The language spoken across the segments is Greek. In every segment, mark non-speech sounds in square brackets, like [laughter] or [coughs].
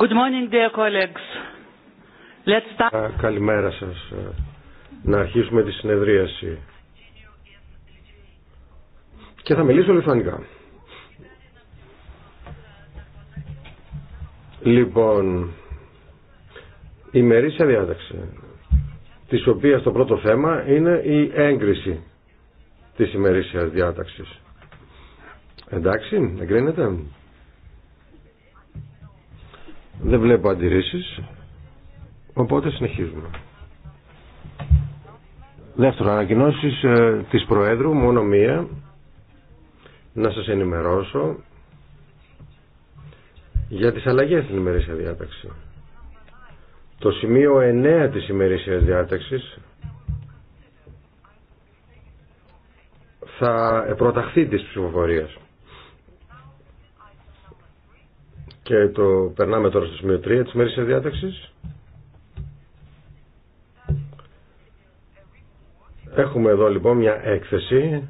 Good morning, dear colleagues. Let's start. Ε, καλημέρα σας. Ε, να αρχίσουμε τη συνεδρίαση. Και θα μιλήσω λιθανικά. Λοιπόν, η μερίσια διάταξη, της οποίας το πρώτο θέμα είναι η έγκριση της ημερήσιας διάταξης. Εντάξει, εγκρίνεται. Δεν βλέπω αντιρρήσεις. Οπότε συνεχίζουμε. Δεύτερο, ανακοινώσεις ε, της Προέδρου, μόνο μία. Να σας ενημερώσω για τις αλλαγές στην ημερήσια διάταξη. Το σημείο 9 της ημερήσία διάταξης θα προταχθεί της ψηφοφορίας. Και το περνάμε τώρα στο σημείο 3 της μέρης διάταξης. Έχουμε εδώ λοιπόν μια έκθεση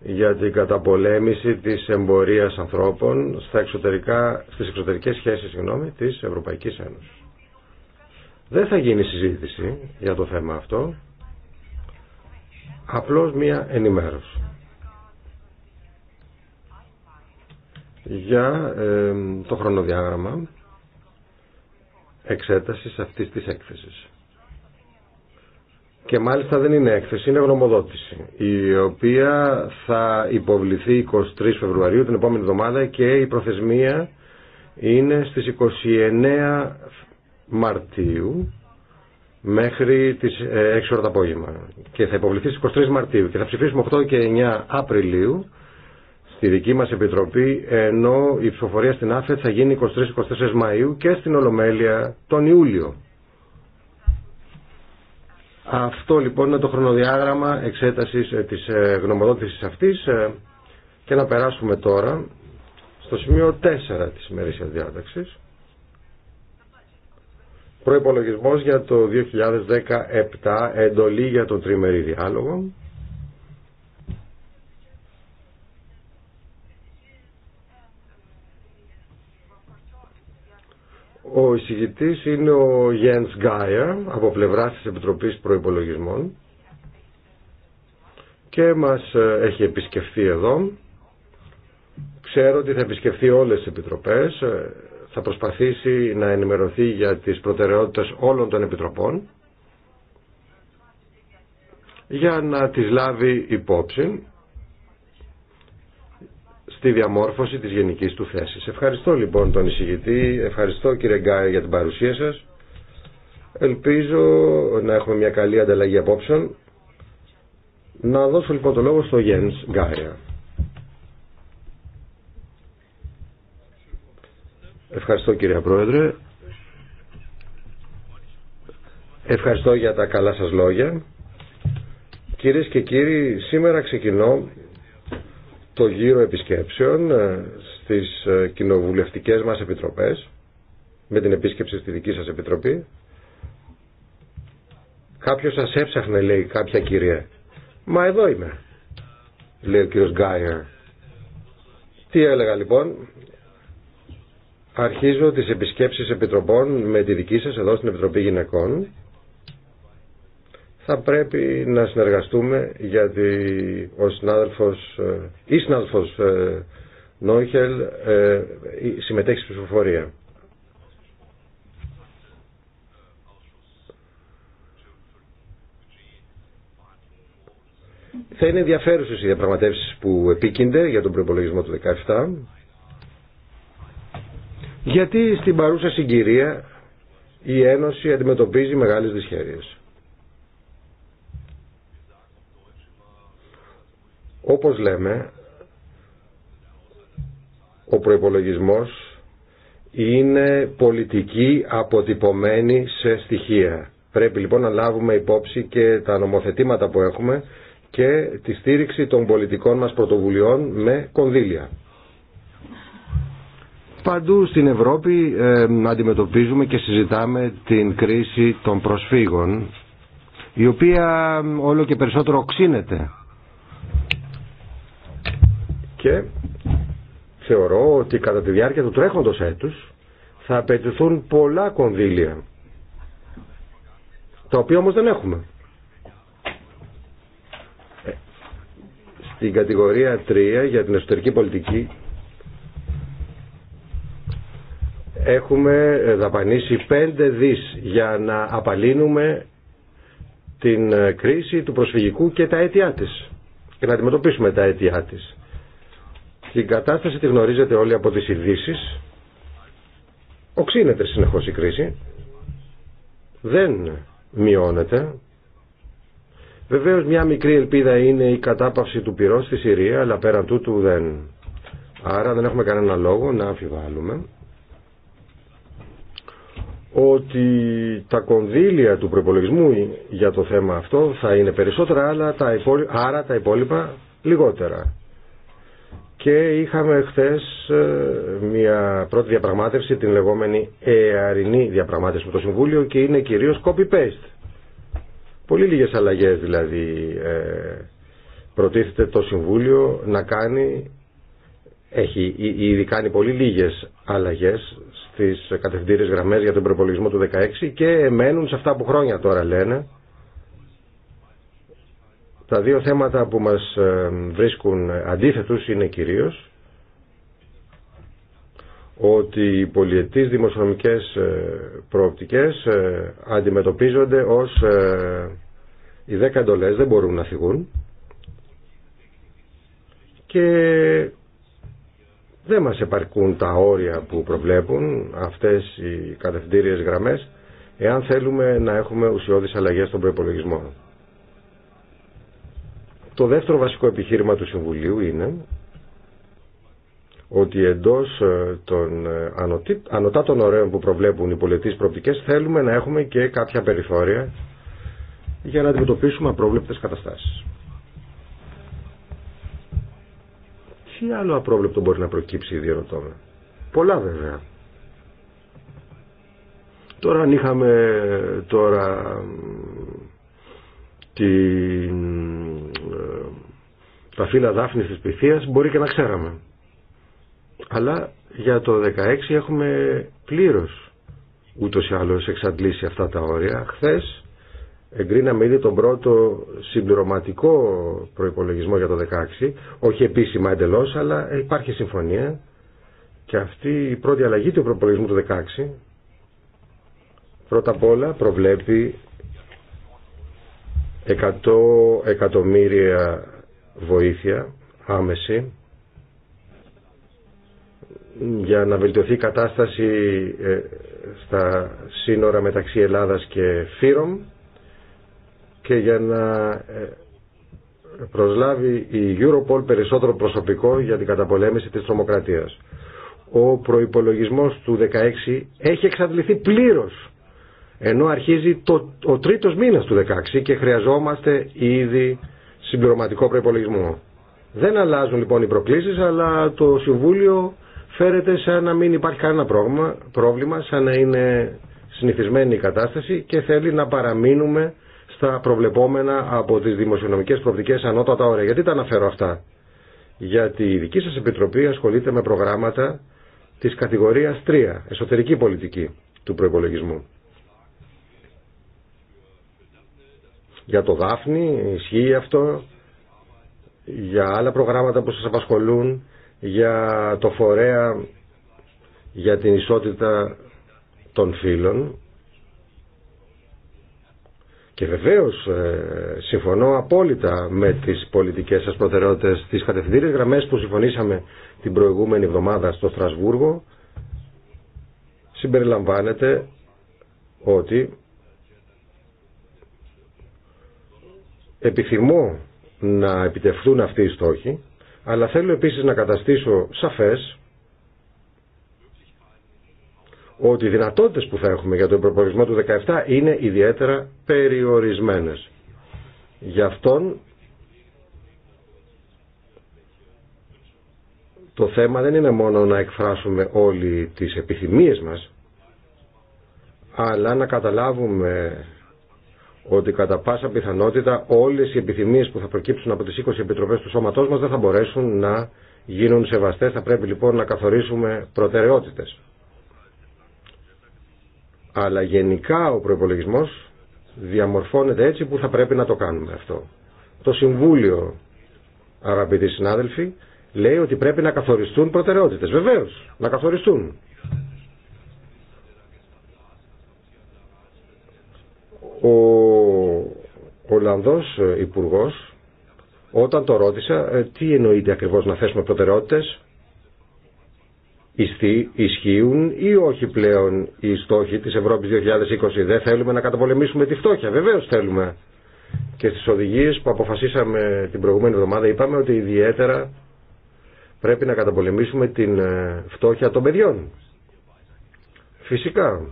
για την καταπολέμηση της εμπορίας ανθρώπων στα εξωτερικά, στις εξωτερικές σχέσεις συγγνώμη, της Ευρωπαϊκής Ένωσης. Δεν θα γίνει συζήτηση για το θέμα αυτό, απλώς μια ενημέρωση. για το χρονοδιάγραμμα εξέτασης αυτής της έκθεσης. Και μάλιστα δεν είναι έκθεση, είναι γνωμοδότηση, η οποία θα υποβληθεί 23 Φεβρουαρίου την επόμενη εβδομάδα και η προθεσμία είναι στις 29 Μαρτίου μέχρι τις 6 ε, ώρα το απόγευμα και θα υποβληθεί στις 23 Μαρτίου και θα ψηφίσουμε 8 και 9 Απριλίου στη δική μας Επιτροπή ενώ η ψηφοφορία στην ΑΦΕΤ θα γίνει 23-24 Μαΐου και στην Ολομέλεια τον Ιούλιο. Αυτό λοιπόν είναι το χρονοδιάγραμμα εξέτασης ε, της ε, γνωμοδότησης αυτής ε, και να περάσουμε τώρα στο σημείο 4 της ημερήσιας διάταξης. Προϋπολογισμός για το 2017 εντολή για τον τριμερή διάλογο. Ο εισηγητής είναι ο Γιέντς Γκάια από πλευράς της Επιτροπής Προϋπολογισμών και μας ε, έχει επισκεφθεί εδώ. Ξέρω ότι θα επισκεφθεί όλες τις επιτροπές, ε, θα προσπαθήσει να ενημερωθεί για τις προτεραιότητες όλων των επιτροπών για να τις λάβει υπόψη στη διαμόρφωση της γενικής του θέσης. Ευχαριστώ λοιπόν τον εισηγητή, ευχαριστώ κύριε Γκάι για την παρουσία σας. Ελπίζω να έχουμε μια καλή ανταλλαγή απόψεων. Να δώσω λοιπόν το λόγο στο Γιέννης Γκάια. Ευχαριστώ κύριε Πρόεδρε. Ευχαριστώ για τα καλά σας λόγια. Κυρίες και κύριοι, σήμερα ξεκινώ το γύρο επισκέψεων ε, στις ε, κοινοβουλευτικές μας επιτροπές με την επίσκεψη στη δική σας επιτροπή κάποιος σας έψαχνε λέει κάποια κυρία μα εδώ είμαι λέει ο κύριος Γκάιερ τι έλεγα λοιπόν αρχίζω τις επισκέψεις επιτροπών με τη δική σας εδώ στην Επιτροπή Γυναικών θα πρέπει να συνεργαστούμε γιατί ο συνάδελφος ή ε, συνάδελφος ε, Νόιχελ ε, συμμετέχει στην ψηφοφορία. Θα είναι ενδιαφέρουσες οι διαπραγματεύσεις που επίκυνται για τον προπολογισμό του 2017 γιατί στην παρούσα συγκυρία η Ένωση αντιμετωπίζει μεγάλες δυσχέρειες. Όπως λέμε, ο προϋπολογισμός είναι πολιτική αποτυπωμένη σε στοιχεία. Πρέπει λοιπόν να λάβουμε υπόψη και τα νομοθετήματα που έχουμε και τη στήριξη των πολιτικών μας πρωτοβουλειών με κονδύλια. Παντού στην Ευρώπη ε, αντιμετωπίζουμε και συζητάμε την κρίση των προσφύγων η οποία όλο και περισσότερο οξύνεται και θεωρώ ότι κατά τη διάρκεια του τρέχοντος έτους θα απαιτηθούν πολλά κονδύλια, τα οποία όμως δεν έχουμε. Ε, στην κατηγορία 3 για την εσωτερική πολιτική έχουμε δαπανίσει 5 δις για να απαλύνουμε την κρίση του προσφυγικού και τα αίτια της και να αντιμετωπίσουμε τα αίτια της. Την κατάσταση τη γνωρίζετε όλοι από τις ειδήσει. Οξύνεται συνεχώς η κρίση. Δεν μειώνεται. Βεβαίως μια μικρή ελπίδα είναι η κατάπαυση του πυρός στη Συρία, αλλά πέραν τούτου δεν. Άρα δεν έχουμε κανένα λόγο να αμφιβάλλουμε ότι τα κονδύλια του προπολογισμού για το θέμα αυτό θα είναι περισσότερα, αλλά τα άρα τα υπόλοιπα λιγότερα. Και είχαμε χθε ε, μια πρώτη διαπραγμάτευση, την λεγόμενη ΕΑΡΙΝΗ διαπραγμάτευση με το Συμβούλιο και είναι κυρίως copy-paste. Πολύ λίγες αλλαγές δηλαδή ε, προτίθεται το Συμβούλιο να κάνει, έχει ήδη κάνει πολύ λίγες αλλαγές στις κατευθυντήριες γραμμές για τον προπολογισμό του 2016 και μένουν σε αυτά που χρόνια τώρα λένε τα δύο θέματα που μας ε, βρίσκουν αντίθετους είναι κυρίως ότι οι πολιετής δημοσιονομικές ε, προοπτικές ε, αντιμετωπίζονται ως οι δέκα εντολές δεν μπορούν να φυγούν και δεν μας επαρκούν τα όρια που προβλέπουν αυτές οι κατευθυντήριες γραμμές εάν θέλουμε να έχουμε ουσιώδεις αλλαγές στον προπολογισμό. Το δεύτερο βασικό επιχείρημα του Συμβουλίου είναι ότι εντός ε, των ε, ανωτά των ωραίων που προβλέπουν οι πολιτείς προοπτικές θέλουμε να έχουμε και κάποια περιθώρια για να αντιμετωπίσουμε απρόβλεπτες καταστάσεις. Τι άλλο απρόβλεπτο μπορεί να προκύψει η Πολλά βέβαια. Τώρα αν είχαμε ε, τώρα την τα φύλλα δάφνης της πυθίας μπορεί και να ξέραμε. Αλλά για το 16 έχουμε πλήρως ούτως ή άλλως εξαντλήσει αυτά τα όρια. Χθες εγκρίναμε ήδη τον πρώτο συμπληρωματικό προϋπολογισμό για το 16, όχι επίσημα εντελώς, αλλά υπάρχει συμφωνία και αυτή η πρώτη αλλαγή του προϋπολογισμού του 16 πρώτα απ' όλα προβλέπει 100 εκατομμύρια βοήθεια άμεση για να βελτιωθεί η κατάσταση ε, στα σύνορα μεταξύ Ελλάδας και Φύρων και για να ε, προσλάβει η Europol περισσότερο προσωπικό για την καταπολέμηση της τρομοκρατίας. Ο προϋπολογισμός του 16 έχει εξαντληθεί πλήρως ενώ αρχίζει το, ο τρίτος μήνας του 16 και χρειαζόμαστε ήδη συμπληρωματικό προπολογισμό. Δεν αλλάζουν λοιπόν οι προκλήσεις, αλλά το Συμβούλιο φέρεται σαν να μην υπάρχει κανένα πρόβλημα, σαν να είναι συνηθισμένη η κατάσταση και θέλει να παραμείνουμε στα προβλεπόμενα από τις δημοσιονομικές προοπτικές ανώτατα όρια. Γιατί τα αναφέρω αυτά. Γιατί η δική σας Επιτροπή ασχολείται με προγράμματα της κατηγορίας 3, εσωτερική πολιτική του προϋπολογισμού. Για το Δάφνη ισχύει αυτό, για άλλα προγράμματα που σας απασχολούν, για το φορέα, για την ισότητα των φύλων. Και βεβαίως ε, συμφωνώ απόλυτα με τις πολιτικές σας προτεραιότητες, τις κατευθυντήριες γραμμές που συμφωνήσαμε την προηγούμενη εβδομάδα στο Στρασβούργο. Συμπεριλαμβάνεται ότι Επιθυμώ να επιτευχθούν αυτοί οι στόχοι, αλλά θέλω επίσης να καταστήσω σαφές ότι οι δυνατότητες που θα έχουμε για τον προπολογισμό του 17 είναι ιδιαίτερα περιορισμένες. Γι' αυτόν το θέμα δεν είναι μόνο να εκφράσουμε όλοι τις επιθυμίες μας, αλλά να καταλάβουμε ότι κατά πάσα πιθανότητα όλες οι επιθυμίες που θα προκύψουν από τις 20 επιτροπές του σώματός μας δεν θα μπορέσουν να γίνουν σεβαστές. Θα πρέπει λοιπόν να καθορίσουμε προτεραιότητες. Αλλά γενικά ο προπολογισμό διαμορφώνεται έτσι που θα πρέπει να το κάνουμε αυτό. Το Συμβούλιο, αγαπητοί συνάδελφοι, λέει ότι πρέπει να καθοριστούν προτεραιότητες. Βεβαίως, να καθοριστούν. Ο Ολλανδός ε, υπουργό, όταν το ρώτησα ε, τι εννοείται ακριβώς να θέσουμε προτεραιότητες, ισχύουν ή όχι πλέον οι στόχοι της Ευρώπης 2020. Δεν θέλουμε να καταπολεμήσουμε τη φτώχεια. Βεβαίως θέλουμε. Και στις οδηγίες που αποφασίσαμε την προηγούμενη εβδομάδα είπαμε ότι ιδιαίτερα πρέπει να καταπολεμήσουμε την ε, φτώχεια των παιδιών. Φυσικά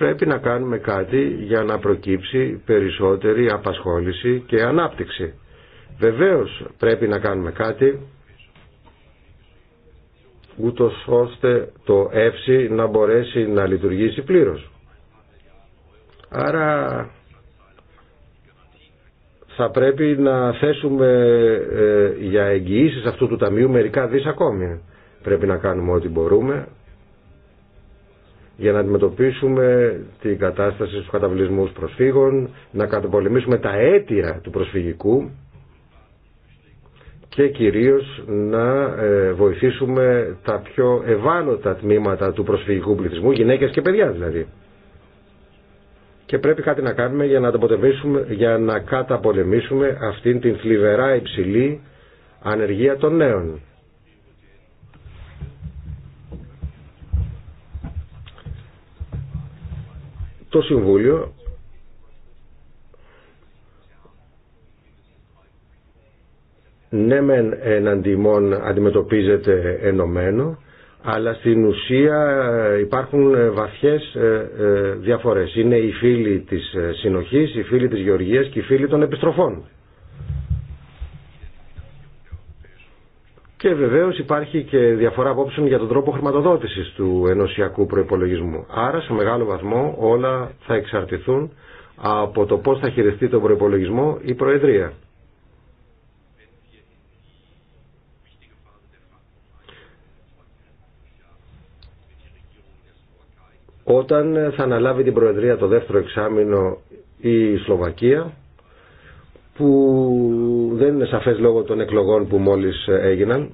πρέπει να κάνουμε κάτι για να προκύψει περισσότερη απασχόληση και ανάπτυξη. Βεβαίως πρέπει να κάνουμε κάτι ούτω ώστε το εύση να μπορέσει να λειτουργήσει πλήρως. Άρα θα πρέπει να θέσουμε ε, για εγγυήσεις αυτού του ταμείου μερικά δις ακόμη. Πρέπει να κάνουμε ό,τι μπορούμε για να αντιμετωπίσουμε την κατάσταση στους καταβλισμούς προσφύγων, να καταπολεμήσουμε τα αίτια του προσφυγικού και κυρίως να ε, βοηθήσουμε τα πιο ευάλωτα τμήματα του προσφυγικού πληθυσμού, γυναίκες και παιδιά δηλαδή. Και πρέπει κάτι να κάνουμε για να, για να καταπολεμήσουμε αυτήν την θλιβερά υψηλή ανεργία των νέων. το Συμβούλιο ναι μεν εναντιμών αντιμετωπίζεται ενωμένο αλλά στην ουσία υπάρχουν βαθιές ε, ε, διαφορές. Είναι οι φίλοι της συνοχής, οι φίλοι της γεωργίας και οι φίλοι των επιστροφών. Και βεβαίως υπάρχει και διαφορά απόψεων για τον τρόπο χρηματοδότησης του ενωσιακού προϋπολογισμού. Άρα σε μεγάλο βαθμό όλα θα εξαρτηθούν από το πώς θα χειριστεί το προϋπολογισμό η Προεδρία. Όταν θα αναλάβει την Προεδρία το δεύτερο εξάμεινο η Σλοβακία, που δεν είναι σαφές λόγω των εκλογών που μόλις έγιναν.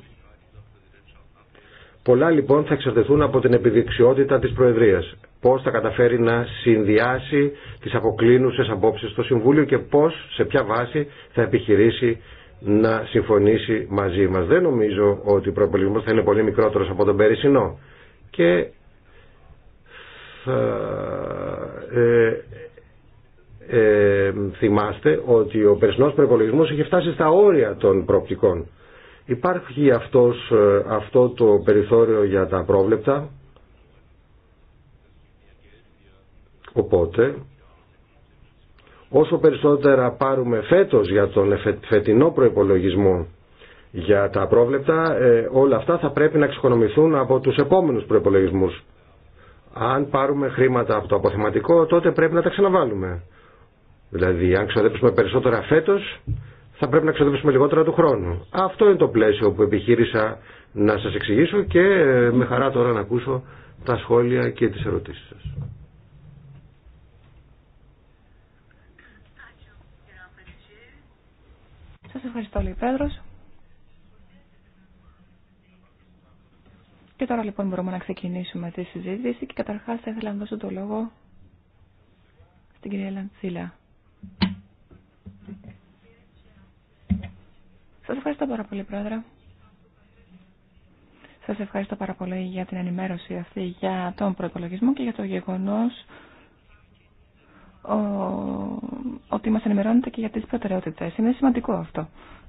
Πολλά λοιπόν θα εξαρτηθούν από την επιδεξιότητα της Προεδρίας. Πώς θα καταφέρει να συνδυάσει τις αποκλίνουσες απόψεις στο Συμβούλιο και πώς, σε ποια βάση θα επιχειρήσει να συμφωνήσει μαζί μας. Δεν νομίζω ότι ο προπολογισμός θα είναι πολύ μικρότερος από τον Περισσινό. Και ε, ε, θυμάστε ότι ο περσινός προπολογισμό είχε φτάσει στα όρια των προοπτικών. Υπάρχει αυτός, ε, αυτό το περιθώριο για τα πρόβλεπτα, οπότε όσο περισσότερα πάρουμε φέτος για τον φετινό προϋπολογισμό για τα πρόβλεπτα, ε, όλα αυτά θα πρέπει να εξοικονομηθούν από τους επόμενους προϋπολογισμούς. Αν πάρουμε χρήματα από το αποθεματικό, τότε πρέπει να τα ξαναβάλουμε. Δηλαδή, αν ξοδέψουμε περισσότερα φέτο, θα πρέπει να ξοδέψουμε λιγότερα του χρόνου. Αυτό είναι το πλαίσιο που επιχείρησα να σα εξηγήσω και ε, με χαρά τώρα να ακούσω τα σχόλια και τι ερωτήσει σα. Σα ευχαριστώ όλοι, Και τώρα λοιπόν μπορούμε να ξεκινήσουμε τη συζήτηση και καταρχάς θα ήθελα να δώσω το λόγο στην κυρία Λαντσίλα. Σας ευχαριστώ πάρα πολύ, Πρόεδρε. Σας ευχαριστώ πάρα πολύ για την ενημέρωση αυτή για τον προπολογισμό και για το γεγονός ότι μας ενημερώνεται και για τις προτεραιότητες. Είναι σημαντικό αυτό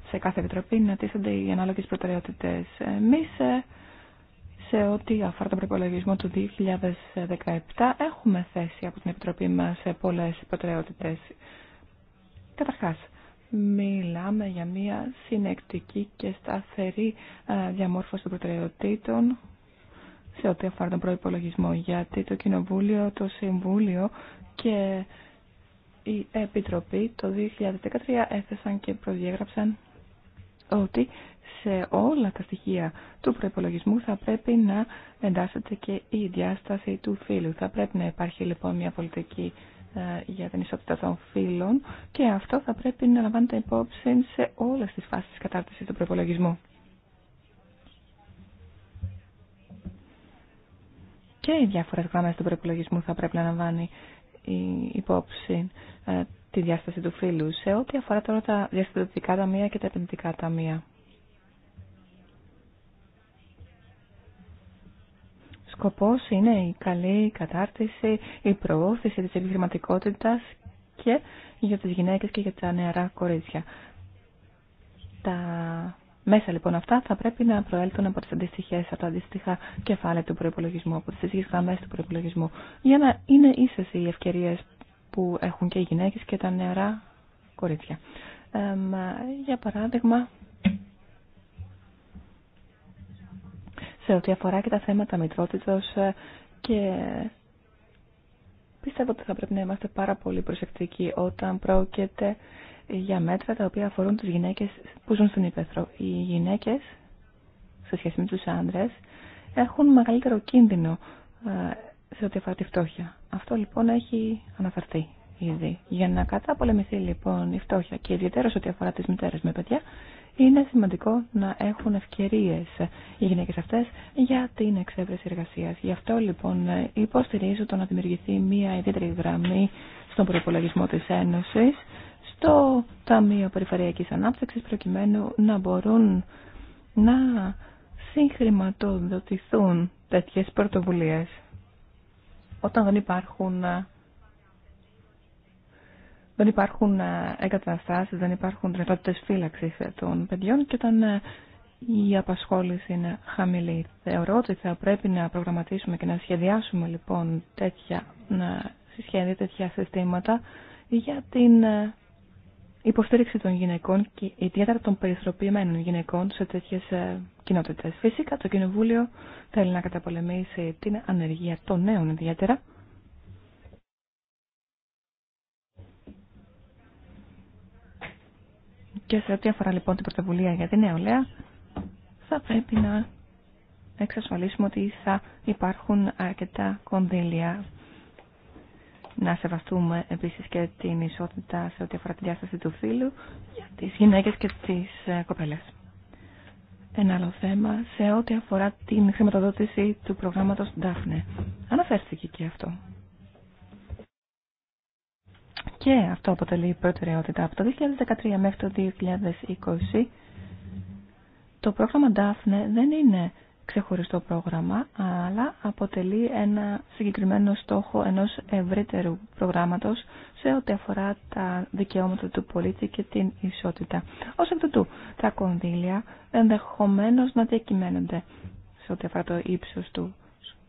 σε κάθε επιτροπή να τίθενται οι ανάλογες προτεραιότητες. Εμεί ε, σε ό,τι αφορά τον προπολογισμό του 2017 έχουμε θέση από την Επιτροπή μας ε, πολλές προτεραιότητες. Καταρχάς, Μιλάμε για μια συνεκτική και σταθερή ε, διαμόρφωση των προτεραιοτήτων σε ό,τι αφορά τον προϋπολογισμό, γιατί το Κοινοβούλιο, το Συμβούλιο και η Επιτροπή το 2013 έθεσαν και προδιέγραψαν ότι σε όλα τα στοιχεία του προπολογισμού θα πρέπει να εντάσσεται και η διάσταση του φύλου. Θα πρέπει να υπάρχει λοιπόν μια πολιτική ε, για την ισότητα των φύλων και αυτό θα πρέπει να λαμβάνεται υπόψη σε όλες τις φάσεις της κατάρτισης του προπολογισμού. Και οι διάφορες γραμμές του προπολογισμού θα πρέπει να λαμβάνει υπόψη ε, τη διάσταση του φύλου σε ό,τι αφορά τώρα τα διαστατικά ταμεία και τα επενδυτικά ταμεία. Σκοπός είναι η καλή κατάρτιση, η προώθηση της επιχειρηματικότητας και για τις γυναίκες και για τα νεαρά κορίτσια. Τα μέσα λοιπόν αυτά θα πρέπει να προέλθουν από τις αντίστοιχε, από τα αντίστοιχα κεφάλαια του προϋπολογισμού, από τις αντίστοιχες γραμμές του προϋπολογισμού, για να είναι ίσες οι ευκαιρίες που έχουν και οι γυναίκες και τα νεαρά κορίτσια. για παράδειγμα, σε ό,τι αφορά και τα θέματα μητρότητος ε, και πιστεύω ότι θα πρέπει να είμαστε πάρα πολύ προσεκτικοί όταν πρόκειται για μέτρα τα οποία αφορούν τις γυναίκες που ζουν στην Ήπεθρο. Οι γυναίκες, σε σχέση με τους άντρες, έχουν μεγαλύτερο κίνδυνο ε, σε ό,τι αφορά τη φτώχεια. Αυτό λοιπόν έχει αναφερθεί ήδη. Για να καταπολεμηθεί λοιπόν η φτώχεια και ιδιαίτερα σε ό,τι αφορά τις μητέρες με παιδιά, είναι σημαντικό να έχουν ευκαιρίες οι γυναίκες αυτές για την εξέβρεση εργασίας. Γι' αυτό λοιπόν υποστηρίζω το να δημιουργηθεί μια ιδιαίτερη γραμμή στον προπολογισμό της Ένωσης, στο Ταμείο Περιφερειακής Ανάπτυξης, προκειμένου να μπορούν να συγχρηματοδοτηθούν τέτοιες πρωτοβουλίες όταν δεν υπάρχουν δεν υπάρχουν ε, εγκαταστάσεις, δεν υπάρχουν δυνατότητε φύλαξη ε, των παιδιών και όταν ε, η απασχόληση είναι χαμηλή. Θεωρώ ότι θα πρέπει να προγραμματίσουμε και να σχεδιάσουμε λοιπόν τέτοια να τέτοια συστήματα για την υποστήριξη των γυναικών και ιδιαίτερα των περιστροπημένων γυναικών σε τέτοιε κοινότητε. Φυσικά το Κοινοβούλιο θέλει να καταπολεμήσει την ανεργία των νέων ιδιαίτερα Και σε ό,τι αφορά λοιπόν την πρωτοβουλία για την νεολαία, θα πρέπει να εξασφαλίσουμε ότι θα υπάρχουν αρκετά κονδύλια. Να σεβαστούμε επίσης και την ισότητα σε ό,τι αφορά τη διάσταση του φύλου για τις γυναίκες και τις ε, κοπέλες. Ένα άλλο θέμα σε ό,τι αφορά την χρηματοδότηση του προγράμματος DAFNE. Αναφέρθηκε και αυτό. Και αυτό αποτελεί προτεραιότητα. Από το 2013 μέχρι το 2020 το πρόγραμμα DAFNE δεν είναι ξεχωριστό πρόγραμμα, αλλά αποτελεί ένα συγκεκριμένο στόχο ενός ευρύτερου προγράμματος σε ό,τι αφορά τα δικαιώματα του πολίτη και την ισότητα. Ως εκ τούτου, τα κονδύλια ενδεχομένως να διακυμαίνονται σε ό,τι αφορά το ύψος του,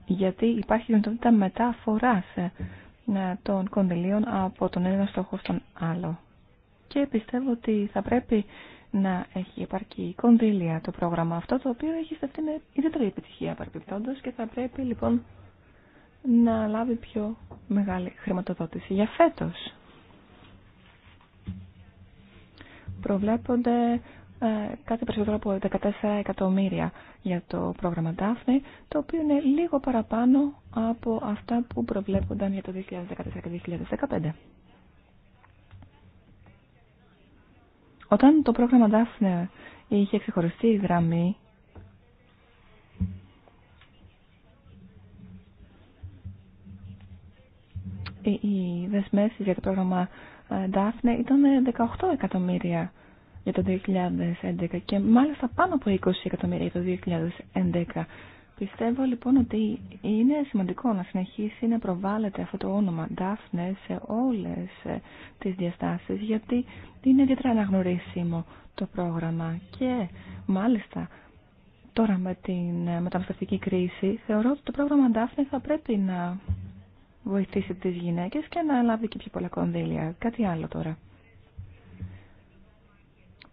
γιατί υπάρχει δυνατότητα μεταφοράς ναι, των κονδυλίων από τον ένα στόχο στον άλλο. Και πιστεύω ότι θα πρέπει να έχει επαρκή κονδύλια το πρόγραμμα αυτό, το οποίο έχει στεφτεί με ιδιαίτερη επιτυχία παρεπιπτόντως και θα πρέπει λοιπόν να λάβει πιο μεγάλη χρηματοδότηση. Για φέτος προβλέπονται ε, κάτι περισσότερο από 14 εκατομμύρια για το πρόγραμμα Daphne, το οποίο είναι λίγο παραπάνω από αυτά που προβλέπονταν για το 2014 και 2015. Όταν το πρόγραμμα Daphne είχε ξεχωριστεί η γραμμή οι δεσμεύσει για το πρόγραμμα ε, Daphne ήταν 18 εκατομμύρια για το 2011 και μάλιστα πάνω από 20 εκατομμύρια για το 2011. Πιστεύω λοιπόν ότι είναι σημαντικό να συνεχίσει να προβάλλεται αυτό το όνομα Daphne σε όλες ε, τις διαστάσεις γιατί είναι ιδιαίτερα αναγνωρίσιμο το πρόγραμμα και μάλιστα τώρα με την ε, μεταναστευτική κρίση θεωρώ ότι το πρόγραμμα Daphne θα πρέπει να βοηθήσει τις γυναίκες και να λάβει και πιο πολλά κονδύλια. Κάτι άλλο τώρα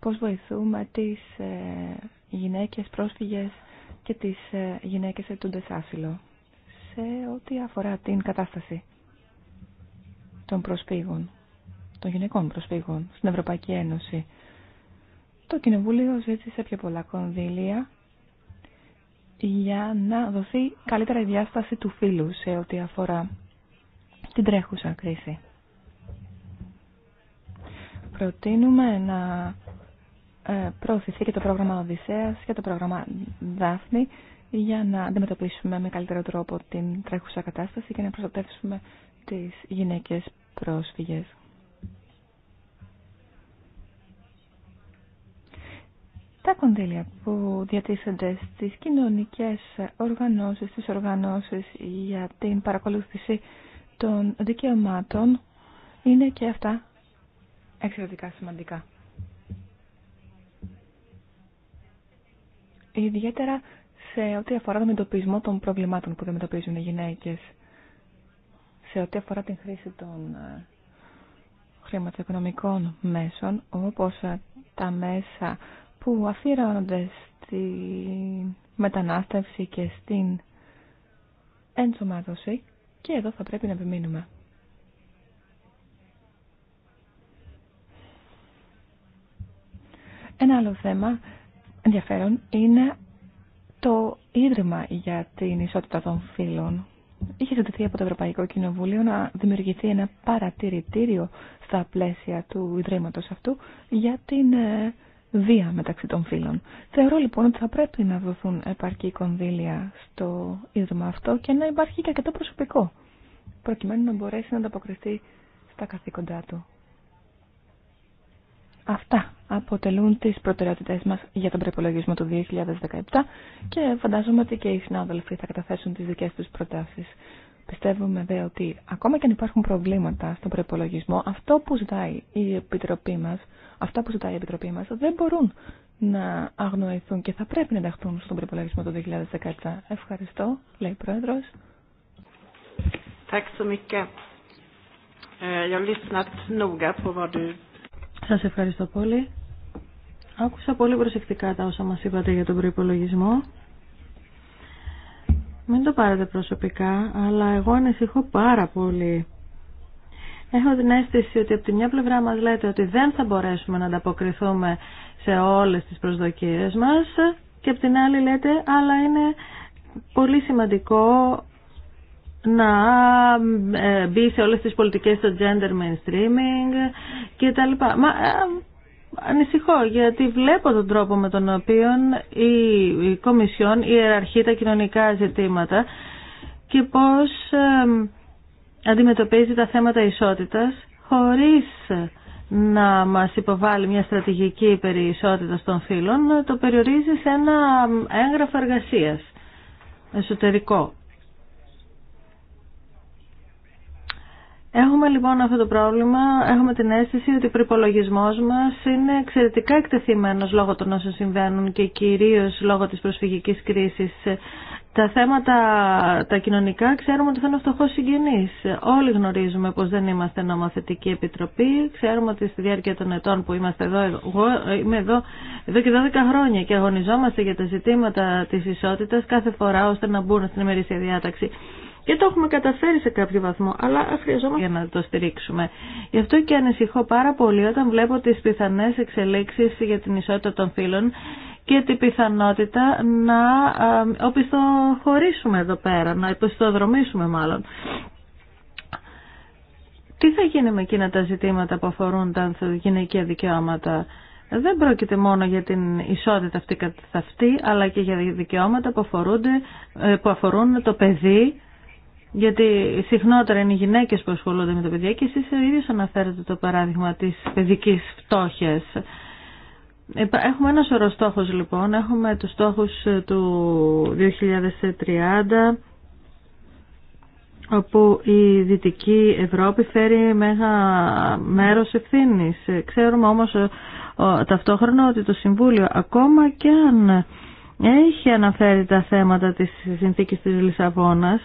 πώς βοηθούμε τις ε, γυναίκες πρόσφυγες και τις ε, γυναίκες ετούντες άσυλο σε ό,τι αφορά την κατάσταση των προσφύγων, των γυναικών προσφύγων στην Ευρωπαϊκή Ένωση. Το Κοινοβούλιο ζήτησε πιο πολλά κονδύλια για να δοθεί καλύτερα η διάσταση του φύλου σε ό,τι αφορά την τρέχουσα κρίση. Προτείνουμε να ε, προωθηθεί και το πρόγραμμα Οδυσσέας και το πρόγραμμα Δάφνη για να αντιμετωπίσουμε με καλύτερο τρόπο την τρέχουσα κατάσταση και να προστατεύσουμε τις γυναίκες πρόσφυγες. Τα κονδύλια που διατίθενται στις κοινωνικές οργανώσεις, στις οργανώσεις για την παρακολούθηση των δικαιωμάτων είναι και αυτά εξαιρετικά σημαντικά. ιδιαίτερα σε ό,τι αφορά τον εντοπισμό των προβλημάτων που αντιμετωπίζουν οι γυναίκες, σε ό,τι αφορά την χρήση των ε, χρηματοοικονομικών μέσων, όπως ε, τα μέσα που αφιερώνονται στη μετανάστευση και στην ενσωμάτωση και εδώ θα πρέπει να επιμείνουμε. Ένα άλλο θέμα ενδιαφέρον είναι το Ίδρυμα για την Ισότητα των Φύλων. Είχε ζητηθεί από το Ευρωπαϊκό Κοινοβούλιο να δημιουργηθεί ένα παρατηρητήριο στα πλαίσια του Ιδρύματος αυτού για την ε, βία μεταξύ των φύλων. Θεωρώ λοιπόν ότι θα πρέπει να δοθούν επαρκή κονδύλια στο Ίδρυμα αυτό και να υπάρχει και αρκετό προσωπικό, προκειμένου να μπορέσει να ανταποκριθεί στα καθήκοντά του. Αυτά αποτελούν τις προτεραιότητες μας για τον προπολογισμό του 2017 και φαντάζομαι ότι και οι συνάδελφοι θα καταθέσουν τις δικές τους προτάσεις. Πιστεύουμε δε ότι ακόμα και αν υπάρχουν προβλήματα στον προπολογισμό, αυτό που ζητάει η Επιτροπή μας, αυτά που ζητάει η Επιτροπή μα δεν μπορούν να αγνοηθούν και θα πρέπει να ενταχθούν στον προπολογισμό του 2017. Ευχαριστώ, λέει ο Πρόεδρος. Ευχαριστώ eh, Jag har lyssnat noga på vad du σας ευχαριστώ πολύ. Άκουσα πολύ προσεκτικά τα όσα μας είπατε για τον προϋπολογισμό. Μην το πάρετε προσωπικά, αλλά εγώ ανησυχώ πάρα πολύ. Έχω την αίσθηση ότι από τη μια πλευρά μας λέτε ότι δεν θα μπορέσουμε να ανταποκριθούμε σε όλες τις προσδοκίες μας και από την άλλη λέτε, αλλά είναι πολύ σημαντικό να ε, μπει σε όλες τις πολιτικές το gender mainstreaming και τα λοιπά. Μα, ε, ανησυχώ γιατί βλέπω τον τρόπο με τον οποίο η, η Κομισιόν ιεραρχεί τα κοινωνικά ζητήματα και πώς ε, αντιμετωπίζει τα θέματα ισότητας χωρίς να μας υποβάλει μια στρατηγική περί ισότητας των φύλων, το περιορίζει σε ένα έγγραφο εργασίας εσωτερικό Έχουμε λοιπόν αυτό το πρόβλημα, έχουμε την αίσθηση ότι ο προπολογισμό μα είναι εξαιρετικά εκτεθειμένο λόγω των όσων συμβαίνουν και κυρίω λόγω τη προσφυγική κρίση. Τα θέματα τα κοινωνικά ξέρουμε ότι θα είναι φτωχό συγγενή. Όλοι γνωρίζουμε πω δεν είμαστε νομοθετική επιτροπή. Ξέρουμε ότι στη διάρκεια των ετών που είμαστε εδώ, εγώ είμαι εδώ, εδώ και 12 χρόνια και αγωνιζόμαστε για τα ζητήματα τη ισότητα κάθε φορά ώστε να μπουν στην ημερήσια διάταξη. Και το έχουμε καταφέρει σε κάποιο βαθμό, αλλά χρειαζόμαστε για να το στηρίξουμε. Γι' αυτό και ανησυχώ πάρα πολύ όταν βλέπω τις πιθανές εξελίξεις για την ισότητα των φύλων και την πιθανότητα να οπισθοχωρήσουμε εδώ πέρα, να οπισθοδρομήσουμε μάλλον. Τι θα γίνει με εκείνα τα ζητήματα που αφορούν τα γυναικεία δικαιώματα. Δεν πρόκειται μόνο για την ισότητα αυτή καθ' αυτή, αλλά και για δικαιώματα που, ε, που αφορούν το παιδί, γιατί συχνότερα είναι οι γυναίκες που ασχολούνται με τα παιδιά και εσείς ο ίδιος αναφέρετε το παράδειγμα της παιδικής φτώχειας. Έχουμε ένα σωρό στόχους λοιπόν. Έχουμε τους στόχους ε, του 2030 όπου η Δυτική Ευρώπη φέρει μέγα μέρος ευθύνης. Ξέρουμε όμως ε, ταυτόχρονα ότι το Συμβούλιο ακόμα και αν έχει αναφέρει τα θέματα της συνθήκης της Λισαβόνας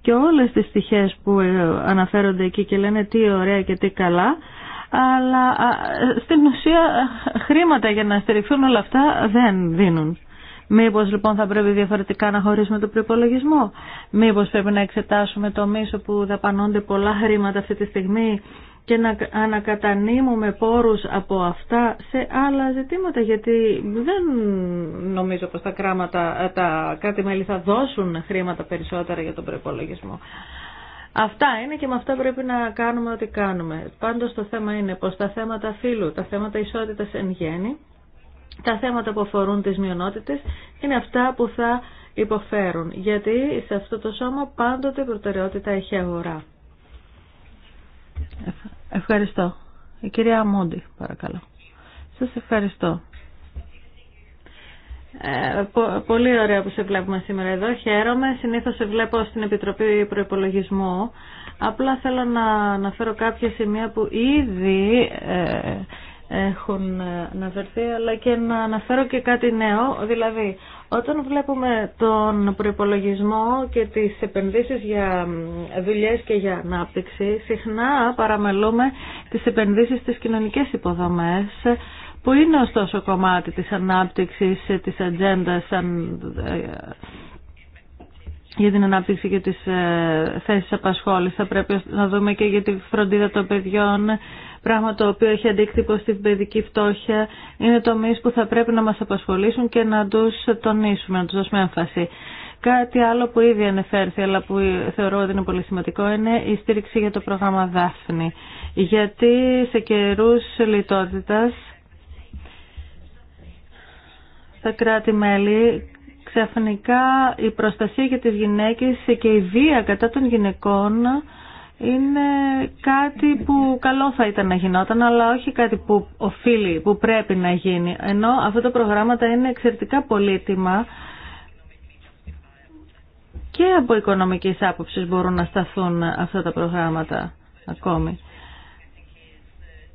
και όλες τις στοιχές που ε, αναφέρονται εκεί και λένε τι ωραία και τι καλά αλλά στην ουσία χρήματα για να στηριχθούν όλα αυτά δεν δίνουν. Μήπως λοιπόν θα πρέπει διαφορετικά να χωρίσουμε το προπολογισμό. Μήπως πρέπει να εξετάσουμε το μίσο που δαπανώνται πολλά χρήματα αυτή τη στιγμή και να ανακατανείμουμε πόρους από αυτά σε άλλα ζητήματα γιατί δεν νομίζω πως τα, κράματα, τα κάτι μέλη θα δώσουν χρήματα περισσότερα για τον προπολογισμό. Αυτά είναι και με αυτά πρέπει να κάνουμε ό,τι κάνουμε. Πάντως το θέμα είναι πως τα θέματα φύλου, τα θέματα ισότητας εν γέννη, τα θέματα που αφορούν τις μειονότητες είναι αυτά που θα υποφέρουν. Γιατί σε αυτό το σώμα πάντοτε η προτεραιότητα έχει αγορά. Ευχαριστώ. Η κυρία Μόντι, παρακαλώ. Σας ευχαριστώ. Ε, πολύ ωραία που σε βλέπουμε σήμερα εδώ. Χαίρομαι. Συνήθως σε βλέπω στην Επιτροπή Προϋπολογισμού. Απλά θέλω να αναφέρω κάποια σημεία που ήδη ε, έχουν αναφερθεί, ε, αλλά και να αναφέρω και κάτι νέο, δηλαδή όταν βλέπουμε τον προϋπολογισμό και τις επενδύσεις για δουλειές και για ανάπτυξη, συχνά παραμελούμε τις επενδύσεις στις κοινωνικές υποδομές, που είναι ωστόσο κομμάτι της ανάπτυξης ε, της ατζέντα ε, για την ανάπτυξη και τις ε, θέσεις απασχόλησης. Θα πρέπει να δούμε και για τη φροντίδα των παιδιών, πράγμα το οποίο έχει αντίκτυπο στην παιδική φτώχεια. Είναι τομείς που θα πρέπει να μας απασχολήσουν και να τους τονίσουμε, να τους δώσουμε έμφαση. Κάτι άλλο που ήδη ανεφέρθη, αλλά που θεωρώ ότι είναι πολύ σημαντικό, είναι η στήριξη για το πρόγραμμα Δάφνη. Γιατί σε καιρούς λιτότητας τα κράτη-μέλη ξαφνικά η προστασία για τις γυναίκες και η βία κατά των γυναικών είναι κάτι που καλό θα ήταν να γινόταν, αλλά όχι κάτι που οφείλει, που πρέπει να γίνει. Ενώ αυτά τα προγράμματα είναι εξαιρετικά πολύτιμα και από οικονομικής άποψης μπορούν να σταθούν αυτά τα προγράμματα ακόμη.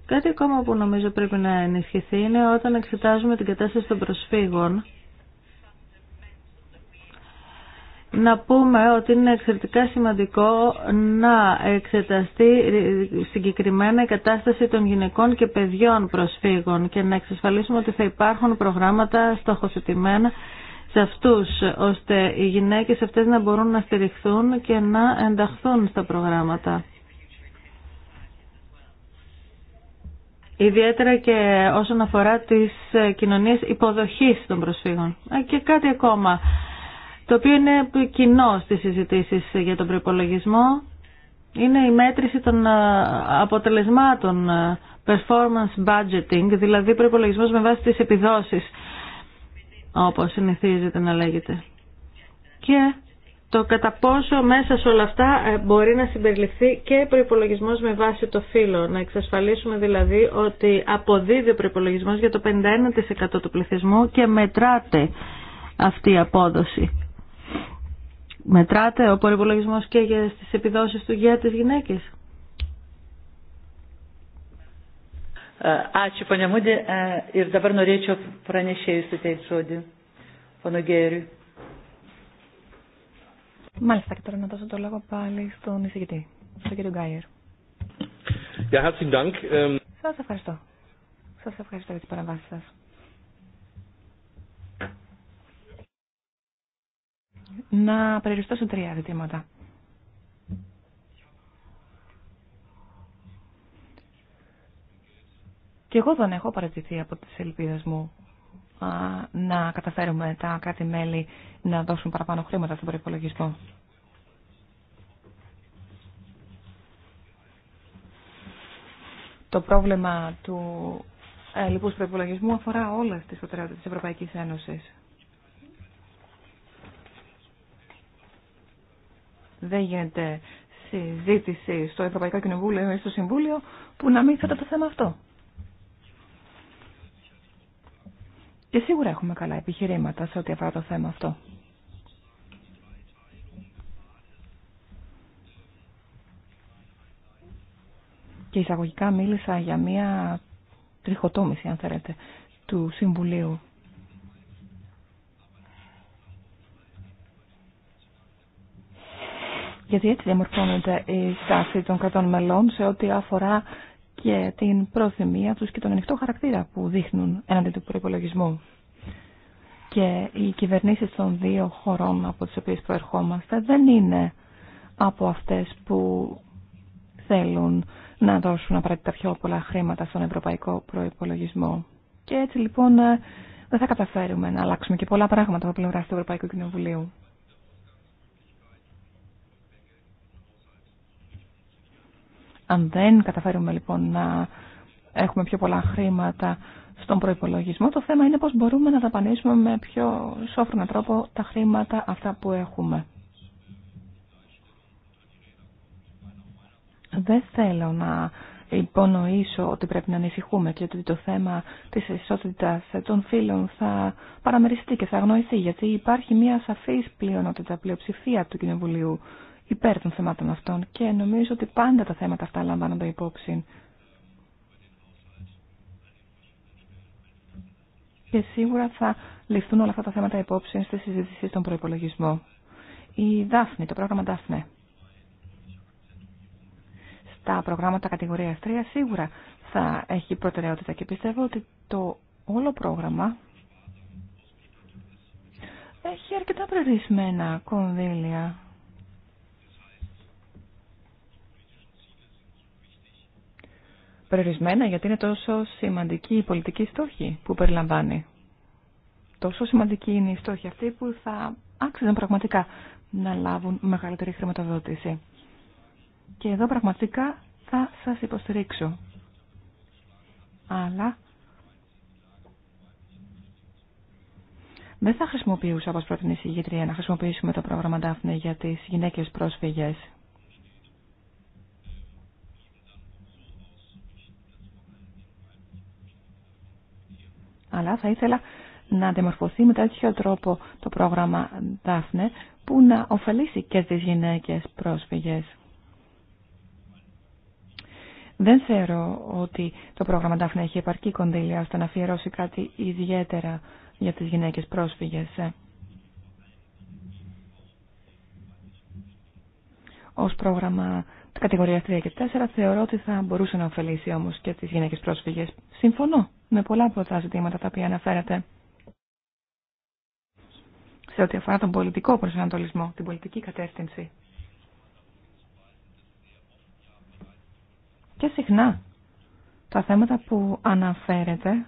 Κάτι ακόμα που νομίζω πρέπει να ενισχυθεί είναι όταν εξετάζουμε την κατάσταση των προσφύγων να πούμε ότι είναι εξαιρετικά σημαντικό να εξεταστεί συγκεκριμένα η κατάσταση των γυναικών και παιδιών προσφύγων και να εξασφαλίσουμε ότι θα υπάρχουν προγράμματα στοχοθετημένα σε αυτούς, ώστε οι γυναίκες αυτές να μπορούν να στηριχθούν και να ενταχθούν στα προγράμματα. Ιδιαίτερα και όσον αφορά τις ε, κοινωνίες υποδοχής των προσφύγων. Ε, και κάτι ακόμα το οποίο είναι κοινό στις συζητήσεις για τον προπολογισμό, είναι η μέτρηση των ε, αποτελεσμάτων ε, performance budgeting, δηλαδή προπολογισμό με βάση τις επιδόσεις, όπως συνηθίζεται να λέγεται. Και το κατά πόσο μέσα σε όλα αυτά ε, μπορεί να συμπεριληφθεί και προπολογισμό με βάση το φύλλο. Να εξασφαλίσουμε δηλαδή ότι αποδίδει ο προπολογισμό για το 51% του πληθυσμού και μετράται αυτή η απόδοση. Μετράτε ο προπολογισμό και για στις επιδόσεις του για τις γυναίκες. Ε, Ačiū, ponia Mūdė. Ε, ir dabar norėčiau pranešėjus suteikti žodį, pono Gėriui. Μάλιστα, και τώρα να δώσω το λόγο πάλι στον εισηγητή, στον κύριο Γκάιερ. Yeah, Σας ευχαριστώ. Σας ευχαριστώ για τις παραβάση σας. να περιοριστώ σε τρία ζητήματα. Και εγώ δεν έχω παρατηθεί από τις ελπίδες μου να καταφέρουμε τα κράτη-μέλη να δώσουν παραπάνω χρήματα στον προϋπολογισμό. Το πρόβλημα του ε, λοιπούς προϋπολογισμού αφορά όλες τις προτεραιότητες της Ευρωπαϊκής Ένωσης. δεν γίνεται συζήτηση στο Ευρωπαϊκό Κοινοβούλιο ή στο Συμβούλιο που να μην θέτω το θέμα αυτό. Και σίγουρα έχουμε καλά επιχειρήματα σε ό,τι αφορά το θέμα αυτό. Και εισαγωγικά μίλησα για μία τριχοτόμηση, αν θέλετε, του Συμβουλίου γιατί έτσι διαμορφώνονται η στάση των κρατών μελών σε ό,τι αφορά και την προθυμία τους και τον ανοιχτό χαρακτήρα που δείχνουν έναντι του προπολογισμού. Και οι κυβερνήσεις των δύο χωρών από τις οποίες προερχόμαστε δεν είναι από αυτές που θέλουν να δώσουν απαραίτητα πιο πολλά χρήματα στον ευρωπαϊκό προϋπολογισμό. Και έτσι λοιπόν δεν θα καταφέρουμε να αλλάξουμε και πολλά πράγματα από πλευρά του Ευρωπαϊκού Κοινοβουλίου. Αν δεν καταφέρουμε λοιπόν να έχουμε πιο πολλά χρήματα στον προϋπολογισμό, το θέμα είναι πώς μπορούμε να δαπανίσουμε με πιο σόφρονα τρόπο τα χρήματα αυτά που έχουμε. Δεν θέλω να υπονοήσω ότι πρέπει να ανησυχούμε και ότι το θέμα της ισότητας των φίλων θα παραμεριστεί και θα αγνοηθεί, γιατί υπάρχει μια σαφής πλειονότητα, πλειοψηφία του Κοινοβουλίου υπέρ των θεμάτων αυτών και νομίζω ότι πάντα τα θέματα αυτά λαμβάνονται υπόψη. Και σίγουρα θα ληφθούν όλα αυτά τα θέματα υπόψη στη συζήτηση στον προπολογισμό. Η Δάφνη, το πρόγραμμα Δάφνη. Στα προγράμματα κατηγορίας 3 σίγουρα θα έχει προτεραιότητα και πιστεύω ότι το όλο πρόγραμμα έχει αρκετά προηγουμένα κονδύλια περιορισμένα γιατί είναι τόσο σημαντική η πολιτική στόχη που περιλαμβάνει. Τόσο σημαντική είναι η στόχη αυτή που θα άξιζαν πραγματικά να λάβουν μεγαλύτερη χρηματοδότηση. Και εδώ πραγματικά θα σας υποστηρίξω. Αλλά δεν θα χρησιμοποιούσα, όπως πρότεινε η συγγετρία, να χρησιμοποιήσουμε το πρόγραμμα Daphne για τις γυναίκες πρόσφυγες. αλλά θα ήθελα να διαμορφωθεί με τέτοιο τρόπο το πρόγραμμα Δάφνε που να ωφελήσει και τις γυναίκες πρόσφυγες. Δεν θεωρώ ότι το πρόγραμμα Δάφνε έχει επαρκή κονδύλια ώστε να αφιερώσει κάτι ιδιαίτερα για τις γυναίκες πρόσφυγες. Ως πρόγραμμα κατηγορία 3 και 4 θεωρώ ότι θα μπορούσε να ωφελήσει όμως και τις γυναίκες πρόσφυγες. Συμφωνώ με πολλά από τα ζητήματα τα οποία αναφέρατε σε ό,τι αφορά τον πολιτικό προσανατολισμό, την πολιτική κατεύθυνση. Και συχνά τα θέματα που αναφέρετε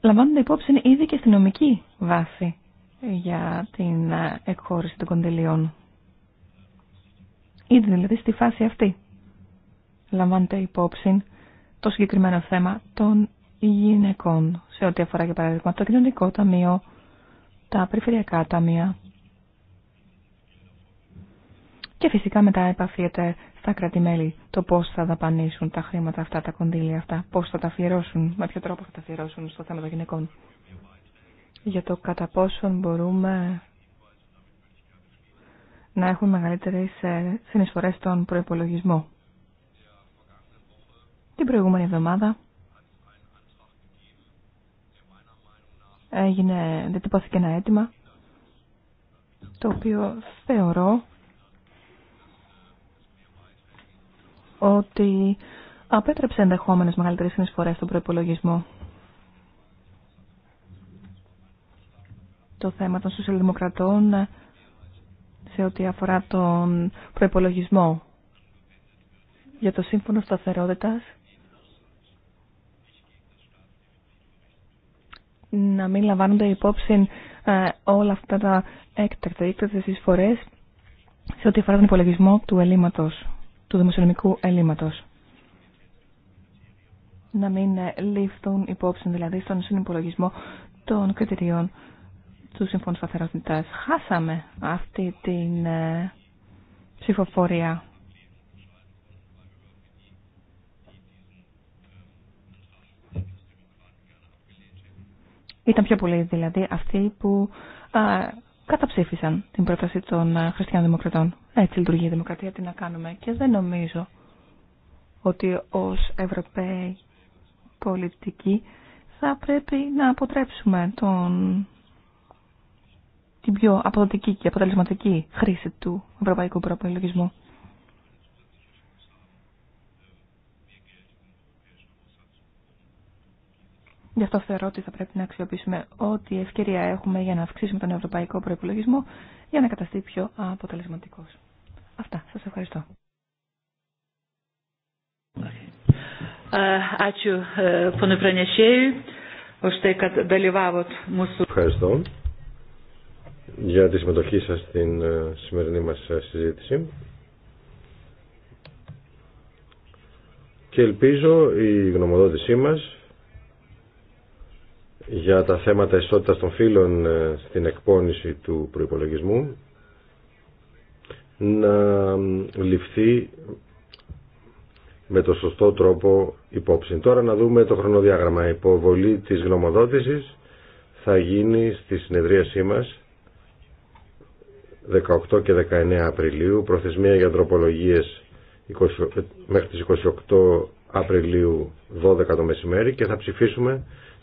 λαμβάνονται υπόψη ήδη και στη νομική βάση για την εκχώρηση των κοντελιών. Ήδη δηλαδή στη φάση αυτή λαμβάνεται υπόψη το συγκεκριμένο θέμα των γυναικών σε ό,τι αφορά για παράδειγμα το κοινωνικό ταμείο, τα περιφερειακά ταμεία και φυσικά μετά επαφίεται στα κρατημέλη το πώς θα δαπανίσουν τα χρήματα αυτά, τα κονδύλια αυτά, πώς θα τα αφιερώσουν, με ποιο τρόπο θα τα αφιερώσουν στο θέμα των γυναικών. Για το κατά πόσον μπορούμε να έχουν μεγαλύτερες ε, συνεισφορές στον προϋπολογισμό. Την προηγούμενη εβδομάδα έγινε, δεν τυπώθηκε ένα αίτημα το οποίο θεωρώ ότι απέτρεψε ενδεχόμενες μεγαλύτερες συνεισφορές στον προπολογισμό. Το θέμα των σοσιαλδημοκρατών σε ό,τι αφορά τον προπολογισμό για το Σύμφωνο Σταθερότητας να μην λαμβάνονται υπόψη ε, όλα αυτά τα έκτακτα ή έκτακτες εισφορές σε ό,τι αφορά τον υπολογισμό του ελλείμματος, του δημοσιονομικού ελλείμματος. Να μην ε, ληφθούν υπόψη δηλαδή στον συνυπολογισμό των κριτηριών του Συμφώνου Σταθερότητας. Χάσαμε αυτή την ε, ψηφοφορία Ήταν πιο πολλοί δηλαδή αυτοί που α, καταψήφισαν την πρόταση των χριστιανοδημοκρατών. Έτσι λειτουργεί η δημοκρατία, τι να κάνουμε. Και δεν νομίζω ότι ως Ευρωπαίοι πολιτικοί θα πρέπει να αποτρέψουμε τον, την πιο αποδοτική και αποτελεσματική χρήση του ευρωπαϊκού προπολογισμού. Γι' αυτό θεωρώ ότι θα πρέπει να αξιοποιήσουμε ό,τι ευκαιρία έχουμε για να αυξήσουμε τον ευρωπαϊκό προπολογισμό για να καταστεί πιο αποτελεσματικό. Αυτά. Σα ευχαριστώ. Ε, ε, ευχαριστώ για τη συμμετοχή σας στην ε, σημερινή μας συζήτηση. Και ελπίζω η γνωμοδότησή μας για τα θέματα ισότητας των φύλων ε, στην εκπόνηση του προϋπολογισμού να ληφθεί με το σωστό τρόπο υπόψη. Τώρα να δούμε το χρονοδιάγραμμα. Η υποβολή της γνωμοδότησης θα γίνει στη συνεδρίασή μας 18 και 19 Απριλίου, προθεσμία για τροπολογίες μέχρι τις 28 Απριλίου 12 το μεσημέρι και θα ψηφίσουμε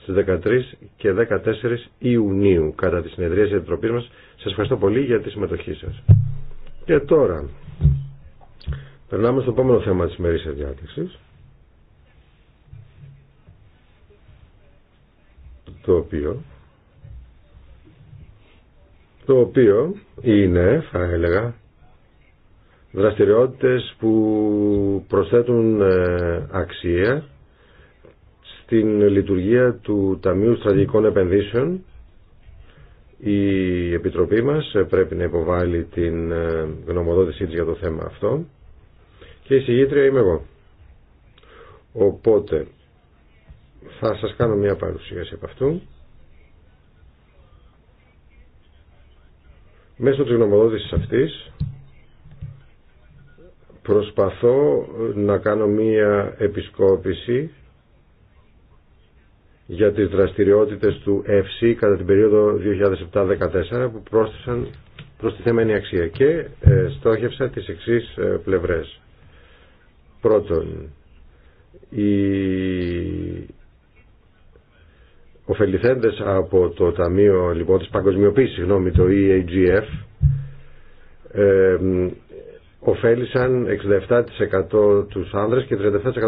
στις 13 και 14 Ιουνίου κατά τη συνεδρία της Επιτροπής μας. Σας ευχαριστώ πολύ για τη συμμετοχή σας. Και τώρα περνάμε στο επόμενο θέμα της ημερήσιας διάθεσης. το οποίο το οποίο είναι, θα έλεγα, δραστηριότητες που προσθέτουν ε, αξία την λειτουργία του Ταμείου Στρατηγικών Επενδύσεων. Η Επιτροπή μας πρέπει να υποβάλει την ε, γνωμοδότησή της για το θέμα αυτό και η συγγήτρια είμαι εγώ. Οπότε θα σας κάνω μια παρουσίαση από αυτού. Μέσω της γνωμοδότησης αυτής προσπαθώ να κάνω μια επισκόπηση για τις δραστηριότητες του FC κατά την περίοδο 2007-2014 που πρόσθεσαν προστιθέμενη αξία και ε, στόχευσα τις εξής ε, πλευρές. Πρώτον, οι ωφεληθέντες από το Ταμείο λοιπόν, της Παγκοσμιοποίησης, συγγνώμη, το EAGF, ε, ωφέλησαν 67% τους άνδρες και 37%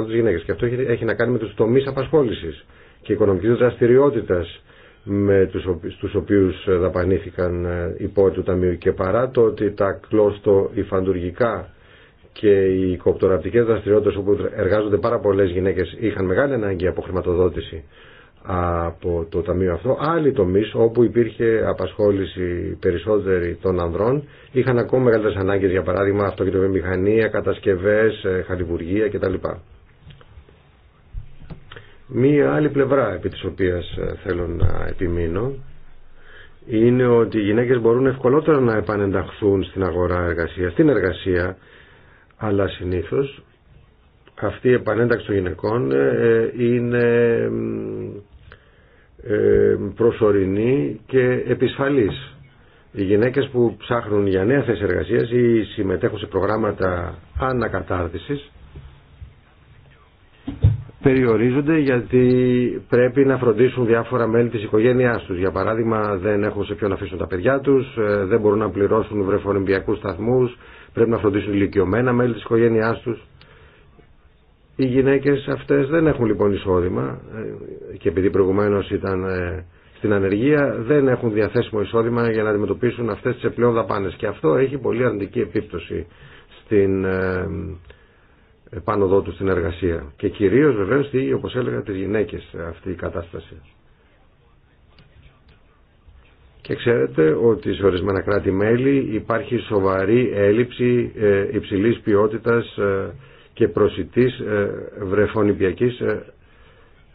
τους γυναίκες. Και αυτό έχει, έχει να κάνει με τους τομείς απασχόλησης και οικονομικής δραστηριότητας με τους, στους οποίους δαπανήθηκαν ε, υπό του Ταμείου και παρά το ότι τα κλώστο υφαντουργικά και οι κοπτοραπτικές δραστηριότητες όπου εργάζονται πάρα πολλές γυναίκες είχαν μεγάλη ανάγκη από χρηματοδότηση από το Ταμείο αυτό. Άλλοι τομεί όπου υπήρχε απασχόληση περισσότερη των ανδρών είχαν ακόμα μεγαλύτερε ανάγκε, για παράδειγμα αυτοκινητοβιομηχανία, κατασκευέ, ε, χαλιβουργία κτλ. Μία άλλη πλευρά επί της οποίας ε, θέλω να επιμείνω είναι ότι οι γυναίκες μπορούν ευκολότερα να επανενταχθούν στην αγορά εργασίας, στην εργασία, αλλά συνήθως αυτή η επανένταξη των γυναικών ε, ε, είναι προσωρινή και επισφαλής. Οι γυναίκες που ψάχνουν για νέα θέση εργασίας ή συμμετέχουν σε προγράμματα ανακατάρτισης περιορίζονται γιατί πρέπει να φροντίσουν διάφορα μέλη της οικογένειάς τους. Για παράδειγμα δεν έχουν σε ποιον αφήσουν τα παιδιά τους, ε, δεν μπορούν να πληρώσουν βρεφορυμπιακούς σταθμούς, πρέπει να φροντίσουν ηλικιωμένα μέλη της οικογένειάς τους. Οι γυναίκες αυτές δεν έχουν λοιπόν εισόδημα ε, και επειδή προηγουμένως ήταν ε, στην ανεργία δεν έχουν διαθέσιμο εισόδημα για να αντιμετωπίσουν αυτές τις επιπλέον δαπάνες και αυτό έχει πολύ αρνητική επίπτωση στην επάνω εδώ του στην εργασία. Και κυρίως βεβαίως τι, όπως έλεγα, τις γυναίκες αυτή η κατάσταση. Και ξέρετε ότι σε ορισμένα κράτη-μέλη υπάρχει σοβαρή έλλειψη ε, υψηλής ποιότητας ε, και προσιτής ε, βρεφονιπιακής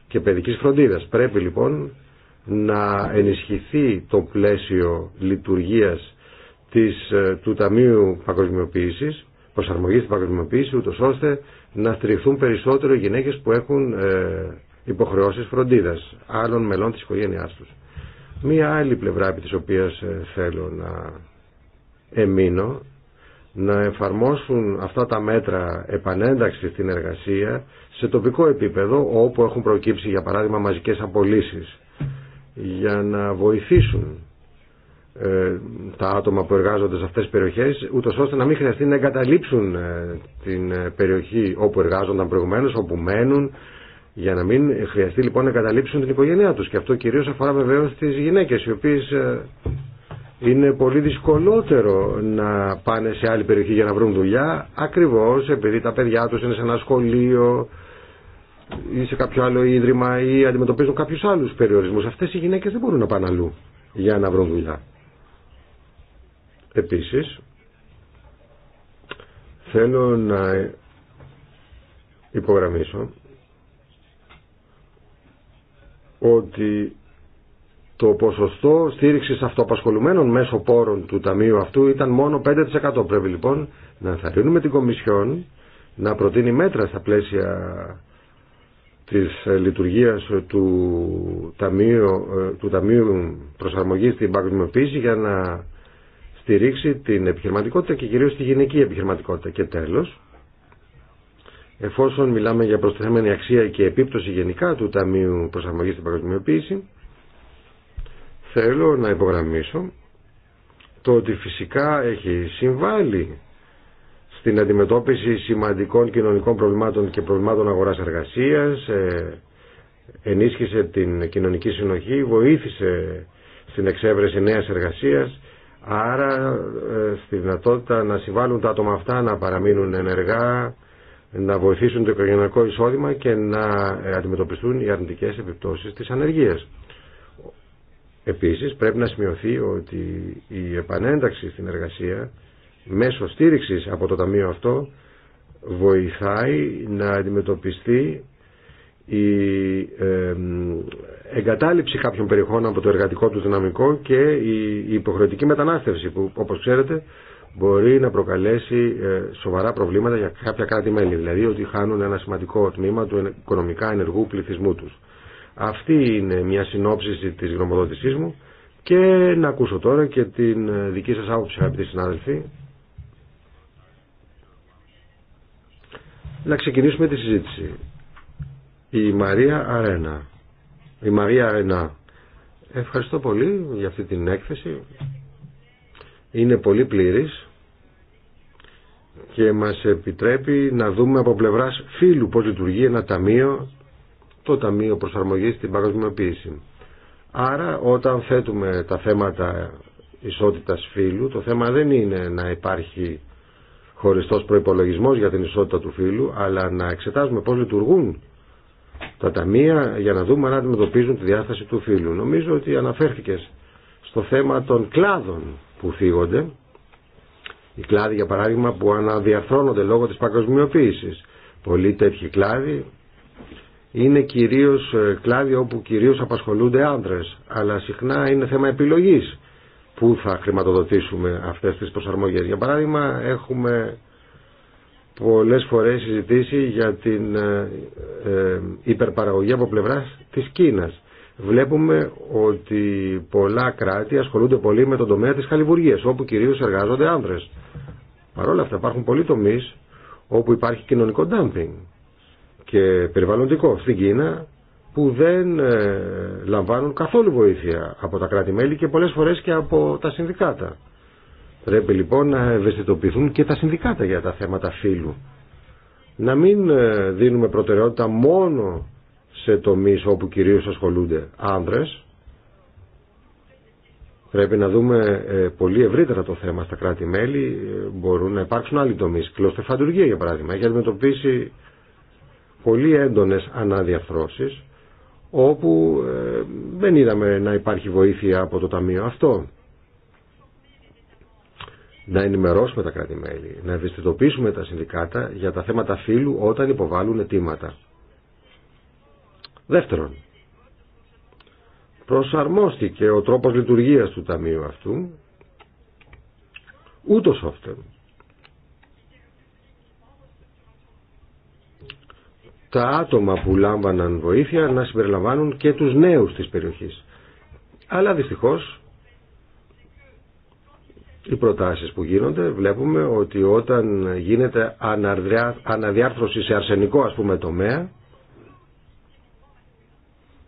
και παιδικής φροντίδας. Πρέπει λοιπόν να ενισχυθεί το πλαίσιο λειτουργίας της, του Ταμείου Παγκοσμιοποίησης προσαρμογή στην παγκοσμιοποίηση, ούτως ώστε να στηριχθούν περισσότερο οι γυναίκες που έχουν ε, υποχρεώσει φροντίδας άλλων μελών της οικογένειά του. Μία άλλη πλευρά επί οποία οποίας ε, θέλω να εμείνω, να εφαρμόσουν αυτά τα μέτρα επανένταξη στην εργασία σε τοπικό επίπεδο όπου έχουν προκύψει για παράδειγμα μαζικές απολύσεις για να βοηθήσουν ε, τα άτομα που εργάζονται σε αυτές τις περιοχές ούτως ώστε να μην χρειαστεί να εγκαταλείψουν ε, την ε, περιοχή όπου εργάζονταν προηγουμένως, όπου μένουν για να μην χρειαστεί λοιπόν να εγκαταλείψουν την οικογένειά τους και αυτό κυρίως αφορά βεβαίως τις γυναίκες οι οποίες είναι πολύ δυσκολότερο να πάνε σε άλλη περιοχή για να βρουν δουλειά ακριβώς επειδή τα παιδιά τους είναι σε ένα σχολείο ή σε κάποιο άλλο ίδρυμα ή αντιμετωπίζουν κάποιους άλλους περιορισμούς αυτές οι γυναίκες δεν μπορούν να πάνε αλλού για να βρουν δουλειά Επίσης, θέλω να υπογραμμίσω ότι το ποσοστό στήριξης αυτοαπασχολουμένων μέσω πόρων του ταμείου αυτού ήταν μόνο 5%. Πρέπει λοιπόν να ενθαρρύνουμε την Κομισιόν να προτείνει μέτρα στα πλαίσια της λειτουργίας του Ταμείου, ε, του ταμείου Προσαρμογής στην Παγκοσμιοποίηση για να στηρίξει την επιχειρηματικότητα και κυρίως τη γενική επιχειρηματικότητα. Και τέλος, εφόσον μιλάμε για προστιθέμενη αξία και επίπτωση γενικά του Ταμείου Προσαρμογής στην Παγκοσμιοποίηση, θέλω να υπογραμμίσω το ότι φυσικά έχει συμβάλει στην αντιμετώπιση σημαντικών κοινωνικών προβλημάτων και προβλημάτων αγοράς εργασίας, ε, ενίσχυσε την κοινωνική συνοχή, βοήθησε στην εξέβρεση νέας εργασίας, Άρα ε, στη δυνατότητα να συμβάλλουν τα άτομα αυτά να παραμείνουν ενεργά, να βοηθήσουν το οικογενειακό εισόδημα και να ε, αντιμετωπιστούν οι αρνητικές επιπτώσεις της ανεργίας. Επίσης πρέπει να σημειωθεί ότι η επανένταξη στην εργασία μέσω στήριξης από το Ταμείο αυτό βοηθάει να αντιμετωπιστεί η ε, εγκατάλειψη κάποιων περιοχών από το εργατικό του δυναμικό και η υποχρεωτική μετανάστευση που όπως ξέρετε μπορεί να προκαλέσει ε, σοβαρά προβλήματα για κάποια κράτη-μέλη, δηλαδή ότι χάνουν ένα σημαντικό τμήμα του οικονομικά ενεργού πληθυσμού τους. Αυτή είναι μια συνόψιση της γνωμοδότησής μου και να ακούσω τώρα και την ε, δική σας άποψη αγαπητοί συνάδελφοι. Να ξεκινήσουμε τη συζήτηση. Η Μαρία Αρένα. Η Μαρία Ρενά. Ευχαριστώ πολύ για αυτή την έκθεση. Είναι πολύ πλήρης και μας επιτρέπει να δούμε από πλευράς φίλου πώς λειτουργεί ένα ταμείο, το Ταμείο Προσαρμογής στην Παγκοσμιοποίηση. Άρα όταν θέτουμε τα θέματα ισότητας φίλου, το θέμα δεν είναι να υπάρχει χωριστός προϋπολογισμός για την ισότητα του φίλου, αλλά να εξετάζουμε πώς λειτουργούν τα ταμεία για να δούμε αν αντιμετωπίζουν τη διάσταση του φύλου. Νομίζω ότι αναφέρθηκες στο θέμα των κλάδων που φύγονται. Οι κλάδοι, για παράδειγμα, που αναδιαρθρώνονται λόγω της παγκοσμιοποίησης. Πολλοί τέτοιοι κλάδοι είναι κυρίως ε, κλάδοι όπου κυρίως απασχολούνται άντρες, αλλά συχνά είναι θέμα επιλογής που θα χρηματοδοτήσουμε αυτές τις προσαρμογές. Για παράδειγμα, έχουμε πολλές φορές συζητήσει για την ε, ε, υπερπαραγωγή από πλευράς της Κίνας. Βλέπουμε ότι πολλά κράτη ασχολούνται πολύ με τον τομέα της χαλιβουργίας, όπου κυρίως εργάζονται άνδρες. Παρ' όλα αυτά υπάρχουν πολλοί τομείς όπου υπάρχει κοινωνικό ντάμπινγκ και περιβαλλοντικό στην Κίνα που δεν ε, λαμβάνουν καθόλου βοήθεια από τα κράτη-μέλη και πολλές φορές και από τα συνδικάτα. Πρέπει λοιπόν να ευαισθητοποιηθούν και τα συνδικάτα για τα θέματα φύλου. Να μην ε, δίνουμε προτεραιότητα μόνο σε τομείς όπου κυρίως ασχολούνται άνδρες. Πρέπει να δούμε ε, πολύ ευρύτερα το θέμα στα κράτη-μέλη. Ε, μπορούν να υπάρξουν άλλοι τομείς. Κλωστεφαντουργία για παράδειγμα έχει αντιμετωπίσει πολύ έντονες αναδιαρθρώσεις όπου δεν είδαμε να υπάρχει βοήθεια από το Ταμείο αυτό να ενημερώσουμε τα κράτη-μέλη, να ευαισθητοποιήσουμε τα συνδικάτα για τα θέματα φύλου όταν υποβάλλουν αιτήματα. Δεύτερον, προσαρμόστηκε ο τρόπος λειτουργίας του Ταμείου αυτού, ούτως ώστε τα άτομα που λάμβαναν βοήθεια να συμπεριλαμβάνουν και τους νέους της περιοχής. Αλλά δυστυχώς οι προτάσεις που γίνονται βλέπουμε ότι όταν γίνεται αναδιάρθρωση σε αρσενικό ας πούμε τομέα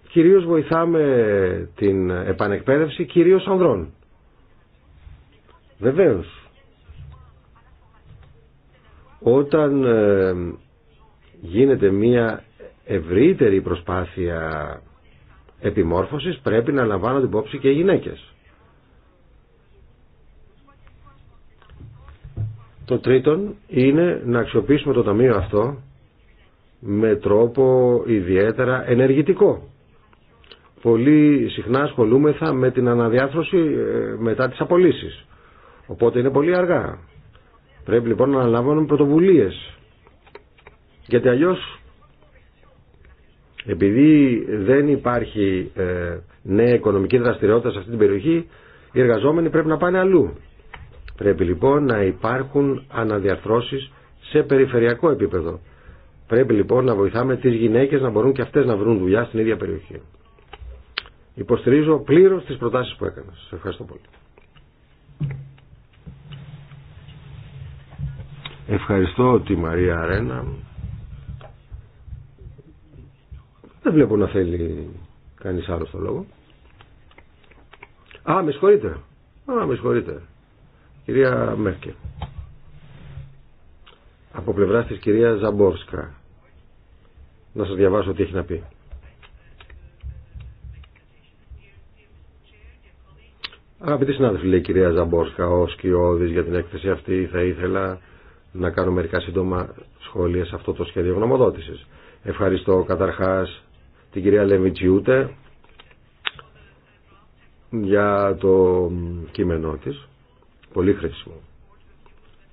κυρίως βοηθάμε την επανεκπαίδευση κυρίως ανδρών. Βεβαίως. Όταν ε, γίνεται μια ευρύτερη προσπάθεια επιμόρφωσης πρέπει να λαμβάνονται υπόψη και οι γυναίκες. Το τρίτον είναι να αξιοποιήσουμε το ταμείο αυτό με τρόπο ιδιαίτερα ενεργητικό. Πολύ συχνά ασχολούμεθα με την αναδιάθρωση ε, μετά τις απολύσεις. Οπότε είναι πολύ αργά. Πρέπει λοιπόν να αναλαμβάνουμε πρωτοβουλίες. Γιατί αλλιώς επειδή δεν υπάρχει ε, νέα οικονομική δραστηριότητα σε αυτή την περιοχή, οι εργαζόμενοι πρέπει να πάνε αλλού. Πρέπει λοιπόν να υπάρχουν αναδιαρθρώσεις σε περιφερειακό επίπεδο. Πρέπει λοιπόν να βοηθάμε τις γυναίκες να μπορούν και αυτές να βρουν δουλειά στην ίδια περιοχή. Υποστηρίζω πλήρως τις προτάσεις που έκανα. Σας ευχαριστώ πολύ. Ευχαριστώ τη Μαρία Αρένα. Δεν βλέπω να θέλει κανείς άλλο το λόγο. Α, με συγχωρείτε. Α, με συγχωρείτε. Κυρία Μέρκελ. Από πλευρά της κυρία Ζαμπόρσκα. Να σας διαβάσω τι έχει να πει. Αγαπητοί συνάδελφοι, λέει η κυρία Ζαμπόρσκα, ω Σκιώδης για την έκθεση αυτή θα ήθελα να κάνω μερικά σύντομα σχόλια σε αυτό το σχέδιο γνωμοδότησης. Ευχαριστώ καταρχάς την κυρία Λεβιτσιούτε για το κείμενό της πολύ χρήσιμο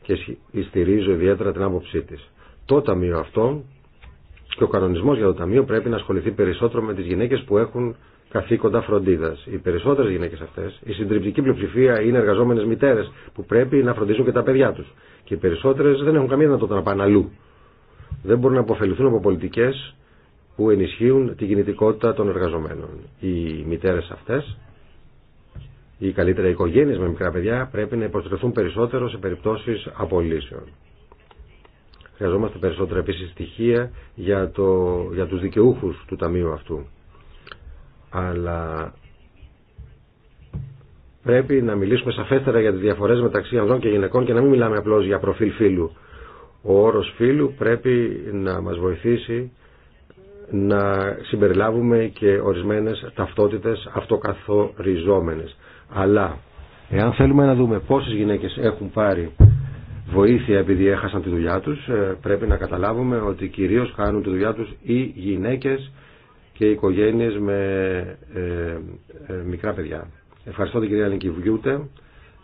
και στηρίζω ιδιαίτερα την άποψή τη. Το ταμείο αυτό και ο κανονισμό για το ταμείο πρέπει να ασχοληθεί περισσότερο με τι γυναίκε που έχουν καθήκοντα φροντίδα. Οι περισσότερε γυναίκε αυτέ, η συντριπτική πλειοψηφία είναι εργαζόμενε μητέρε που πρέπει να φροντίζουν και τα παιδιά του. Και οι περισσότερε δεν έχουν καμία δυνατότητα να πάνε αλλού. Δεν μπορούν να αποφεληθούν από πολιτικέ που ενισχύουν την κινητικότητα των εργαζομένων. Οι μητέρε αυτέ ή καλύτερα οι οικογένειες με μικρά παιδιά πρέπει να υποστηριχθούν περισσότερο σε περιπτώσεις απολύσεων. Χρειαζόμαστε περισσότερα επίση στοιχεία για, το, για τους δικαιούχους του ταμείου αυτού. Αλλά πρέπει να μιλήσουμε σαφέστερα για τι διαφορέ μεταξύ ανδρών και γυναικών και να μην μιλάμε απλώς για προφίλ φίλου. Ο όρο φίλου πρέπει να μα βοηθήσει να συμπεριλάβουμε και ορισμένες ταυτότητες αυτοκαθοριζόμενες. Αλλά εάν θέλουμε να δούμε πόσες γυναίκες έχουν πάρει βοήθεια επειδή έχασαν τη δουλειά τους, ε, πρέπει να καταλάβουμε ότι κυρίως χάνουν τη δουλειά τους οι γυναίκες και οι οικογένειες με ε, ε, μικρά παιδιά. Ευχαριστώ την κυρία Βιούτε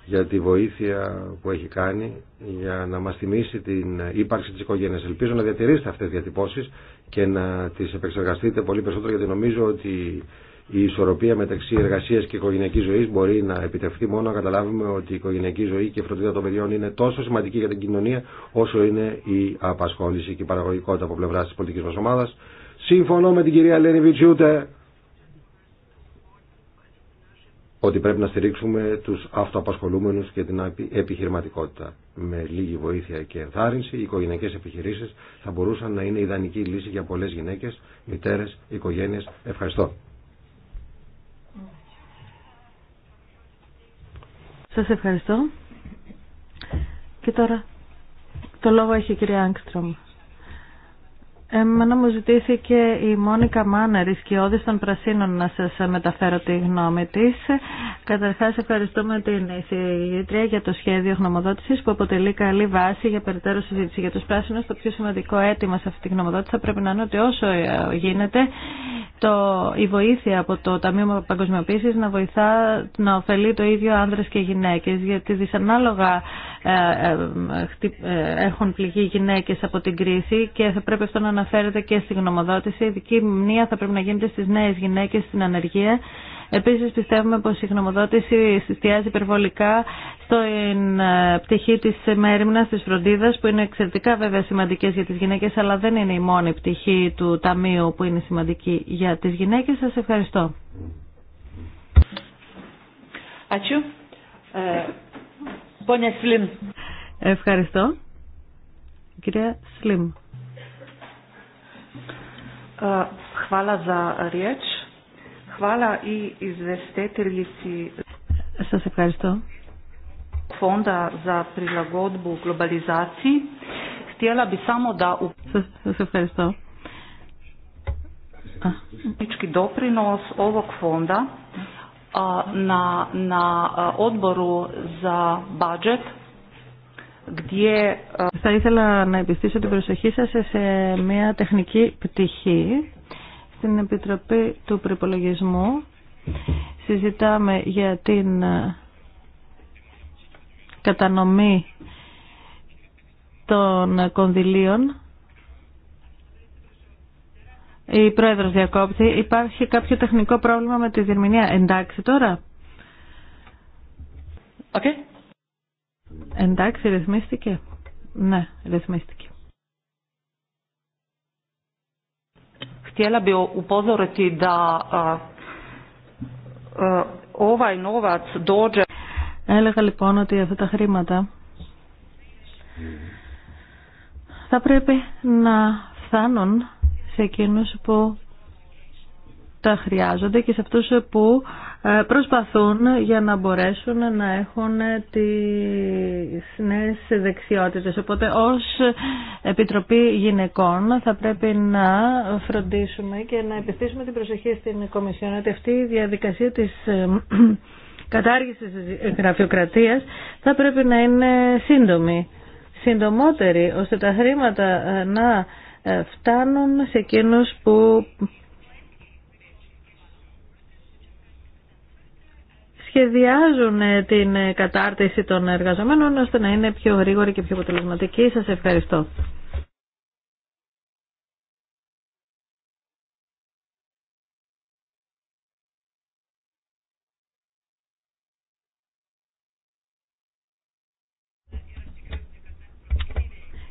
για τη βοήθεια που έχει κάνει για να μας θυμίσει την ύπαρξη της οικογένειας. Ελπίζω να διατηρήσετε αυτές τις διατυπώσεις και να τις επεξεργαστείτε πολύ περισσότερο γιατί νομίζω ότι η ισορροπία μεταξύ εργασία και οικογενειακής ζωή μπορεί να επιτευχθεί μόνο να καταλάβουμε ότι η οικογενειακή ζωή και η φροντίδα των παιδιών είναι τόσο σημαντική για την κοινωνία όσο είναι η απασχόληση και η παραγωγικότητα από πλευρά τη πολιτική μα ομάδα. Συμφωνώ με την κυρία Ελένη Βιτσιούτε ότι πρέπει να στηρίξουμε του αυτοαπασχολούμενους και την επιχειρηματικότητα. Με λίγη βοήθεια και ενθάρρυνση, οι οικογενειακές επιχειρήσει θα μπορούσαν να είναι ιδανική λύση για πολλέ γυναίκε, μητέρε, οικογένειε. Ευχαριστώ. Σα ευχαριστώ. Και τώρα το λόγο έχει η κυρία Άγκστρομ. Εμένα μου ζητήθηκε η Μόνικα Μάνερ, η σκιώδη των Πρασίνων, να σας μεταφέρω τη γνώμη της. Καταρχάς ευχαριστούμε την εισηγήτρια για το σχέδιο γνωμοδότησης που αποτελεί καλή βάση για περαιτέρω συζήτηση για τους πράσινους. Το πιο σημαντικό αίτημα σε αυτή τη γνωμοδότηση θα πρέπει να είναι ότι όσο ε, γίνεται το, η βοήθεια από το Ταμείο Παγκοσμιοποίησης να βοηθά να ωφελεί το ίδιο άνδρες και γυναίκες γιατί δυσανάλογα ε, ε, ε, έχουν πληγεί γυναίκε από την κρίση και θα πρέπει αυτό να αναφέρεται και στη γνωμοδότηση. ειδική μνήμα θα πρέπει να γίνεται στι νέε γυναίκε στην ανεργία. Επίση, πιστεύουμε πω η γνωμοδότηση εστιάζει υπερβολικά στην πτυχή τη μέρημνα τη φροντίδα, που είναι εξαιρετικά βέβαια σημαντικέ για τι γυναίκε αλλά δεν είναι η μόνη πτυχή του Ταμείου που είναι σημαντική για τι γυναίκε. Σα ευχαριστώ. Πόνια λοιπόν, ε, Σλιμ. Ευχαριστώ. Κυρία Σλιμ. Ε, χβάλα ζα ριέτς. Χβάλα οι εισβεστέτελοι Σας ευχαριστώ. Φόντα ζα πριλαγόντμπου γλωμπαλιζάτσι. Στιέλα μπι σάμω δα... Σας ευχαριστώ. Ah. Doprinos ovog fonda na, na odboru za θα ήθελα να επιστήσω την προσοχή σας σε μια τεχνική πτυχή στην Επιτροπή του Προπολογισμού. Συζητάμε για την ε, κατανομή των κονδυλίων η Πρόεδρος διακόπτει. Υπάρχει κάποιο τεχνικό πρόβλημα με τη διερμηνία. Εντάξει τώρα. Okay. Εντάξει, ρυθμίστηκε. Ναι, ρυθμίστηκε. Έλεγα λοιπόν ότι αυτά τα χρήματα θα πρέπει να φτάνουν σε εκείνους που τα χρειάζονται και σε αυτούς που ε, προσπαθούν για να μπορέσουν να έχουν τις νέες δεξιότητες. Οπότε ως Επιτροπή Γυναικών θα πρέπει να φροντίσουμε και να επιστήσουμε την προσοχή στην Κομισιόν ότι αυτή η διαδικασία της ε, κατάργησης της γραφειοκρατίας θα πρέπει να είναι σύντομη, συντομότερη, ώστε τα χρήματα ε, να ε, φτάνουν σε εκείνους που σχεδιάζουν ε, την ε, κατάρτιση των εργαζομένων ώστε να είναι πιο γρήγορη και πιο αποτελεσματική. Σας ευχαριστώ.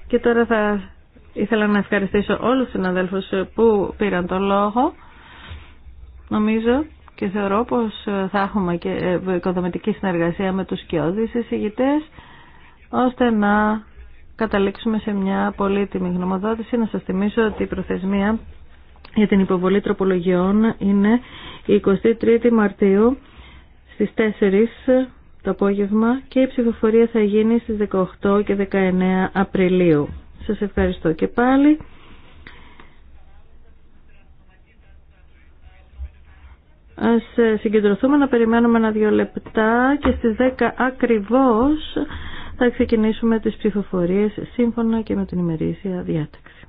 Και τώρα θα Ήθελα να ευχαριστήσω όλους τους συναδέλφους που πήραν τον λόγο. Νομίζω και θεωρώ πως θα έχουμε και οικοδομητική ε, συνεργασία με τους σκιώδεις εισηγητές ώστε να καταλήξουμε σε μια πολύτιμη γνωμοδότηση. Να σας θυμίσω ότι η προθεσμία για την υποβολή τροπολογιών είναι η 23η Μαρτίου στις 4 το απόγευμα και η ψηφοφορία θα γίνει στις 18 και 19 Απριλίου. Σας ευχαριστώ και πάλι. Ας συγκεντρωθούμε να περιμένουμε ένα δύο λεπτά και στις 10 ακριβώς θα ξεκινήσουμε τις ψηφοφορίες σύμφωνα και με την ημερήσια διάταξη.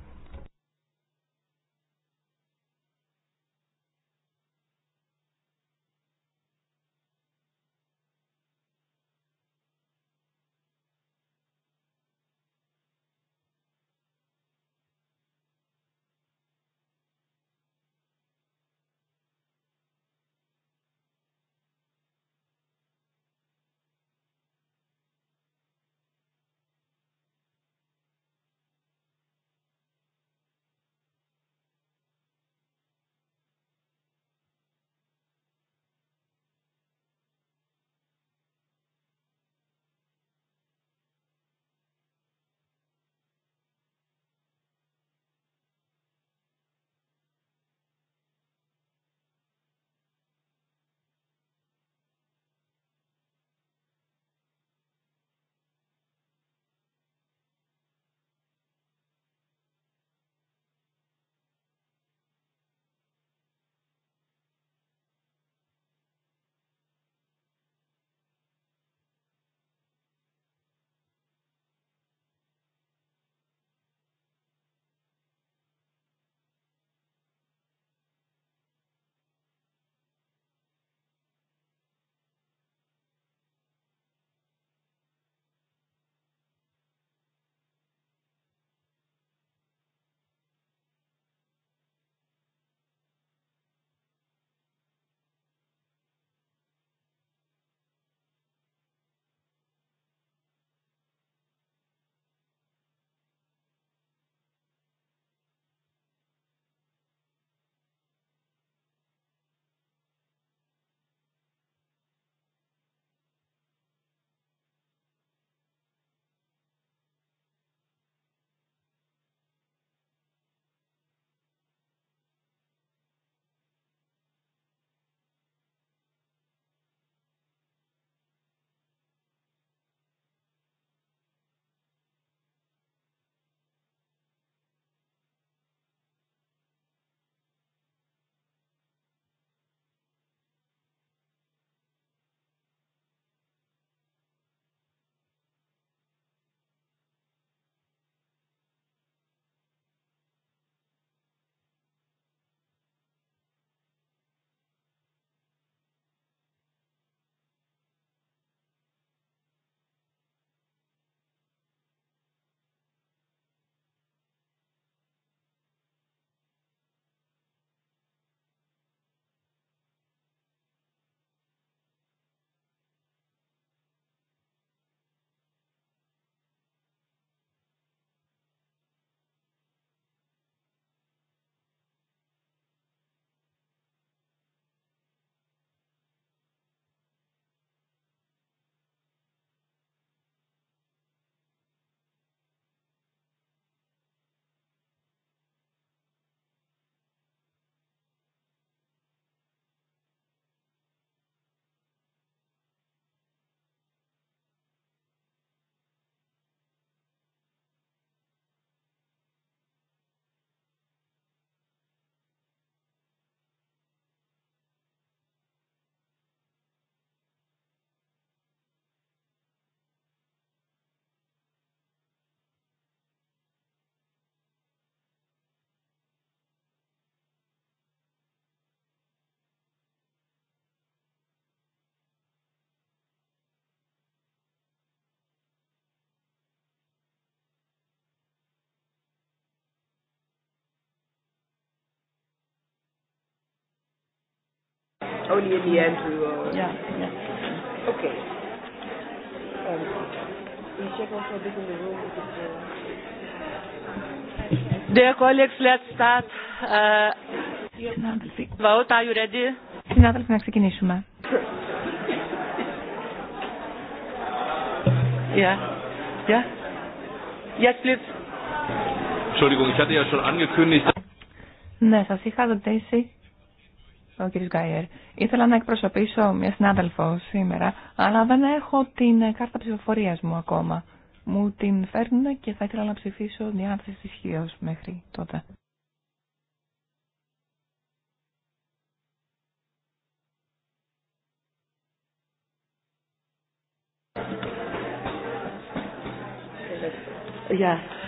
Only in the end we will. Yeah, yeah. Okay. Um, we check also a bit in the room. uh... Dear colleagues, let's start. Uh, are you ready? Συνάδελφοι, να ξεκινήσουμε. Yes, please. schon angekündigt. Ναι, σας είχα ρωτήσει ο κ. Γκάιερ. Ήθελα να εκπροσωπήσω μια συνάδελφο σήμερα, αλλά δεν έχω την κάρτα ψηφοφορία μου ακόμα. Μου την φέρνουν και θα ήθελα να ψηφίσω διάθεση ισχύω μέχρι τότε. Yeah.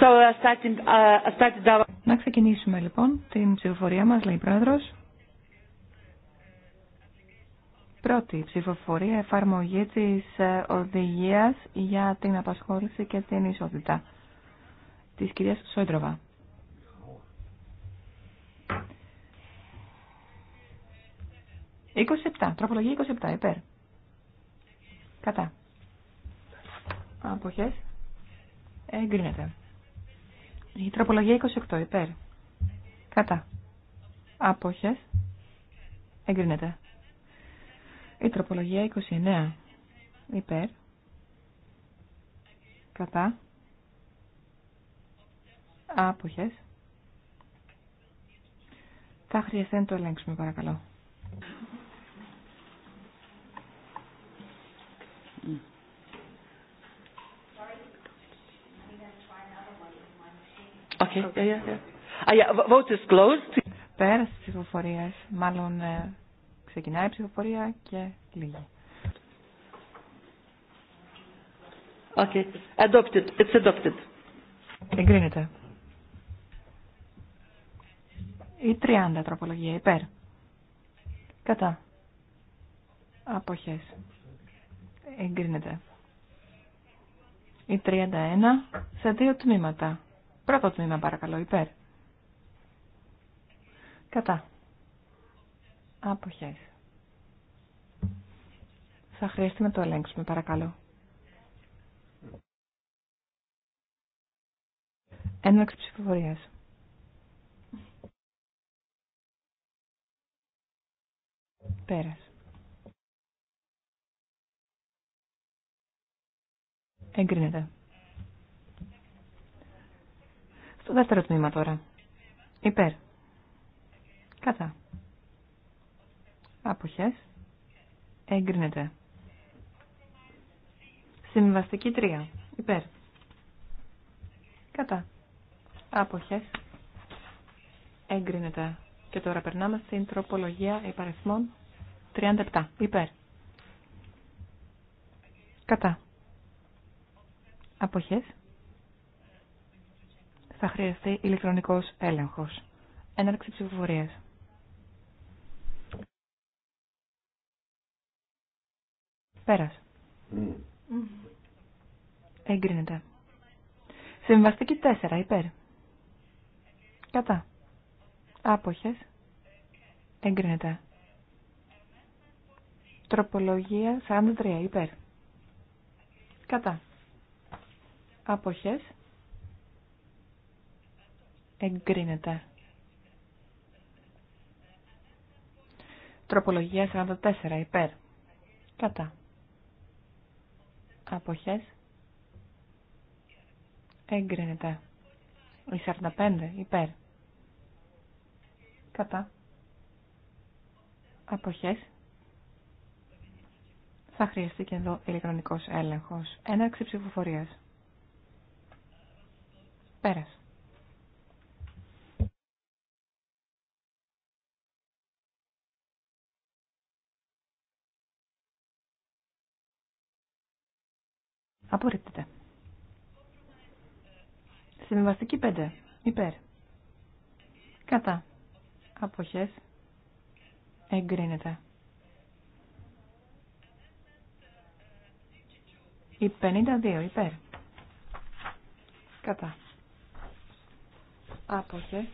So, uh, uh, Να ξεκινήσουμε λοιπόν την ψηφοφορία μας, λέει η Πρόεδρος. Πρώτη ψηφοφορία εφαρμογή της ε, οδηγίας για την απασχόληση και την ισότητα της κυρίας Σόντροβα. 27, τροπολογία 27, υπέρ. Κατά. Αποχές. Εγκρίνεται. Η τροπολογία 28 υπέρ. Κατά. Άποχες. Εγκρίνεται. Η τροπολογία 29 υπέρ. Κατά. Άποχες. Θα χρειαστεί να το ελέγξουμε παρακαλώ. Okay. Yeah, yeah. Ah, yeah. Vote is closed. Πέρα τη ψηφοφορία. Μάλλον ε, ξεκινάει η ψηφοφορία και λίγη. Okay. Adopted. It's adopted. Εγκρίνεται. Η 30 τροπολογία υπέρ. Κατά. Αποχές. Εγκρίνεται. Η 31 σε δύο τμήματα. Πρώτο τμήμα παρακαλώ, υπέρ. Κατά. Αποχές. Θα χρειαστεί να το ελέγξουμε παρακαλώ. Έναρξη ψηφοφορία. Πέρας. Εγκρίνεται. δεύτερο τμήμα τώρα. Υπέρ. Κατά. Αποχές. Έγκρινεται. Συμβαστική 3. Υπέρ. Κατά. Άποχες. Έγκρινεται. Και τώρα περνάμε στην τροπολογία υπαριθμών 37. Υπέρ. Κατά. Αποχές θα χρειαστεί ηλεκτρονικός έλεγχος. Έναρξη ψηφοφορίας. Πέρας. Εγκρίνεται. Συμβαστική 4 υπέρ. Κατά. Άποχες. Εγκρίνεται. Τροπολογία 43 υπέρ. Κατά. Άποχες εγκρίνεται. Τροπολογία 44 υπέρ. Κατά. Αποχές. Εγκρίνεται. Η 45 υπέρ. Κατά. Αποχές. Θα χρειαστεί και εδώ ηλεκτρονικός έλεγχος. Έναρξη ψηφοφορίας. Πέρας. Απορρίπτεται. Συμβαστική 5. Υπέρ. Κατά. Αποχές. Εγκρίνεται. Η 52. Υπέρ. Κατά. Αποχές.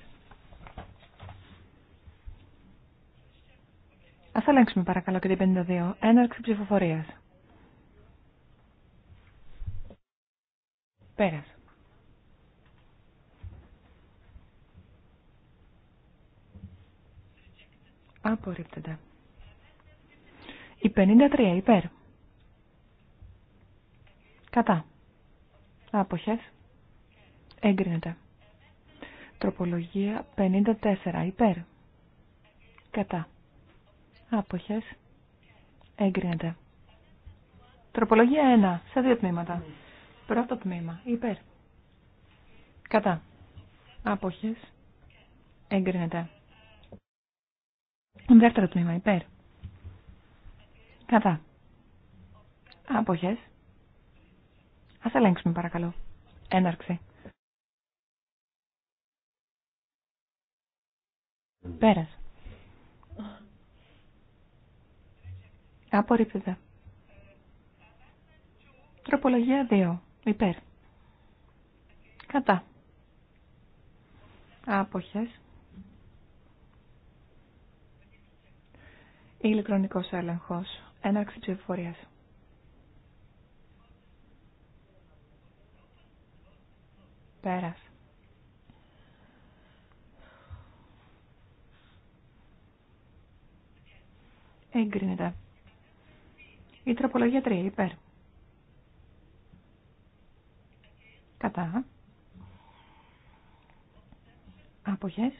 Ας αλλάξουμε παρακαλώ και την 52. Έναρξη ψηφοφορίας. Πέρασε. Απορρίπτεται. Η 53 υπέρ. Κατά. Άποχες. Έγκρινεται. Τροπολογία 54 υπέρ. Κατά. Άποχες. Έγκρινεται. Τροπολογία 1 σε δύο τμήματα. Πρώτο τμήμα. Υπέρ. Κατά. Άποχες. Εγκρίνεται. Δεύτερο τμήμα. Υπέρ. Κατά. Άποχες. Ας ελέγξουμε παρακαλώ. Έναρξη. Πέρας. Απορρίπτεται. Τροπολογία 2. Υπέρ. Κατά. Άποχες. Ηλεκτρονικός έλεγχος. Έναρξη ψηφοφορίας. Πέρας. Εγκρίνεται. Η τροπολογία 3. Υπέρ. Κατά. Αποχές.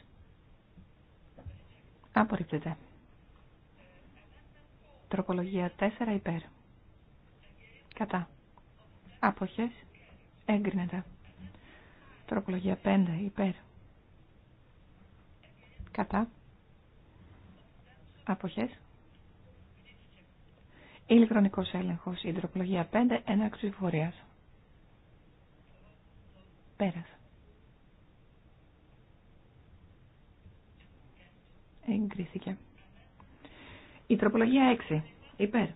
Απορρίπτεται. Τροπολογία 4 υπέρ. Κατά. Αποχές. Έγκρινεται. Τροπολογία 5 υπέρ. Κατά. Αποχές. Ηλεκτρονικός έλεγχος. Η τροπολογία 5 έναρξη ψηφοφορίας πέρασα. Εγκρίθηκε. Η τροπολογία 6. Υπέρ.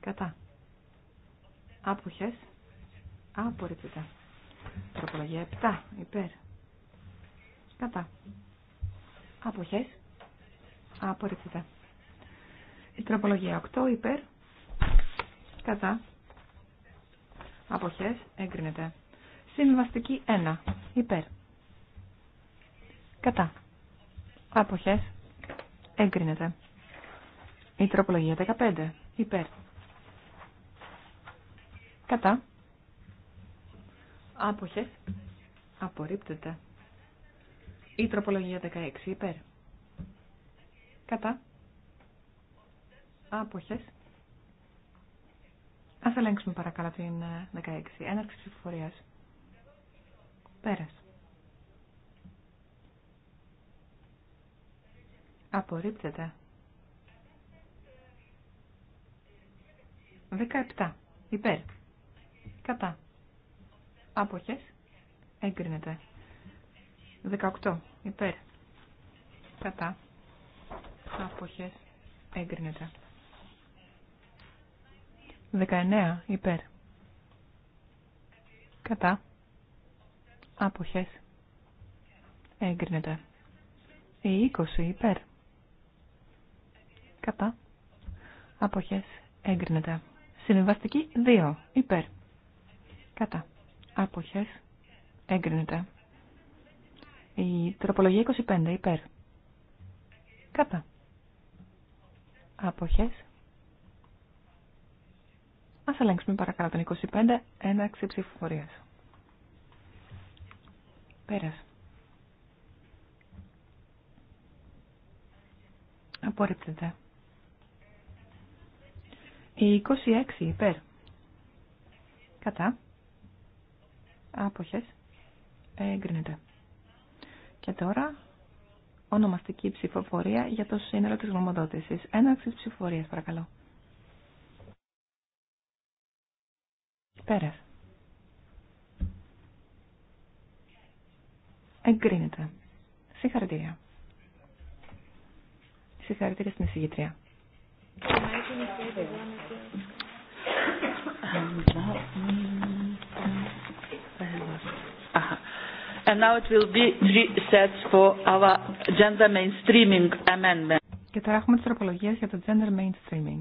Κατά. Άποχες. Η Τροπολογία 7. Υπέρ. Κατά. Άποχες. Απορρίπτεται. Η τροπολογία 8. Υπέρ. Κατά. Αποχές εγκρίνεται. Συμβαστική 1. Υπέρ. Κατά. Αποχές εγκρίνεται. Η τροπολογία 15. Υπέρ. Κατά. Άποχες. Απορρίπτεται. Η τροπολογία 16. Υπέρ. Κατά. Άποχες. Ας ελέγξουμε παρακαλώ την 16. Ε, Έναρξη ψηφοφορίας. Πέρας. Απορρίπτεται. 17. Υπέρ. Κατά. Άποχες. Έγκρινεται. 18. Υπέρ. Κατά. Άποχες. Έγκρινεται. 19 υπέρ. Κατά. Άποχες. Έγκρινεται. Η 20 υπέρ. Κατά. Άποχες. Έγκρινεται. Συμβαστική 2 υπέρ. Κατά. Άποχες. Έγκρινεται. Η τροπολογία 25 υπέρ. Κατά. Άποχες. Ας ελέγξουμε παρακαλώ τον 25 έναξη ψηφοφορίας. Πέρασε. Απορρίπτεται. Η 26 υπέρ. Κατά. Άποχες. Εγκρίνεται. Και τώρα ονομαστική ψηφοφορία για το σύνολο της γνωμοδότησης. Έναρξη ψηφοφορίας παρακαλώ. Καλησπέρα. Εγκρίνεται. Συγχαρητήρια. Συγχαρητήρια στην εισηγητρία. And now it will be three sets for our gender mainstreaming amendment. Και τώρα έχουμε τις τροπολογίες για το gender mainstreaming.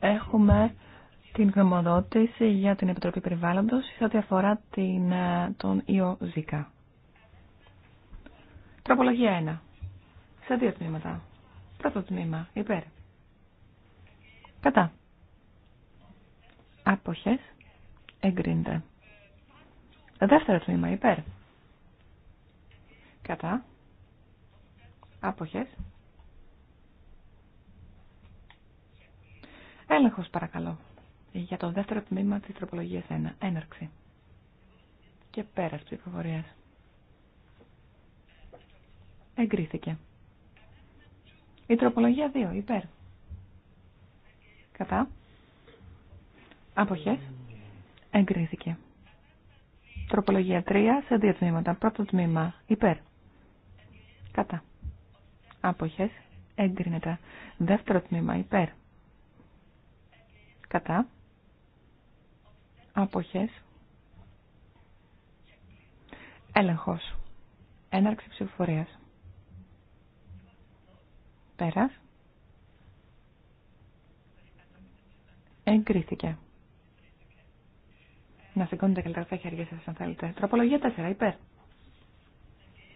Έχουμε την γνωμοδότηση για την Επιτροπή Περιβάλλοντος σε ό,τι αφορά την, ε, τον ιό Ζήκα. Τροπολογία 1. Σε δύο τμήματα. Πρώτο τμήμα. Υπέρ. Κατά. Άποχες. Εγκρίνεται. Δεύτερο τμήμα. Υπέρ. Κατά. Άποχες. Έλεγχος παρακαλώ. Για το δεύτερο τμήμα της τροπολογίας 1. Έναρξη. Και πέρας ψηφοφορίας. Εγκρίθηκε. Η τροπολογία 2. Υπέρ. Κατά. Αποχές. Εγκρίθηκε. Τροπολογία 3 σε δύο τμήματα. Πρώτο τμήμα. Υπέρ. Κατά. Αποχές. Εγκρίνεται. Δεύτερο τμήμα. Υπέρ κατά αποχές έλεγχος έναρξη ψηφοφορίας πέρας εγκρίθηκε να σηκώνετε καλύτερα τα χέρια σας αν θέλετε τροπολογία 4 υπέρ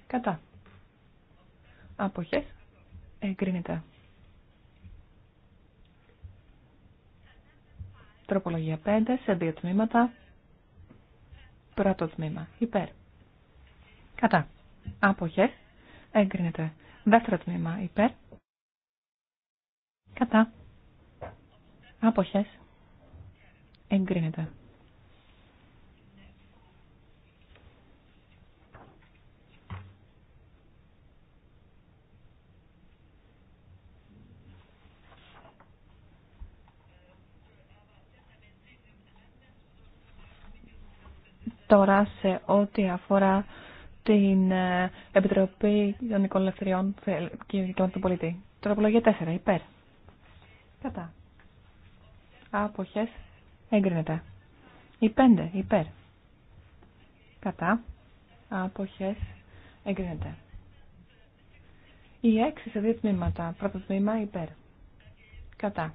κατά αποχές εγκρίνεται Τροπολογία 5 σε δύο τμήματα. Πρώτο τμήμα. Υπέρ. Κατά. Άποχες. Έγκρινεται. Δεύτερο τμήμα. Υπέρ. Κατά. Άποχες. Εγκρίνεται. Τώρα σε ό,τι αφορά την ε, Επιτροπή των Οικολευθεριών και Δικαιωμάτων του Πολίτη. Τροπολογία 4. Υπέρ. Κατά. Αποχές. Έγκρινεται. Η 5. Υπέρ. Κατά. Αποχές. Έγκρινεται. Η 6 σε δύο τμήματα. Πρώτο τμήμα. Υπέρ. Κατά.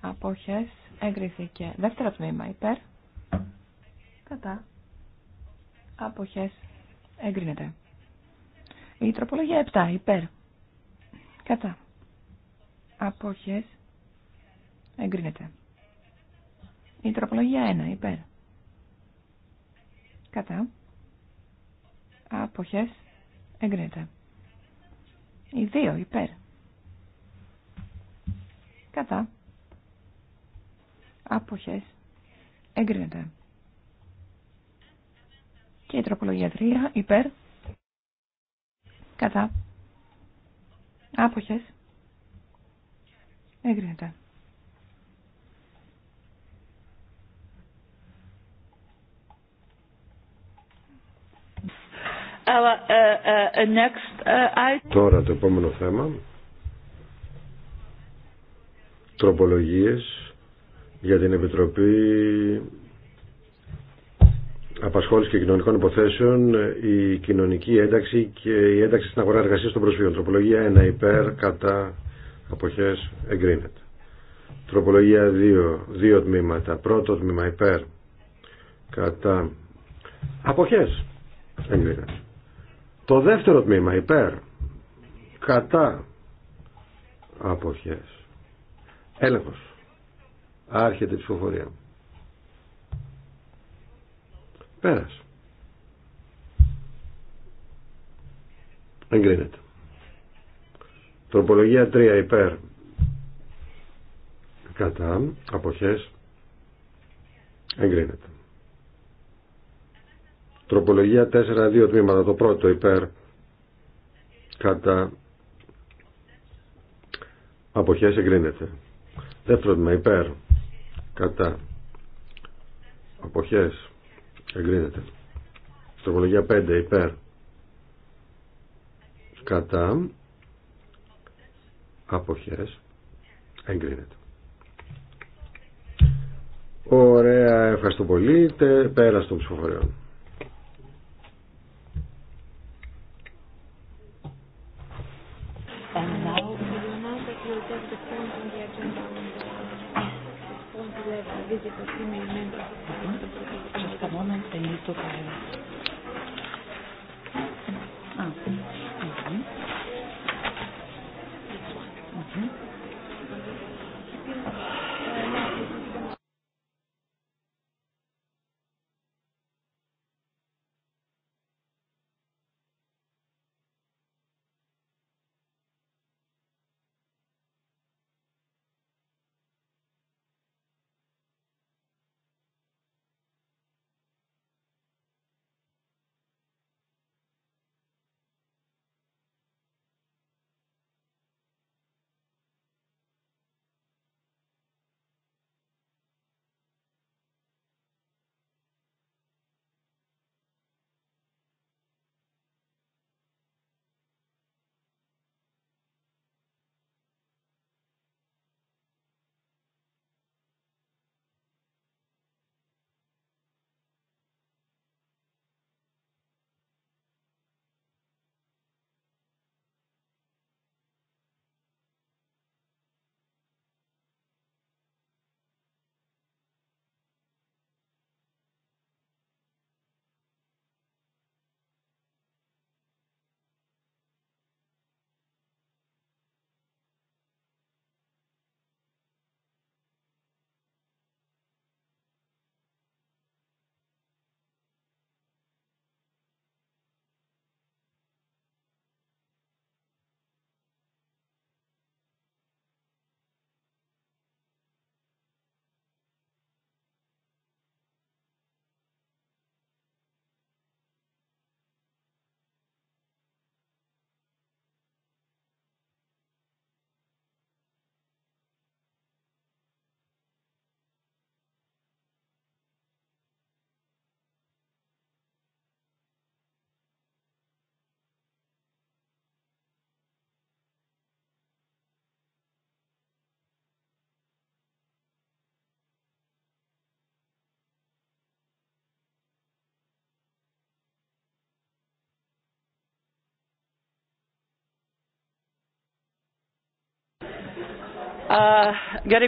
Αποχές. Έγκριθηκε. Δεύτερο τμήμα. Υπέρ. Κατά αποχές εγκρίνεται. Η τροπολογία 7 υπέρ κατά αποχές εγκρίνεται. Η τροπολογία 1 υπέρ κατά αποχές εγκρίνεται. Η 2 υπέρ κατά αποχές εγκρίνεται. Και η τροπολογία 3 υπέρ κατά άποχες εγκρίνεται. Uh, uh, uh, Τώρα το επόμενο θέμα τροπολογίες για την Επιτροπή απασχόληση και κοινωνικών υποθέσεων, η κοινωνική ένταξη και η ένταξη στην αγορά εργασία των προσφύγων. Τροπολογία 1 υπέρ κατά αποχές εγκρίνεται. Τροπολογία 2, δύο τμήματα. Πρώτο τμήμα υπέρ κατά αποχές εγκρίνεται. Το δεύτερο τμήμα υπέρ κατά αποχές. Έλεγχος. Άρχεται η ψηφοφορία. Πέρας. Εγκρίνεται. Τροπολογία 3 υπέρ. Κατά. Αποχές. Εγκρίνεται. Τροπολογία δύο τμήματα. Το πρώτο υπέρ. Κατά. Αποχές εγκρίνεται. Δεύτερο τμήμα υπέρ. Κατά. Αποχές Εγκρίνεται. Τροπολογία 5 υπέρ. Κατά. Αποχές. Εγκρίνεται. Ωραία, ευχαριστώ πολύ. πέρα των ψηφοφοριών. Benito Geier.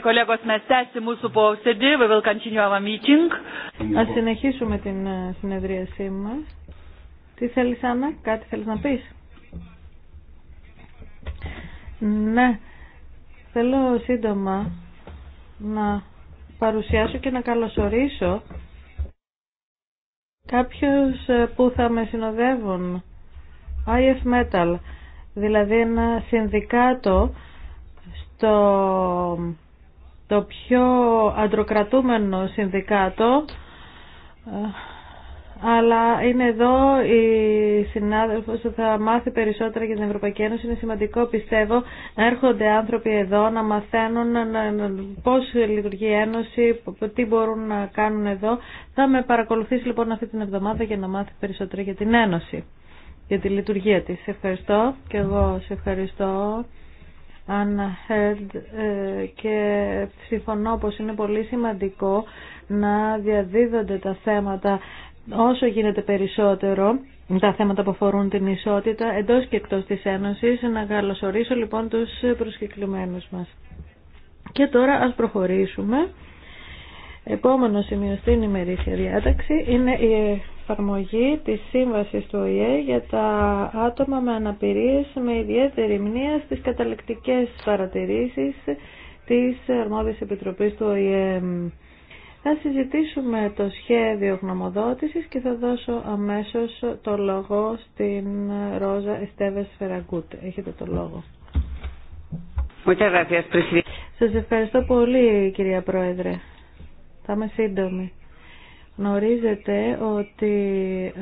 κολέγος, uh, We will continue συνεχίσουμε την ε, συνεδρίασή μας. Τι θέλεις, Άννα, κάτι θέλεις να πεις. Ναι, θέλω σύντομα να παρουσιάσω και να καλωσορίσω κάποιους ε, που θα με συνοδεύουν. IF Metal, δηλαδή ένα συνδικάτο στο το πιο αντροκρατούμενο συνδικάτο ε, αλλά είναι εδώ η συνάδελφος που θα μάθει περισσότερα για την Ευρωπαϊκή Ένωση. Είναι σημαντικό, πιστεύω, να έρχονται άνθρωποι εδώ, να μαθαίνουν πώς λειτουργεί η Ένωση, τι μπορούν να κάνουν εδώ. Θα με παρακολουθήσει λοιπόν αυτή την εβδομάδα για να μάθει περισσότερα για την Ένωση, για τη λειτουργία της. Σε ευχαριστώ και εγώ σε ευχαριστώ unheard ε, και συμφωνώ πως είναι πολύ σημαντικό να διαδίδονται τα θέματα όσο γίνεται περισσότερο τα θέματα που αφορούν την ισότητα εντός και εκτός της Ένωσης. Να καλωσορίσω λοιπόν τους προσκεκλημένους μας. Και τώρα ας προχωρήσουμε. Επόμενο σημείο στην ημερήσια διάταξη είναι η εφαρμογή της σύμβασης του ΟΗΕ για τα άτομα με αναπηρίες με ιδιαίτερη μνήμα στις καταληκτικές παρατηρήσεις της Αρμόδιας Επιτροπής του ΟΗΕ. Θα συζητήσουμε το σχέδιο γνωμοδότησης και θα δώσω αμέσως το λόγο στην Ρόζα Εστέβες Φεραγκούτ. Έχετε το λόγο. Σας ευχαριστώ πολύ κυρία Πρόεδρε. Θα είμαι σύντομη. Γνωρίζετε ότι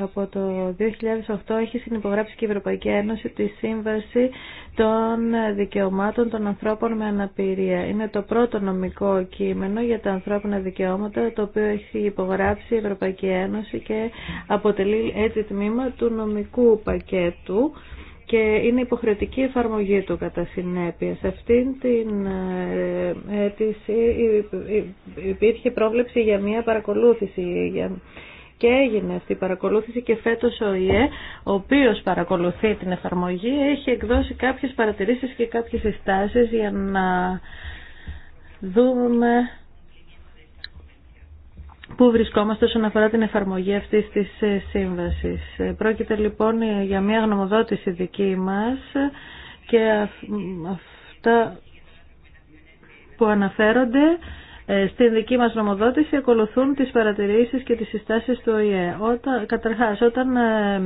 από το 2008 έχει συνυπογράψει και η Ευρωπαϊκή Ένωση τη Σύμβαση των Δικαιωμάτων των Ανθρώπων με Αναπηρία. Είναι το πρώτο νομικό κείμενο για τα ανθρώπινα δικαιώματα το οποίο έχει υπογράψει η Ευρωπαϊκή Ένωση και αποτελεί έτσι τμήμα του νομικού πακέτου και είναι υποχρεωτική εφαρμογή του κατά συνέπεια. Σε αυτήν την ε, αίτηση υπήρχε πρόβλεψη για μια παρακολούθηση και έγινε αυτή η παρακολούθηση και φέτος ο ΙΕ, ο οποίος παρακολουθεί την εφαρμογή, έχει εκδώσει κάποιες παρατηρήσεις και κάποιες συστάσεις για να δούμε πού βρισκόμαστε όσον αφορά την εφαρμογή αυτή της ε, σύμβασης. Ε, πρόκειται λοιπόν ε, για μια γνωμοδότηση δική μας και αυτά που αναφέρονται ε, στην δική μας νομοδότηση ακολουθούν τις παρατηρήσεις και τις συστάσεις του ΟΗΕ. Όταν, καταρχάς, όταν ε,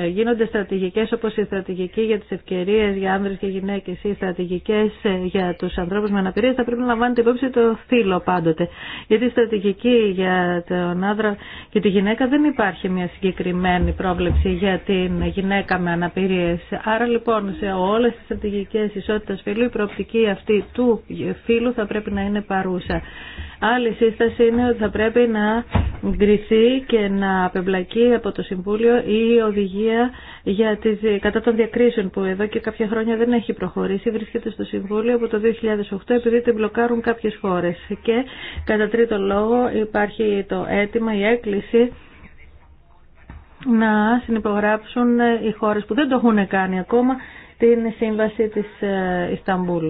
ε, γίνονται στρατηγικές όπως η στρατηγική για τις ευκαιρίες για άνδρες και γυναίκες ή οι στρατηγικές για τους ανθρώπους με αναπηρία θα πρέπει να λαμβάνετε υπόψη το φύλλο πάντοτε. Γιατί η στρατηγική για τον άνδρα και τη γυναίκα δεν υπάρχει μια συγκεκριμένη πρόβλεψη για την γυναίκα με αναπηρίες. Άρα λοιπόν σε όλες τις στρατηγικές ισότητας φύλου η προοπτική αυτή του φύλου θα πρέπει να είναι παρούσα. Άλλη σύσταση είναι ότι θα πρέπει να γκριθεί και να απεμπλακεί από το Συμβούλιο η οδηγία για τις, κατά των διακρίσεων που εδώ και κάποια χρόνια δεν έχει προχωρήσει. Βρίσκεται στο Συμβούλιο από το 2008 επειδή την μπλοκάρουν κάποιες χώρες. Και κατά τρίτο λόγο υπάρχει το αίτημα, η έκκληση να συνυπογράψουν οι χώρες που δεν το έχουν κάνει ακόμα την σύμβαση της ε, Ισταμπούλ.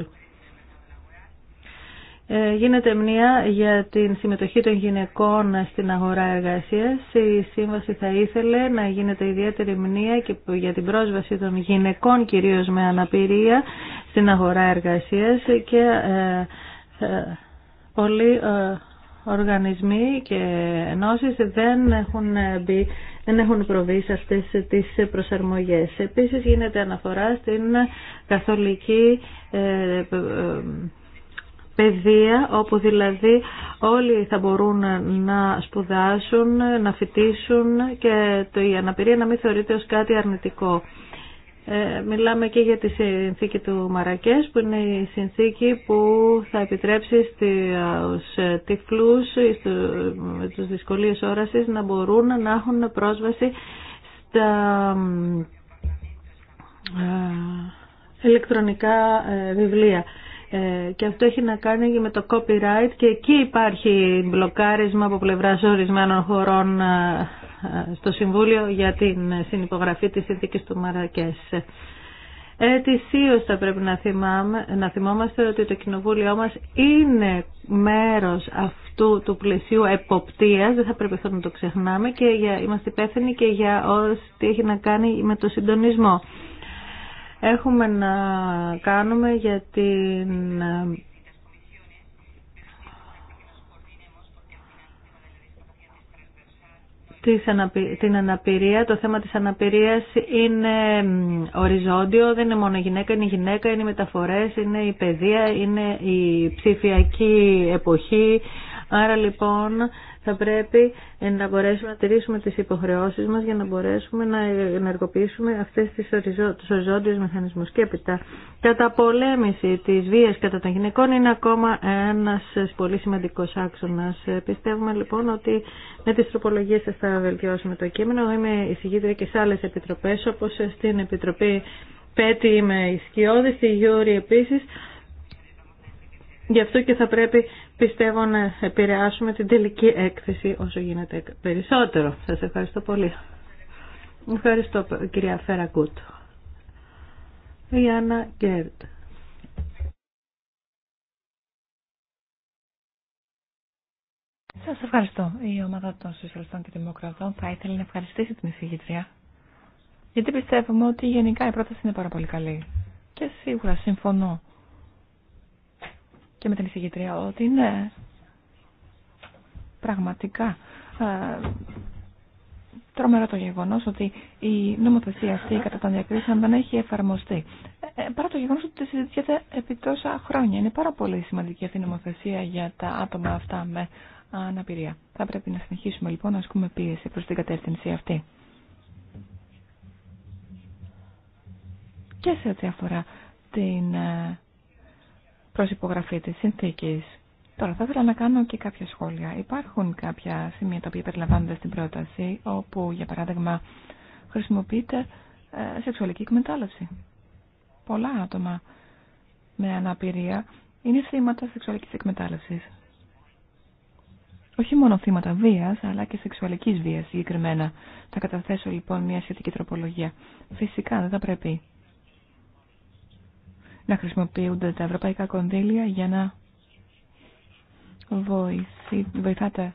Ε, γίνεται μία για την συμμετοχή των γυναικών στην αγορά εργασίας. Η Σύμβαση θα ήθελε να γίνεται ιδιαίτερη μνήα και για την πρόσβαση των γυναικών κυρίως με αναπηρία στην αγορά εργασίας και ε, ε, πολλοί οργανισμοί και ενώσεις δεν έχουν μπει δεν έχουν προβεί σε αυτές τις προσαρμογές. Επίσης γίνεται αναφορά στην καθολική παιδεία όπου δηλαδή όλοι θα μπορούν να σπουδάσουν, να φοιτήσουν και το, η αναπηρία να μην θεωρείται ως κάτι αρνητικό. Ε, μιλάμε και για τη συνθήκη του Μαρακές που είναι η συνθήκη που θα επιτρέψει στους τυφλούς ή στους δυσκολίες όρασης να μπορούν να έχουν πρόσβαση στα ε, ηλεκτρονικά ε, βιβλία. Ε, και αυτό έχει να κάνει και με το copyright και εκεί υπάρχει μπλοκάρισμα από πλευρά ορισμένων χωρών ε, ε, στο Συμβούλιο για την συνυπογραφή της συνθήκης του Μαρακές. Ετησίως θα πρέπει να, θυμάμαι, να θυμόμαστε ότι το Κοινοβούλιο μας είναι μέρος αυτού του πλαισίου εποπτείας, δεν θα πρέπει αυτό να το ξεχνάμε και για, είμαστε υπεύθυνοι και για ό,τι έχει να κάνει με το συντονισμό έχουμε να κάνουμε για την την αναπηρία. Το θέμα της αναπηρίας είναι οριζόντιο, δεν είναι μόνο η γυναίκα, είναι η γυναίκα, είναι οι μεταφορές, είναι η παιδεία, είναι η ψηφιακή εποχή. Άρα λοιπόν θα πρέπει να μπορέσουμε να τηρήσουμε τις υποχρεώσεις μας για να μπορέσουμε να ενεργοποιήσουμε αυτές τις οριζό, τους οριζόντιους μηχανισμούς. Και έπειτα, πολέμηση της βίας κατά των γυναικών είναι ακόμα ένας πολύ σημαντικός άξονας. Πιστεύουμε λοιπόν ότι με τις τροπολογίες σας θα βελτιώσουμε το κείμενο. Είμαι εισηγήτρια και σε άλλες επιτροπές όπως στην Επιτροπή Πέτη είμαι Σκιώδη, στη Γιούρη επίσης. Γι' αυτό και θα πρέπει πιστεύω να επηρεάσουμε την τελική έκθεση όσο γίνεται περισσότερο. Σας ευχαριστώ πολύ. Ευχαριστώ κυρία Φερακούτ. Ιάννα Γκέρτ. Σας ευχαριστώ. Η ομάδα των Σοσιαλιστών και Δημοκρατών θα ήθελε να ευχαριστήσει την εισηγητρία. Γιατί πιστεύουμε ότι γενικά η πρόταση είναι πάρα πολύ καλή. Και σίγουρα συμφωνώ και με την εισηγητρία ότι είναι πραγματικά ε, τρομερό το γεγονός ότι η νομοθεσία αυτή κατά τον διακρίσεων δεν έχει εφαρμοστεί. Ε, ε, παρά το γεγονός ότι συζητιέται επί τόσα χρόνια. Είναι πάρα πολύ σημαντική αυτή η νομοθεσία για τα άτομα αυτά με αναπηρία. Θα πρέπει να συνεχίσουμε λοιπόν να ασκούμε πίεση προς την κατεύθυνση αυτή. Και σε ό,τι αφορά την προς υπογραφή της συνθήκης. Τώρα θα ήθελα να κάνω και κάποια σχόλια. Υπάρχουν κάποια σημεία τα οποία περιλαμβάνονται στην πρόταση, όπου για παράδειγμα χρησιμοποιείται ε, σεξουαλική εκμετάλλευση. Πολλά άτομα με αναπηρία είναι θύματα σεξουαλικής εκμετάλλευσης. Όχι μόνο θύματα βίας, αλλά και σεξουαλικής βίας συγκεκριμένα. Θα καταθέσω λοιπόν μια σχετική τροπολογία. Φυσικά δεν θα πρέπει να χρησιμοποιούνται τα ευρωπαϊκά κονδύλια για να βοηθεί, βοηθάτε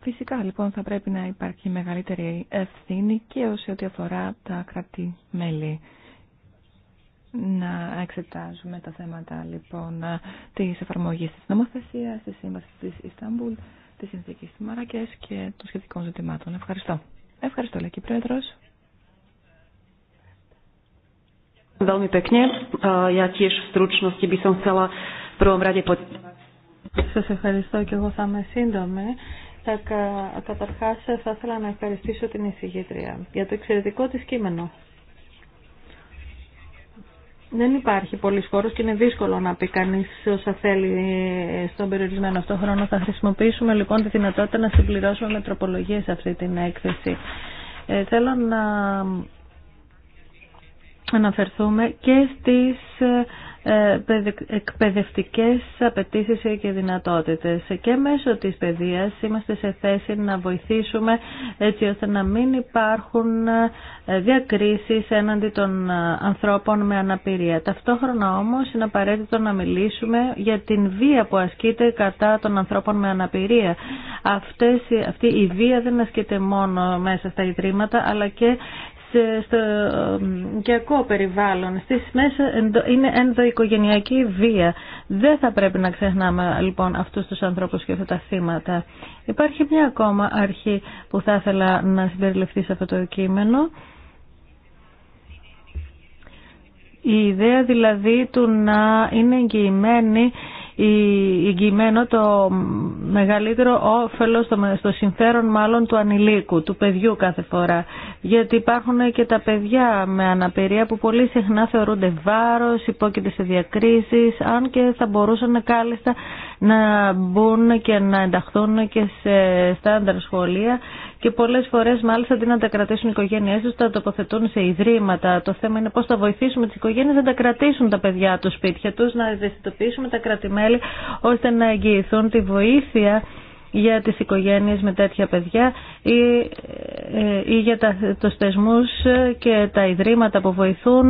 Φυσικά λοιπόν θα πρέπει να υπάρχει μεγαλύτερη ευθύνη και όσο ό,τι αφορά τα κράτη-μέλη να εξετάζουμε τα θέματα λοιπόν της εφαρμογής της νομοθεσίας, της σύμβασης της Ισταμπούλ, της συνθήκης της Μαρακές και των σχετικών ζητημάτων. Ευχαριστώ. Ευχαριστώ, Λέκη Πρόεδρος. Veľmi pekne. Ε, Σας ευχαριστώ και εγώ θα είμαι σύντομη. Θα, καταρχάς θα ήθελα να ευχαριστήσω την εισηγήτρια για το εξαιρετικό της κείμενο. Δεν υπάρχει πολλή χώρο και είναι δύσκολο να πει κανεί όσα θέλει στον περιορισμένο αυτό χρόνο. Θα χρησιμοποιήσουμε λοιπόν τη δυνατότητα να συμπληρώσουμε με τροπολογίε αυτή την έκθεση. Ε, θέλω να αναφερθούμε και στις ε, ε, εκπαιδευτικές απαιτήσει και δυνατότητες και μέσω της παιδείας είμαστε σε θέση να βοηθήσουμε έτσι ώστε να μην υπάρχουν ε, διακρίσεις έναντι των ε, ανθρώπων με αναπηρία. Ταυτόχρονα όμως είναι απαραίτητο να μιλήσουμε για την βία που ασκείται κατά των ανθρώπων με αναπηρία. Αυτές, αυτή η βία δεν ασκείται μόνο μέσα στα ιδρύματα αλλά και ε, στο οικιακό περιβάλλον, στις μέσα, είναι ενδοοικογενειακή βία. Δεν θα πρέπει να ξεχνάμε λοιπόν αυτούς τους ανθρώπους και αυτά τα θύματα. Υπάρχει μια ακόμα αρχή που θα ήθελα να συμπεριληφθεί σε αυτό το κείμενο. Η ιδέα δηλαδή του να είναι εγγυημένη εγγυημένο το μεγαλύτερο όφελο στο συμφέρον μάλλον του ανηλίκου, του παιδιού κάθε φορά. Γιατί υπάρχουν και τα παιδιά με αναπηρία που πολύ συχνά θεωρούνται βάρος, υπόκειται σε διακρίσεις, αν και θα μπορούσαν κάλλιστα να μπουν και να ενταχθούν και σε στάνταρ σχολεία και πολλές φορές μάλιστα αντί να τα κρατήσουν οι οικογένειε τους, τα τοποθετούν σε ιδρύματα. Το θέμα είναι πώς θα βοηθήσουμε τις οικογένειες να τα κρατήσουν τα παιδιά του σπίτια τους, να ευαισθητοποιήσουμε τα κρατημέλη ώστε να εγγυηθούν τη βοήθεια για τις οικογένειες με τέτοια παιδιά ή, ε, ή για τα, τους και τα ιδρύματα που βοηθούν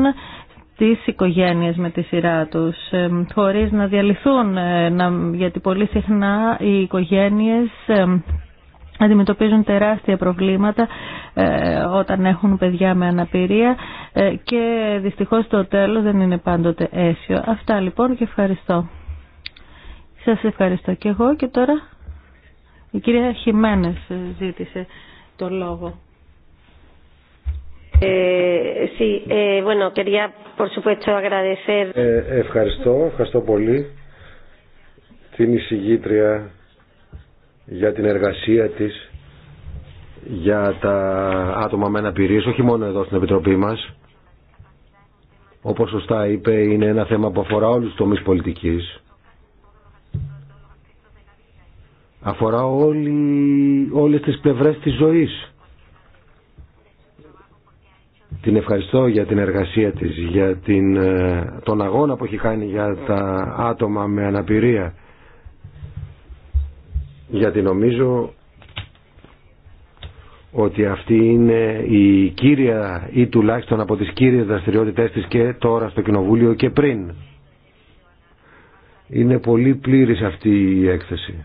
τις οικογένειες με τη σειρά τους χωρίς να διαλυθούν ε, γιατί πολύ συχνά οι οικογένειες αντιμετωπίζουν τεράστια προβλήματα ε, όταν έχουν παιδιά με αναπηρία ε, και δυστυχώς το τέλος δεν είναι πάντοτε αίσιο. Αυτά λοιπόν και ευχαριστώ. Σας ευχαριστώ και εγώ και τώρα η κυρία Χιμένες ζήτησε το λόγο. Ε, ε, ε, ευχαριστώ, ευχαριστώ πολύ την εισηγήτρια για την εργασία της για τα άτομα με αναπηρίες, όχι μόνο εδώ στην Επιτροπή μας. Όπως σωστά είπε, είναι ένα θέμα που αφορά όλους τους τομείς πολιτικής. Αφορά όλη, όλες τις πλευρές της ζωής. Την ευχαριστώ για την εργασία της, για ε, τον αγώνα που έχει κάνει για τα άτομα με αναπηρία. Γιατί νομίζω ότι αυτή είναι η κύρια ή τουλάχιστον από τις κύριες δραστηριότητές της και τώρα στο Κοινοβούλιο και πριν. Είναι πολύ πλήρης αυτή η έκθεση.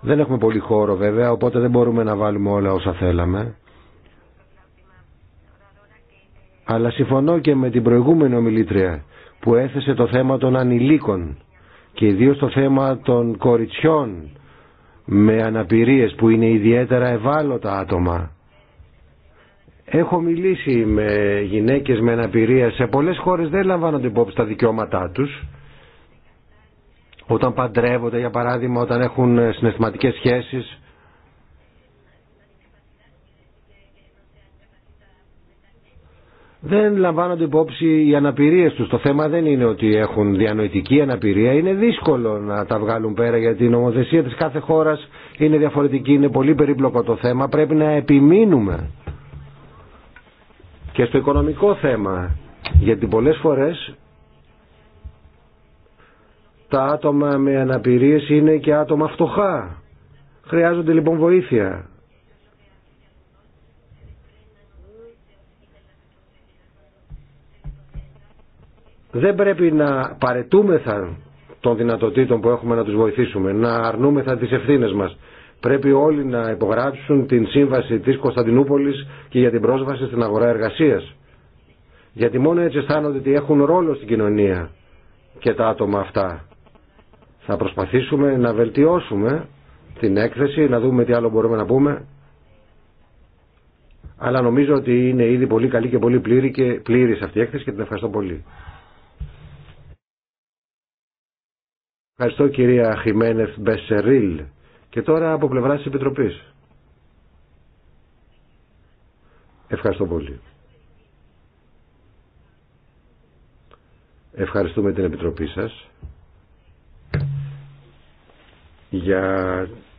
Δεν έχουμε πολύ χώρο βέβαια, οπότε δεν μπορούμε να βάλουμε όλα όσα θέλαμε. Αλλά συμφωνώ και με την προηγούμενη ομιλήτρια που έθεσε το θέμα των ανηλίκων και ιδίως το θέμα των κοριτσιών με αναπηρίες που είναι ιδιαίτερα ευάλωτα άτομα. Έχω μιλήσει με γυναίκες με αναπηρία. Σε πολλές χώρες δεν λαμβάνονται υπόψη τα δικαιώματά τους. Όταν παντρεύονται, για παράδειγμα, όταν έχουν συναισθηματικές σχέσεις, δεν λαμβάνονται υπόψη οι αναπηρίες τους. Το θέμα δεν είναι ότι έχουν διανοητική αναπηρία. Είναι δύσκολο να τα βγάλουν πέρα γιατί η νομοθεσία της κάθε χώρας είναι διαφορετική, είναι πολύ περίπλοκο το θέμα. Πρέπει να επιμείνουμε και στο οικονομικό θέμα γιατί πολλές φορές τα άτομα με αναπηρίες είναι και άτομα φτωχά. Χρειάζονται λοιπόν βοήθεια. δεν πρέπει να παρετούμεθα των δυνατοτήτων που έχουμε να τους βοηθήσουμε, να αρνούμεθα τις ευθύνες μας. Πρέπει όλοι να υπογράψουν την σύμβαση της Κωνσταντινούπολης και για την πρόσβαση στην αγορά εργασίας. Γιατί μόνο έτσι αισθάνονται ότι έχουν ρόλο στην κοινωνία και τα άτομα αυτά. Θα προσπαθήσουμε να βελτιώσουμε την έκθεση, να δούμε τι άλλο μπορούμε να πούμε. Αλλά νομίζω ότι είναι ήδη πολύ καλή και πολύ πλήρη και πλήρης αυτή η έκθεση και την ευχαριστώ πολύ. Ευχαριστώ κυρία Χιμένεθ Μπεσερίλ. Και τώρα από πλευρά τη Επιτροπή. Ευχαριστώ πολύ. Ευχαριστούμε την Επιτροπή σας για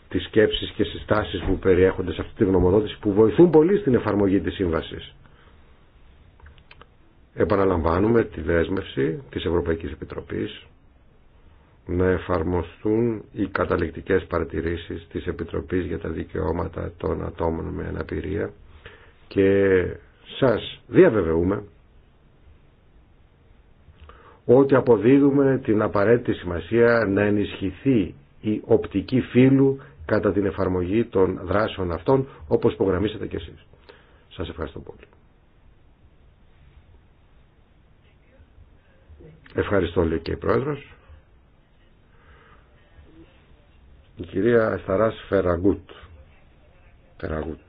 τις σκέψεις και συστάσεις που περιέχονται σε αυτή τη γνωμοδότηση που βοηθούν πολύ στην εφαρμογή της σύμβασης. Επαναλαμβάνουμε τη δέσμευση της Ευρωπαϊκής Επιτροπής να εφαρμοστούν οι καταληκτικές παρατηρήσεις της Επιτροπής για τα Δικαιώματα των Ατόμων με Αναπηρία και σας διαβεβαιούμε ότι αποδίδουμε την απαραίτητη σημασία να ενισχυθεί η οπτική φύλου κατά την εφαρμογή των δράσεων αυτών όπως υπογραμμίσατε και εσείς. Σας ευχαριστώ πολύ. Ευχαριστώ λέει και η Πρόεδρος. Η κυρία Σταράς Φεραγκούτ. Φεραγκούτ.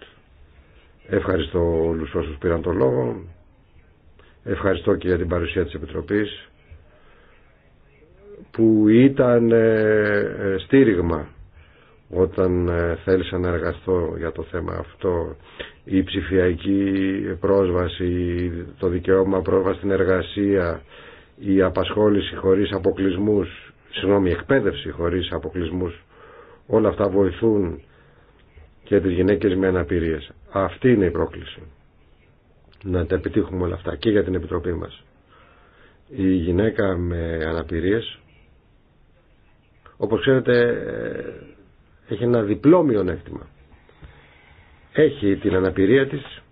Ευχαριστώ όλους όσους πήραν το λόγο. Ευχαριστώ και για την παρουσία της Επιτροπής που ήταν ε, ε, στήριγμα όταν ε, θέλησα να εργαστώ για το θέμα αυτό η ψηφιακή πρόσβαση, το δικαίωμα πρόσβαση στην εργασία, η απασχόληση χωρίς αποκλεισμούς, συγγνώμη, εκπαίδευση χωρίς αποκλεισμούς Όλα αυτά βοηθούν και τις γυναίκες με αναπηρίες. Αυτή είναι η πρόκληση. Να τα επιτύχουμε όλα αυτά και για την Επιτροπή μας. Η γυναίκα με αναπηρίες, όπως ξέρετε, έχει ένα διπλό μειονέκτημα. Έχει την αναπηρία της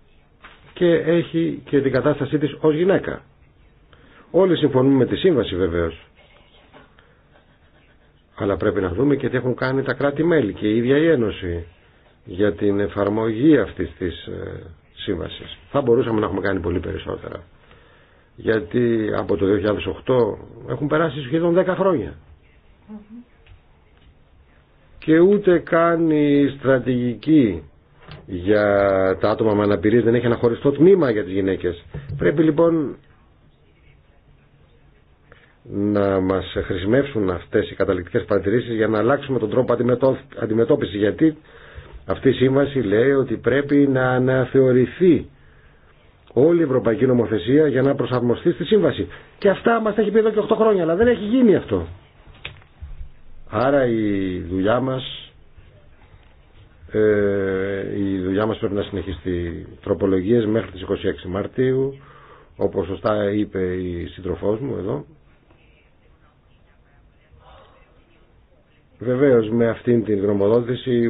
και έχει και την κατάστασή της ως γυναίκα. Όλοι συμφωνούμε με τη σύμβαση βεβαίως αλλά πρέπει να δούμε και τι έχουν κάνει τα κράτη-μέλη και η ίδια η Ένωση για την εφαρμογή αυτής της ε, σύμβασης. Θα μπορούσαμε να έχουμε κάνει πολύ περισσότερα. Γιατί από το 2008 έχουν περάσει σχεδόν 10 χρόνια. Και ούτε κάνει στρατηγική για τα άτομα με αναπηρίες δεν έχει ένα χωριστό τμήμα για τις γυναίκες. Πρέπει λοιπόν να μας χρησιμεύσουν αυτές οι καταληκτικές παρατηρήσεις για να αλλάξουμε τον τρόπο αντιμετώπισης γιατί αυτή η σύμβαση λέει ότι πρέπει να αναθεωρηθεί όλη η ευρωπαϊκή νομοθεσία για να προσαρμοστεί στη σύμβαση. Και αυτά μας τα έχει πει εδώ και 8 χρόνια, αλλά δεν έχει γίνει αυτό. Άρα η δουλειά μας, ε, η δουλειά μας πρέπει να συνεχιστεί τροπολογίες μέχρι τις 26 Μαρτίου, όπως σωστά είπε η σύντροφός μου εδώ. Βεβαίως με αυτήν την γνωμοδότηση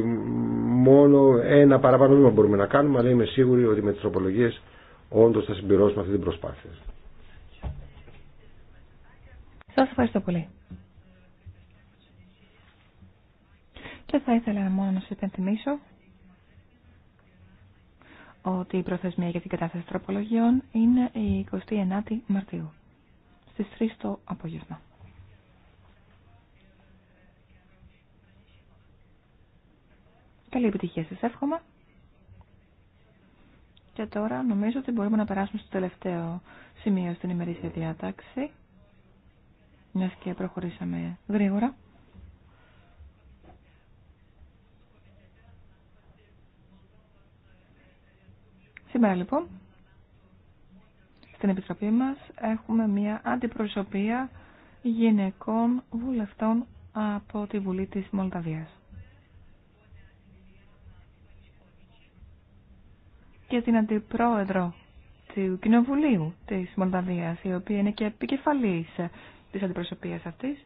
μόνο ένα παραπάνω μπορούμε να κάνουμε αλλά είμαι σίγουροι ότι με τι τροπολογίε όντω θα συμπληρώσουμε αυτή την προσπάθεια. Σας ευχαριστώ πολύ. Και θα ήθελα μόνο να σα υπενθυμίσω ότι η προθεσμία για την κατάσταση τροπολογιών είναι η 29η Μαρτίου στις 3 το απόγευμα. Καλή επιτυχία σας εύχομαι. Και τώρα νομίζω ότι μπορούμε να περάσουμε στο τελευταίο σημείο στην ημερήσια διάταξη. Μια και προχωρήσαμε γρήγορα. Σήμερα λοιπόν στην Επιτροπή μας έχουμε μια αντιπροσωπεία γυναικών βουλευτών από τη Βουλή της Μολδαβίας. για την αντιπρόεδρο του Κοινοβουλίου της Μολδαβίας, η οποία είναι και επικεφαλής της αντιπροσωπείας αυτής.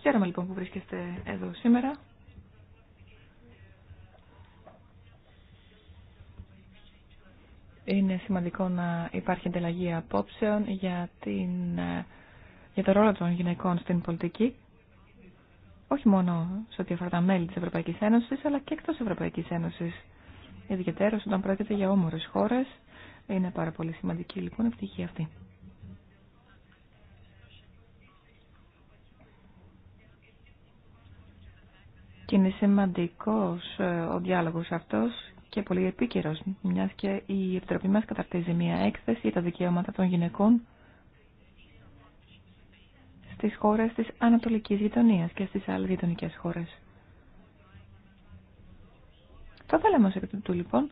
Χαίρομαι λοιπόν που βρίσκεστε εδώ σήμερα. Είναι σημαντικό να υπάρχει ανταλλαγή απόψεων για, την, για το ρόλο των γυναικών στην πολιτική. Όχι μόνο σε ό,τι αφορά τα μέλη της Ευρωπαϊκής Ένωσης, αλλά και εκτός Ευρωπαϊκής Ένωσης ιδιαίτερως όταν πρόκειται για όμορφε χώρε Είναι πάρα πολύ σημαντική λοιπόν η πτυχή αυτή. Και είναι σημαντικός ε, ο διάλογος αυτός και πολύ επίκαιρος, μιας και η Επιτροπή μας καταρτίζει μια έκθεση για τα δικαιώματα των γυναικών στις χώρες της Ανατολικής Γειτονίας και στις άλλες γειτονικές χώρες. Θα θέλαμε ως τούτου λοιπόν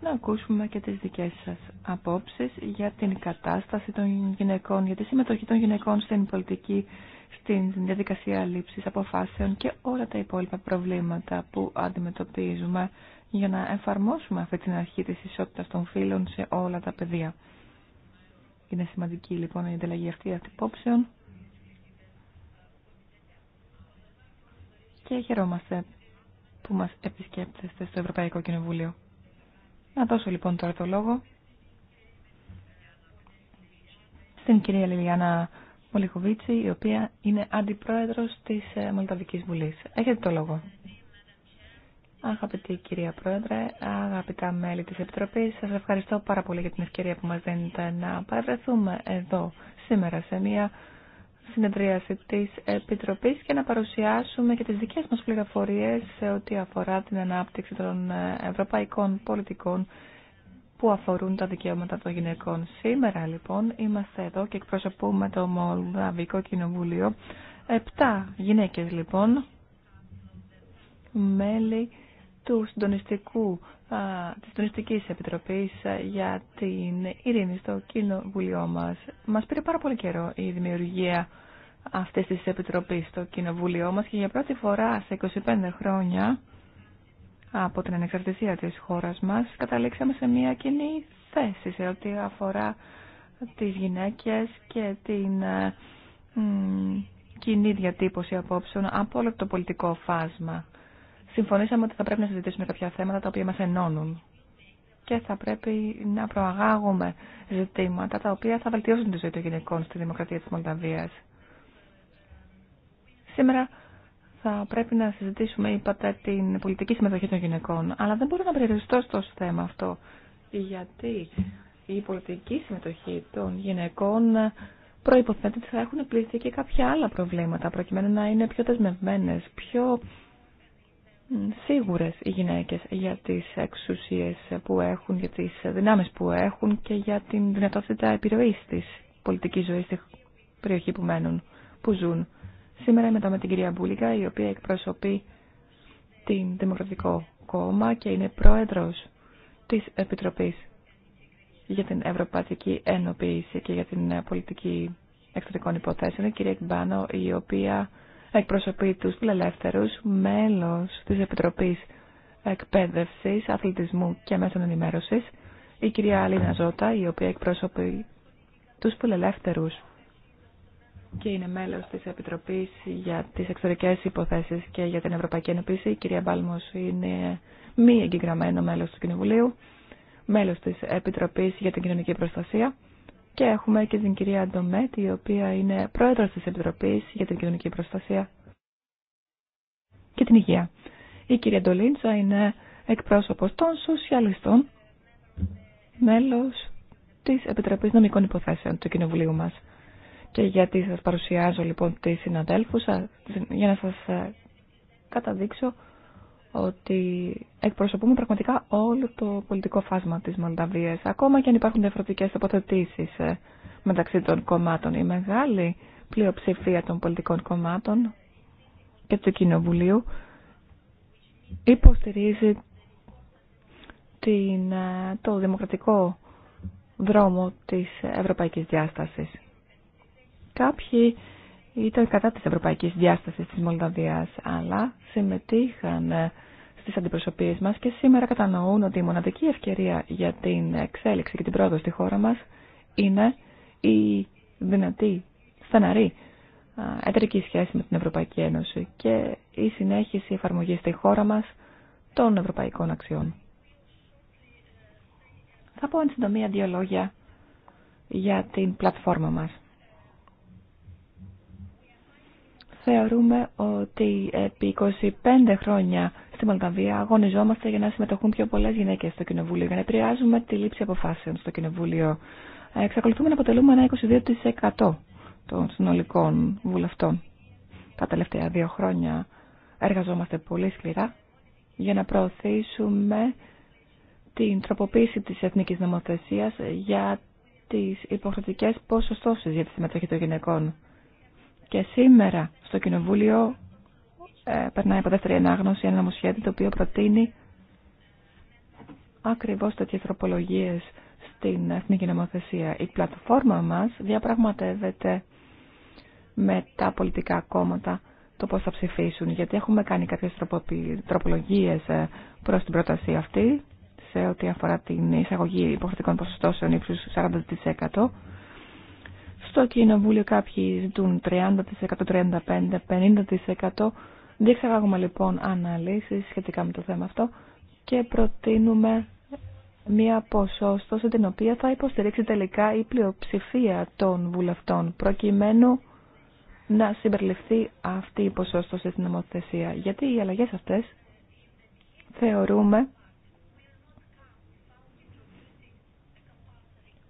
να ακούσουμε και τις δικές σας απόψεις για την κατάσταση των γυναικών, για τη συμμετοχή των γυναικών στην πολιτική, στην διαδικασία λήψης αποφάσεων και όλα τα υπόλοιπα προβλήματα που αντιμετωπίζουμε για να εφαρμόσουμε αυτή την αρχή της ισότητας των φίλων σε όλα τα πεδία. Είναι σημαντική λοιπόν η ανταλλαγή αυτή αντιπόψεων. Και χαιρόμαστε που μας επισκέπτεστε στο Ευρωπαϊκό Κοινοβούλιο. Να δώσω λοιπόν τώρα το λόγο στην κυρία Λιλιάνα Μολιχοβίτση, η οποία είναι αντιπρόεδρος της ε, Μολταβικής Βουλής. Έχετε το λόγο. Αγαπητή κυρία Πρόεδρε, αγαπητά μέλη της Επιτροπής, σας ευχαριστώ πάρα πολύ για την ευκαιρία που μας δίνετε να παρευρεθούμε εδώ σήμερα σε μια συνεδρίαση της Επιτροπής και να παρουσιάσουμε και τις δικές μας πληροφορίες σε ό,τι αφορά την ανάπτυξη των ε, ευρωπαϊκών πολιτικών που αφορούν τα δικαιώματα των γυναικών. Σήμερα λοιπόν είμαστε εδώ και εκπροσωπούμε το Μολδαβικό Κοινοβούλιο. Επτά γυναίκες λοιπόν, μέλη του συντονιστικού, α, της Συντονιστικής Επιτροπής για την ειρήνη στο κοινοβουλίο μας. Μας πήρε πάρα πολύ καιρό η δημιουργία αυτής της Επιτροπής στο κοινοβουλίο μας και για πρώτη φορά σε 25 χρόνια από την ανεξαρτησία της χώρας μας καταλήξαμε σε μια κοινή θέση σε ό,τι αφορά τις γυναίκες και την κοινή διατύπωση απόψεων από όλο το πολιτικό φάσμα συμφωνήσαμε ότι θα πρέπει να συζητήσουμε κάποια θέματα τα οποία μας ενώνουν και θα πρέπει να προαγάγουμε ζητήματα τα οποία θα βελτιώσουν τη ζωή των γυναικών στη δημοκρατία της Μολδαβίας. Σήμερα θα πρέπει να συζητήσουμε, είπατε, την πολιτική συμμετοχή των γυναικών, αλλά δεν μπορώ να περιοριστώ στο θέμα αυτό, γιατί η πολιτική συμμετοχή των γυναικών προϋποθέτει ότι θα έχουν πληθεί και κάποια άλλα προβλήματα, προκειμένου να είναι πιο δεσμευμένε. πιο σίγουρες οι γυναίκες για τις εξουσίες που έχουν, για τις δυνάμεις που έχουν και για την δυνατότητα επιρροής της πολιτικής ζωής στην περιοχή που μένουν, που ζουν. Σήμερα είμαι εδώ με την κυρία Μπούλικα, η οποία εκπροσωπεί την Δημοκρατικό Κόμμα και είναι πρόεδρος της Επιτροπής για την Ευρωπαϊκή Ενοποίηση και για την πολιτική εξωτερικών υποθέσεων, η κυρία η οποία εκπροσωπεί του φιλελεύθερου μέλο της Επιτροπής εκπαίδευση Αθλητισμού και Μέσων ενημέρωση, η κυρία Αλίνα Ζώτα, η οποία εκπροσωπεί τους φιλελεύθερου και είναι μέλος της Επιτροπής για τις Εξωτερικές Υποθέσεις και για την Ευρωπαϊκή Ενωπήση. Η κυρία Μπάλμο είναι μη εγγεγραμμένο μέλος του Κοινοβουλίου, μέλο τη Επιτροπή για την Κοινωνική Προστασία και έχουμε και την κυρία Ντομέτη, η οποία είναι πρόεδρος της Επιτροπής για την Κοινωνική Προστασία και την Υγεία. Η κυρία Ντολίντσα είναι εκπρόσωπος των σοσιαλιστών, μέλος της Επιτροπής Νομικών Υποθέσεων του Κοινοβουλίου μας. Και γιατί σας παρουσιάζω λοιπόν τις συναδέλφους, για να σας ε, καταδείξω ότι εκπροσωπούμε πραγματικά όλο το πολιτικό φάσμα της Μολδαβίας, ακόμα και αν υπάρχουν διαφορετικές τοποθετήσεις ε, μεταξύ των κομμάτων. Η μεγάλη πλειοψηφία των πολιτικών κομμάτων και του Κοινοβουλίου υποστηρίζει την, ε, το δημοκρατικό δρόμο της ευρωπαϊκής διάστασης. Κάποιοι ήταν κατά της ευρωπαϊκής διάστασης της Μολδαβίας, αλλά συμμετείχαν ε, στι αντιπροσωπείε μα και σήμερα κατανοούν ότι η μοναδική ευκαιρία για την εξέλιξη και την πρόοδο στη χώρα μας είναι η δυνατή, στεναρή εταιρική σχέση με την Ευρωπαϊκή Ένωση και η συνέχιση εφαρμογή στη χώρα μας των ευρωπαϊκών αξιών. Θα πω εν συντομία δύο λόγια για την πλατφόρμα μας. θεωρούμε ότι επί 25 χρόνια στη Μολδαβία αγωνιζόμαστε για να συμμετοχούν πιο πολλέ γυναίκε στο Κοινοβούλιο, για να επηρεάζουμε τη λήψη αποφάσεων στο Κοινοβούλιο. Εξακολουθούμε να αποτελούμε ένα 22% των συνολικών βουλευτών. Τα τελευταία δύο χρόνια εργαζόμαστε πολύ σκληρά για να προωθήσουμε την τροποποίηση της εθνικής νομοθεσίας για τις υποχρεωτικές ποσοστώσεις για τη συμμετοχή των γυναικών. Και σήμερα στο Κοινοβούλιο ε, περνάει από δεύτερη ανάγνωση ένα νομοσχέδιο το οποίο προτείνει ακριβώς τέτοιες τροπολογίες στην Εθνική Νομοθεσία. Η πλατφόρμα μας διαπραγματεύεται με τα πολιτικά κόμματα το πώς θα ψηφίσουν, γιατί έχουμε κάνει κάποιες τροπολογίες ε, προς την πρόταση αυτή σε ό,τι αφορά την εισαγωγή υποχρεωτικών ποσοστώσεων ύψους 40% στο Κοινοβούλιο κάποιοι ζητούν 30%, 35%, 50%. Διεξαγάγουμε λοιπόν αναλύσεις σχετικά με το θέμα αυτό και προτείνουμε μία ποσόστοση την οποία θα υποστηρίξει τελικά η πλειοψηφία των βουλευτών προκειμένου να συμπεριληφθεί αυτή η ποσόστοση στην νομοθεσία. Γιατί οι αλλαγές αυτές θεωρούμε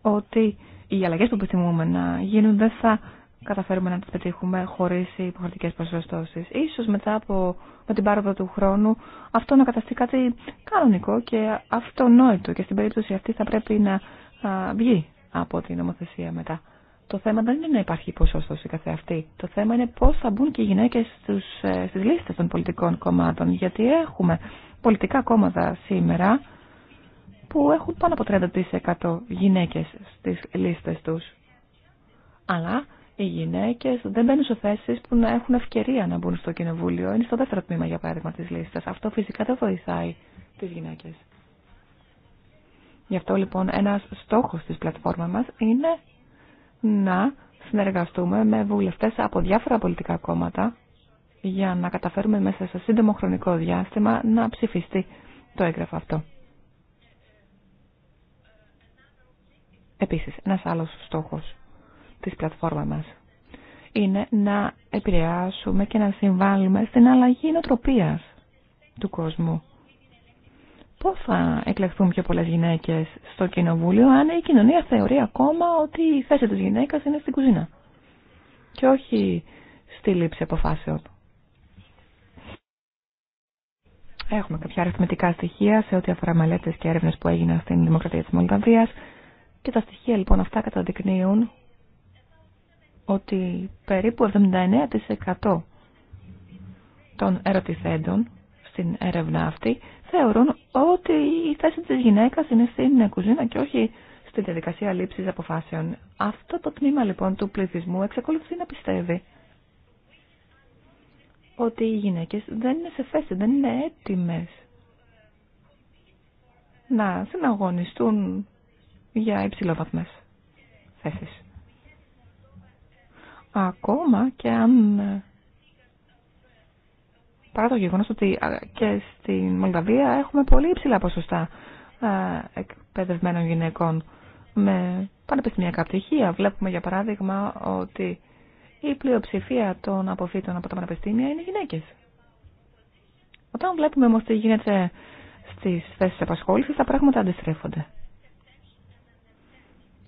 ότι οι αλλαγές που επιθυμούμε να γίνουν δεν θα καταφέρουμε να τις πετύχουμε χωρίς υποχρεωτικές ποσοστώσεις. Ίσως μετά από με την πάροδο του χρόνου αυτό να καταστεί κάτι κανονικό και αυτονόητο και στην περίπτωση αυτή θα πρέπει να βγει από την νομοθεσία μετά. Το θέμα δεν είναι να υπάρχει ποσόστοση καθε αυτή. Το θέμα είναι πώ θα μπουν και οι γυναίκε ε, στι λίστε των πολιτικών κομμάτων. Γιατί έχουμε πολιτικά κόμματα σήμερα που έχουν πάνω από 30% γυναίκες στις λίστες τους. Αλλά οι γυναίκες δεν μπαίνουν σε θέσεις που να έχουν ευκαιρία να μπουν στο κοινοβούλιο. Είναι στο δεύτερο τμήμα, για παράδειγμα, της λίστας. Αυτό φυσικά δεν βοηθάει τις γυναίκες. Γι' αυτό λοιπόν ένας στόχος της πλατφόρμα μας είναι να συνεργαστούμε με βουλευτές από διάφορα πολιτικά κόμματα για να καταφέρουμε μέσα σε σύντομο χρονικό διάστημα να ψηφιστεί το έγγραφο αυτό. Επίσης, ένας άλλος στόχος της πλατφόρμα μας είναι να επηρεάσουμε και να συμβάλλουμε στην αλλαγή νοοτροπίας του κόσμου. Πώς θα εκλεχθούν πιο πολλές γυναίκες στο κοινοβούλιο αν η κοινωνία θεωρεί ακόμα ότι η θέση τη γυναίκας είναι στην κουζίνα και όχι στη λήψη αποφάσεων. Έχουμε κάποια αριθμητικά στοιχεία σε ό,τι αφορά μελέτε και έρευνες που έγιναν στην Δημοκρατία της Μολδαβίας και τα στοιχεία λοιπόν αυτά καταδεικνύουν ότι περίπου 79% των ερωτηθέντων στην έρευνα αυτή θεωρούν ότι η θέση της γυναίκας είναι στην κουζίνα και όχι στη διαδικασία λήψης αποφάσεων. Αυτό το τμήμα λοιπόν του πληθυσμού εξακολουθεί να πιστεύει ότι οι γυναίκες δεν είναι σε θέση, δεν είναι έτοιμες να συναγωνιστούν για υψηλόβαθμες θέσεις. Ακόμα και αν παρά το γεγονός ότι και στην Μολδαβία έχουμε πολύ υψηλά ποσοστά εκπαιδευμένων γυναικών με πανεπιστημιακά πτυχία. Βλέπουμε για παράδειγμα ότι η πλειοψηφία των αποφύτων από τα πανεπιστήμια είναι γυναίκες. Όταν βλέπουμε όμως τι γίνεται στις θέσεις απασχόλησης, τα πράγματα αντιστρέφονται.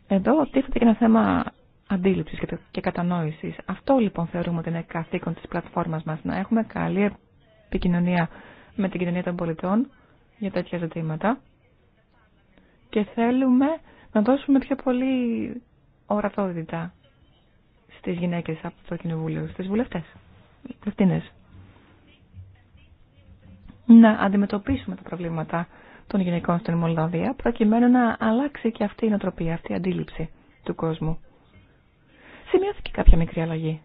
Εδώ τίθεται και ένα θέμα αντίληψη και κατανόησης. Αυτό λοιπόν θεωρούμε ότι είναι καθήκον της πλατφόρμας μας, να έχουμε καλή επικοινωνία με την κοινωνία των πολιτών για τέτοια ζητήματα και θέλουμε να δώσουμε πιο πολύ ορατότητα στις γυναίκες από το Κοινοβούλιο, στις βουλευτές, ευθύνες. Να αντιμετωπίσουμε τα προβλήματα των γυναικών στην Μολδαβία, προκειμένου να αλλάξει και αυτή η νοοτροπία, αυτή η αντίληψη του κόσμου. Σημειώθηκε κάποια μικρή αλλαγή.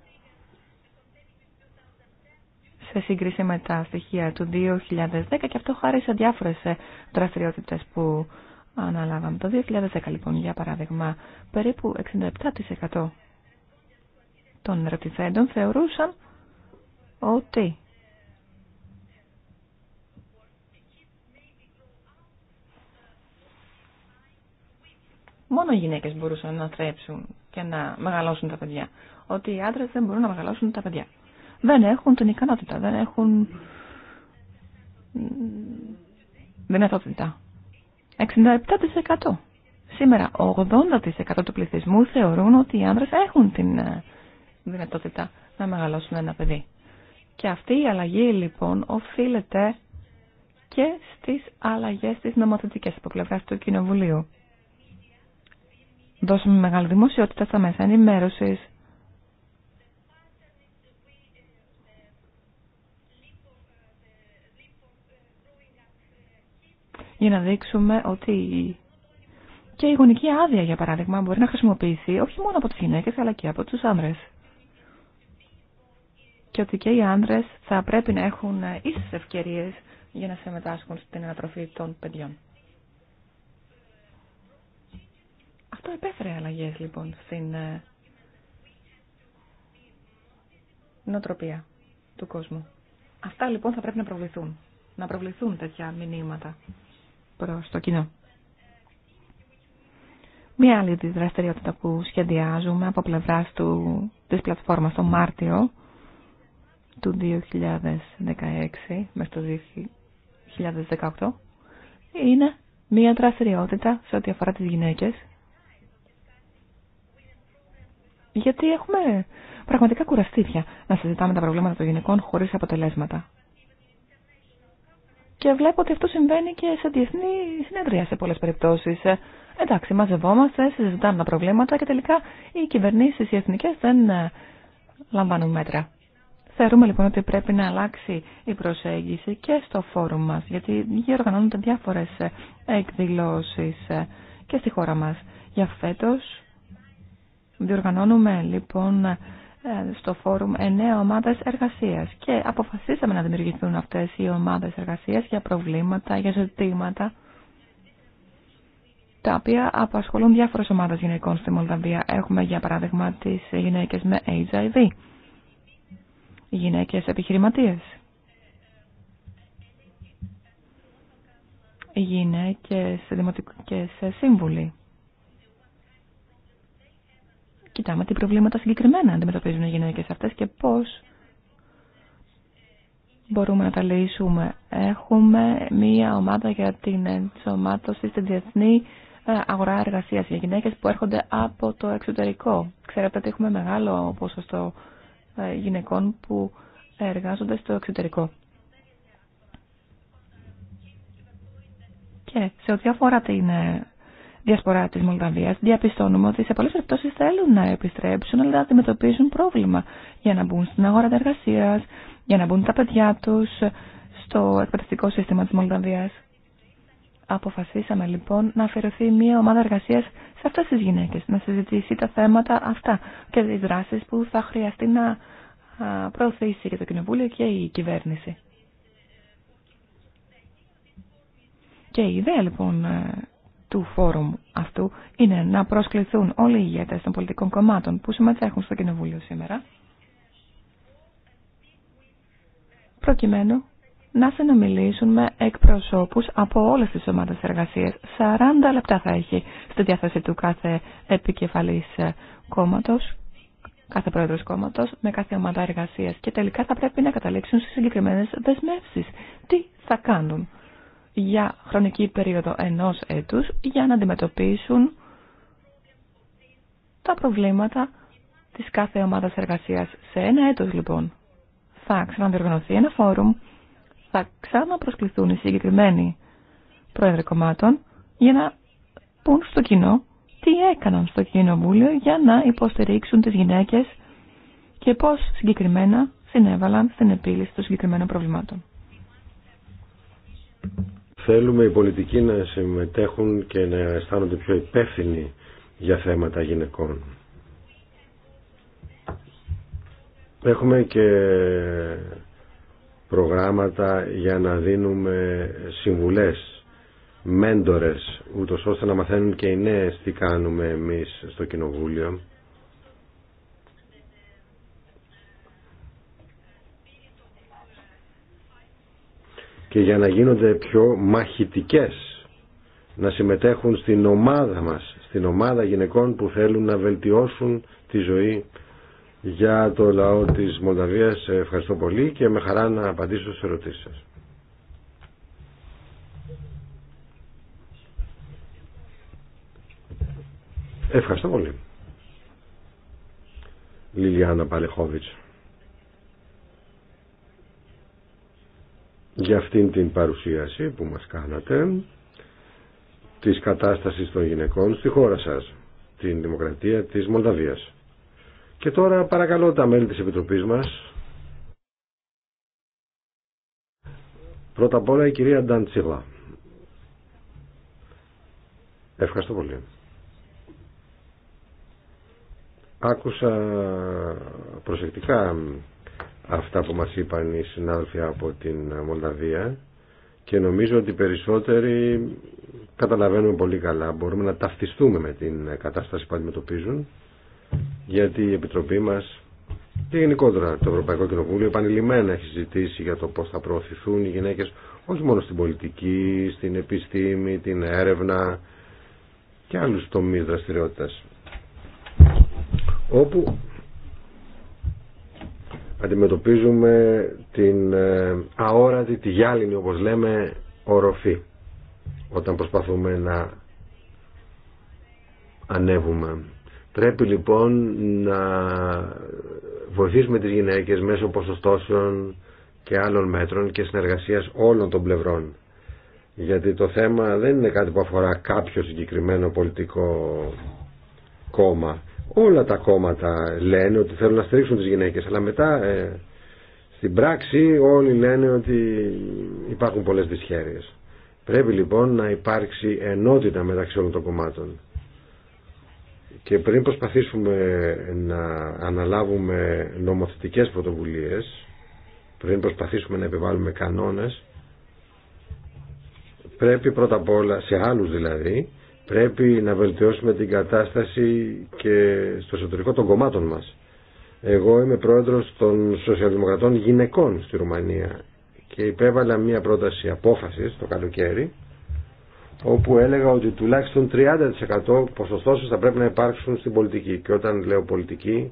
Σε σύγκριση με τα στοιχεία του 2010 και αυτό χάρη σε διάφορες ε, δραστηριότητες που αναλάβαμε. Το 2010 λοιπόν, για παράδειγμα, περίπου 67% των ερωτηθέντων θεωρούσαν ότι μόνο οι γυναίκες μπορούσαν να θρέψουν και να μεγαλώσουν τα παιδιά. Ότι οι άντρες δεν μπορούν να μεγαλώσουν τα παιδιά. Δεν έχουν την ικανότητα, δεν έχουν δυνατότητα. 67% Σήμερα 80% του πληθυσμού θεωρούν ότι οι άντρε έχουν την ε, δυνατότητα να μεγαλώσουν ένα παιδί. Και αυτή η αλλαγή λοιπόν οφείλεται και στις αλλαγές της νομοθετικές από πλευρά του Κοινοβουλίου δώσουμε μεγάλη δημοσιότητα στα μέσα ενημέρωση. Για να δείξουμε ότι και η γονική άδεια, για παράδειγμα, μπορεί να χρησιμοποιηθεί όχι μόνο από τις γυναίκες, αλλά και από τους άνδρες. Και ότι και οι άνδρες θα πρέπει να έχουν ίσες ευκαιρίες για να συμμετάσχουν στην ανατροφή των παιδιών. Αυτό επέφερε αλλαγέ λοιπόν στην ε, νοοτροπία του κόσμου. Αυτά λοιπόν θα πρέπει να προβληθούν. Να προβληθούν τέτοια μηνύματα προ το κοινό. Μία άλλη δραστηριότητα που σχεδιάζουμε από πλευρά τη πλατφόρμα το Μάρτιο του 2016 μέχρι το 2018 είναι μία δραστηριότητα σε ό,τι αφορά τι γυναίκε γιατί έχουμε πραγματικά κουραστήρια να συζητάμε τα προβλήματα των γυναικών χωρίς αποτελέσματα. Και βλέπω ότι αυτό συμβαίνει και σε διεθνή συνεδρία σε πολλές περιπτώσεις. Ε, εντάξει, μαζευόμαστε, συζητάμε τα προβλήματα και τελικά οι κυβερνήσεις, οι εθνικές δεν ε, λαμβάνουν μέτρα. Θεωρούμε λοιπόν ότι πρέπει να αλλάξει η προσέγγιση και στο φόρουμ μας, γιατί γεωργανώνονται διάφορες ε, εκδηλώσεις και στη χώρα μας. Για φέτος Διοργανώνουμε λοιπόν ε, στο φόρουμ εννέα ομάδες εργασίας και αποφασίσαμε να δημιουργηθούν αυτές οι ομάδες εργασίας για προβλήματα, για ζητήματα τα οποία απασχολούν διάφορες ομάδες γυναικών στη Μολδαβία. Έχουμε για παράδειγμα τις γυναίκες με HIV, γυναίκες επιχειρηματίες, γυναίκες δημοτικές σύμβουλοι κοιτάμε τι προβλήματα συγκεκριμένα αντιμετωπίζουν οι γυναίκες αυτές και πώς μπορούμε να τα λύσουμε. Έχουμε μία ομάδα για την ενσωμάτωση στην διεθνή ε, αγορά εργασίας για γυναίκες που έρχονται από το εξωτερικό. Ξέρετε ότι έχουμε μεγάλο ποσοστό ε, γυναικών που εργάζονται στο εξωτερικό. Και σε ό,τι αφορά την ε, διασπορά της Μολδαβίας, διαπιστώνουμε ότι σε πολλές περιπτώσει θέλουν να επιστρέψουν, αλλά αντιμετωπίσουν πρόβλημα για να μπουν στην αγορά εργασία, για να μπουν τα παιδιά τους στο εκπαιδευτικό σύστημα της Μολδαβίας. Αποφασίσαμε λοιπόν να αφαιρεθεί μια ομάδα εργασία σε αυτέ τι γυναίκε, να συζητήσει τα θέματα αυτά και τι δράσει που θα χρειαστεί να προωθήσει και το Κοινοβούλιο και η κυβέρνηση. Και η ιδέα λοιπόν ε, του φόρουμ αυτού είναι να προσκληθούν όλοι οι ηγέτες των πολιτικών κομμάτων που συμμετέχουν στο Κοινοβούλιο σήμερα προκειμένου να συνομιλήσουν με εκπροσώπους από όλες τις ομάδες εργασίας. 40 λεπτά θα έχει στη διάθεση του κάθε επικεφαλής ε, κόμματος, κάθε πρόεδρος κόμματος, με κάθε ομάδα εργασίας και τελικά θα πρέπει να καταλήξουν στις συγκεκριμένες δεσμεύσεις. Τι θα κάνουν για χρονική περίοδο ενός έτους για να αντιμετωπίσουν τα προβλήματα της κάθε ομάδας εργασίας. Σε ένα έτος λοιπόν θα ξαναδιοργανωθεί ένα φόρουμ, θα ξαναπροσκληθούν οι συγκεκριμένοι πρόεδροι κομμάτων για να πούν στο κοινό τι έκαναν στο κοινοβούλιο για να υποστηρίξουν τις γυναίκες και πώς συγκεκριμένα συνέβαλαν στην επίλυση των συγκεκριμένων προβλημάτων. Θέλουμε οι πολιτικοί να συμμετέχουν και να αισθάνονται πιο υπεύθυνοι για θέματα γυναικών. Έχουμε και προγράμματα για να δίνουμε συμβουλές, μέντορες, ούτως ώστε να μαθαίνουν και οι νέες τι κάνουμε εμείς στο Κοινοβούλιο και για να γίνονται πιο μαχητικές, να συμμετέχουν στην ομάδα μας, στην ομάδα γυναικών που θέλουν να βελτιώσουν τη ζωή για το λαό της Μολδαβίας. Ευχαριστώ πολύ και με χαρά να απαντήσω στις ερωτήσεις σας. Ευχαριστώ πολύ. Λιλιάνα Παλεχόβιτς. για αυτήν την παρουσίαση που μας κάνατε της κατάστασης των γυναικών στη χώρα σας, την Δημοκρατία της Μολδαβίας. Και τώρα παρακαλώ τα μέλη της Επιτροπής μας. Πρώτα απ' όλα η κυρία Νταντσίλα. Ευχαριστώ πολύ. Άκουσα προσεκτικά αυτά που μας είπαν οι συνάδελφοι από την Μολδαβία και νομίζω ότι περισσότεροι καταλαβαίνουμε πολύ καλά, μπορούμε να ταυτιστούμε με την κατάσταση που αντιμετωπίζουν γιατί η Επιτροπή μας και γενικότερα το Ευρωπαϊκό Κοινοβούλιο επανειλημμένα έχει ζητήσει για το πώς θα προωθηθούν οι γυναίκες όχι μόνο στην πολιτική, στην επιστήμη, την έρευνα και άλλους τομείς δραστηριότητας όπου αντιμετωπίζουμε την ε, αόρατη, τη γυάλινη όπως λέμε οροφή όταν προσπαθούμε να ανέβουμε. Πρέπει λοιπόν να βοηθήσουμε τις γυναίκες μέσω ποσοστώσεων και άλλων μέτρων και συνεργασίας όλων των πλευρών. Γιατί το θέμα δεν είναι κάτι που αφορά κάποιο συγκεκριμένο πολιτικό κόμμα. Όλα τα κόμματα λένε ότι θέλουν να στηρίξουν τις γυναίκες, αλλά μετά ε, στην πράξη όλοι λένε ότι υπάρχουν πολλές δυσχέρειες. Πρέπει λοιπόν να υπάρξει ενότητα μεταξύ όλων των κομμάτων. Και πριν προσπαθήσουμε να αναλάβουμε νομοθετικές πρωτοβουλίες, πριν προσπαθήσουμε να επιβάλλουμε κανόνες, πρέπει πρώτα απ' όλα, σε άλλους δηλαδή, Πρέπει να βελτιώσουμε την κατάσταση και στο εσωτερικό των κομμάτων μας. Εγώ είμαι πρόεδρος των Σοσιαλδημοκρατών Γυναικών στη Ρουμανία και υπέβαλα μια πρόταση απόφασης το καλοκαίρι όπου έλεγα ότι τουλάχιστον 30% ποσοστός θα πρέπει να υπάρξουν στην πολιτική. Και όταν λέω πολιτική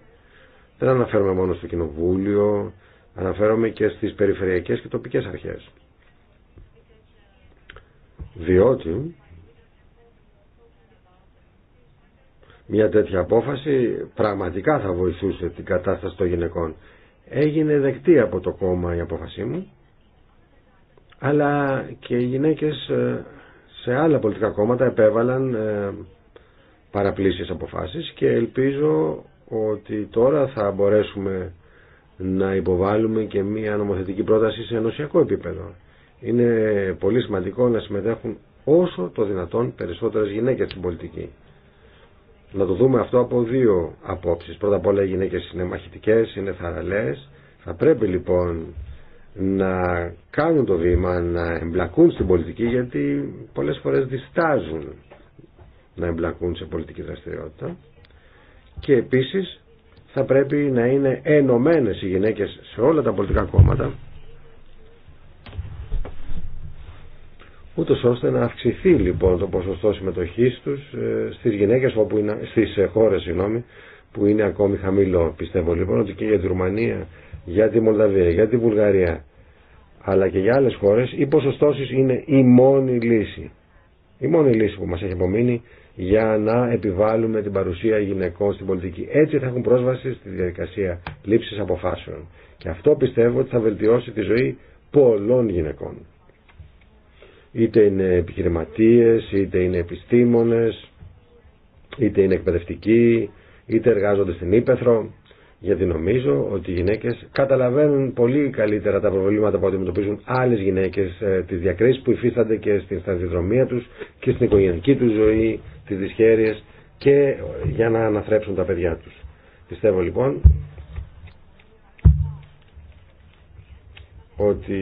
δεν αναφέρομαι μόνο στο Κοινοβούλιο, αναφέρομαι και στις περιφερειακές και τοπικές αρχές. Διότι Μια τέτοια απόφαση πραγματικά θα βοηθούσε την κατάσταση των γυναικών. Έγινε δεκτή από το κόμμα η απόφασή μου, αλλά και οι γυναίκες ε, σε άλλα πολιτικά κόμματα επέβαλαν ε, παραπλήσεις αποφάσεις και ελπίζω ότι τώρα θα μπορέσουμε να υποβάλουμε και μία νομοθετική πρόταση σε ενωσιακό επίπεδο. Είναι πολύ σημαντικό να συμμετέχουν όσο το δυνατόν περισσότερες γυναίκες στην πολιτική να το δούμε αυτό από δύο απόψεις. Πρώτα απ' όλα οι γυναίκες είναι μαχητικές, είναι θαραλές. Θα πρέπει λοιπόν να κάνουν το βήμα, να εμπλακούν στην πολιτική γιατί πολλές φορές διστάζουν να εμπλακούν σε πολιτική δραστηριότητα και επίσης θα πρέπει να είναι ενωμένες οι γυναίκες σε όλα τα πολιτικά κόμματα Ούτω ώστε να αυξηθεί λοιπόν το ποσοστό συμμετοχή του ε, στι γυναίκε όπου είναι, ε, χώρες που είναι ακόμη χαμηλό. Πιστεύω λοιπόν ότι και για τη Ρουμανία, για τη Μολδαβία, για τη Βουλγαρία αλλά και για άλλε χώρε οι ποσοστώσει είναι η μόνη λύση. Η μόνη λύση που μα έχει απομείνει για να επιβάλλουμε την παρουσία γυναικών στην πολιτική. Έτσι θα έχουν πρόσβαση στη διαδικασία λήψη αποφάσεων. Και αυτό πιστεύω ότι θα βελτιώσει τη ζωή πολλών γυναικών είτε είναι επιχειρηματίες, είτε είναι επιστήμονες, είτε είναι εκπαιδευτικοί, είτε εργάζονται στην Ήπεθρο, γιατί νομίζω ότι οι γυναίκες καταλαβαίνουν πολύ καλύτερα τα προβλήματα που αντιμετωπίζουν άλλες γυναίκες, ε, τις διακρίσεις που υφίστανται και στην σταδιοδρομία τους και στην οικογενική τους ζωή, τις δυσχέρειες και ε, για να αναθρέψουν τα παιδιά τους. Πιστεύω λοιπόν ότι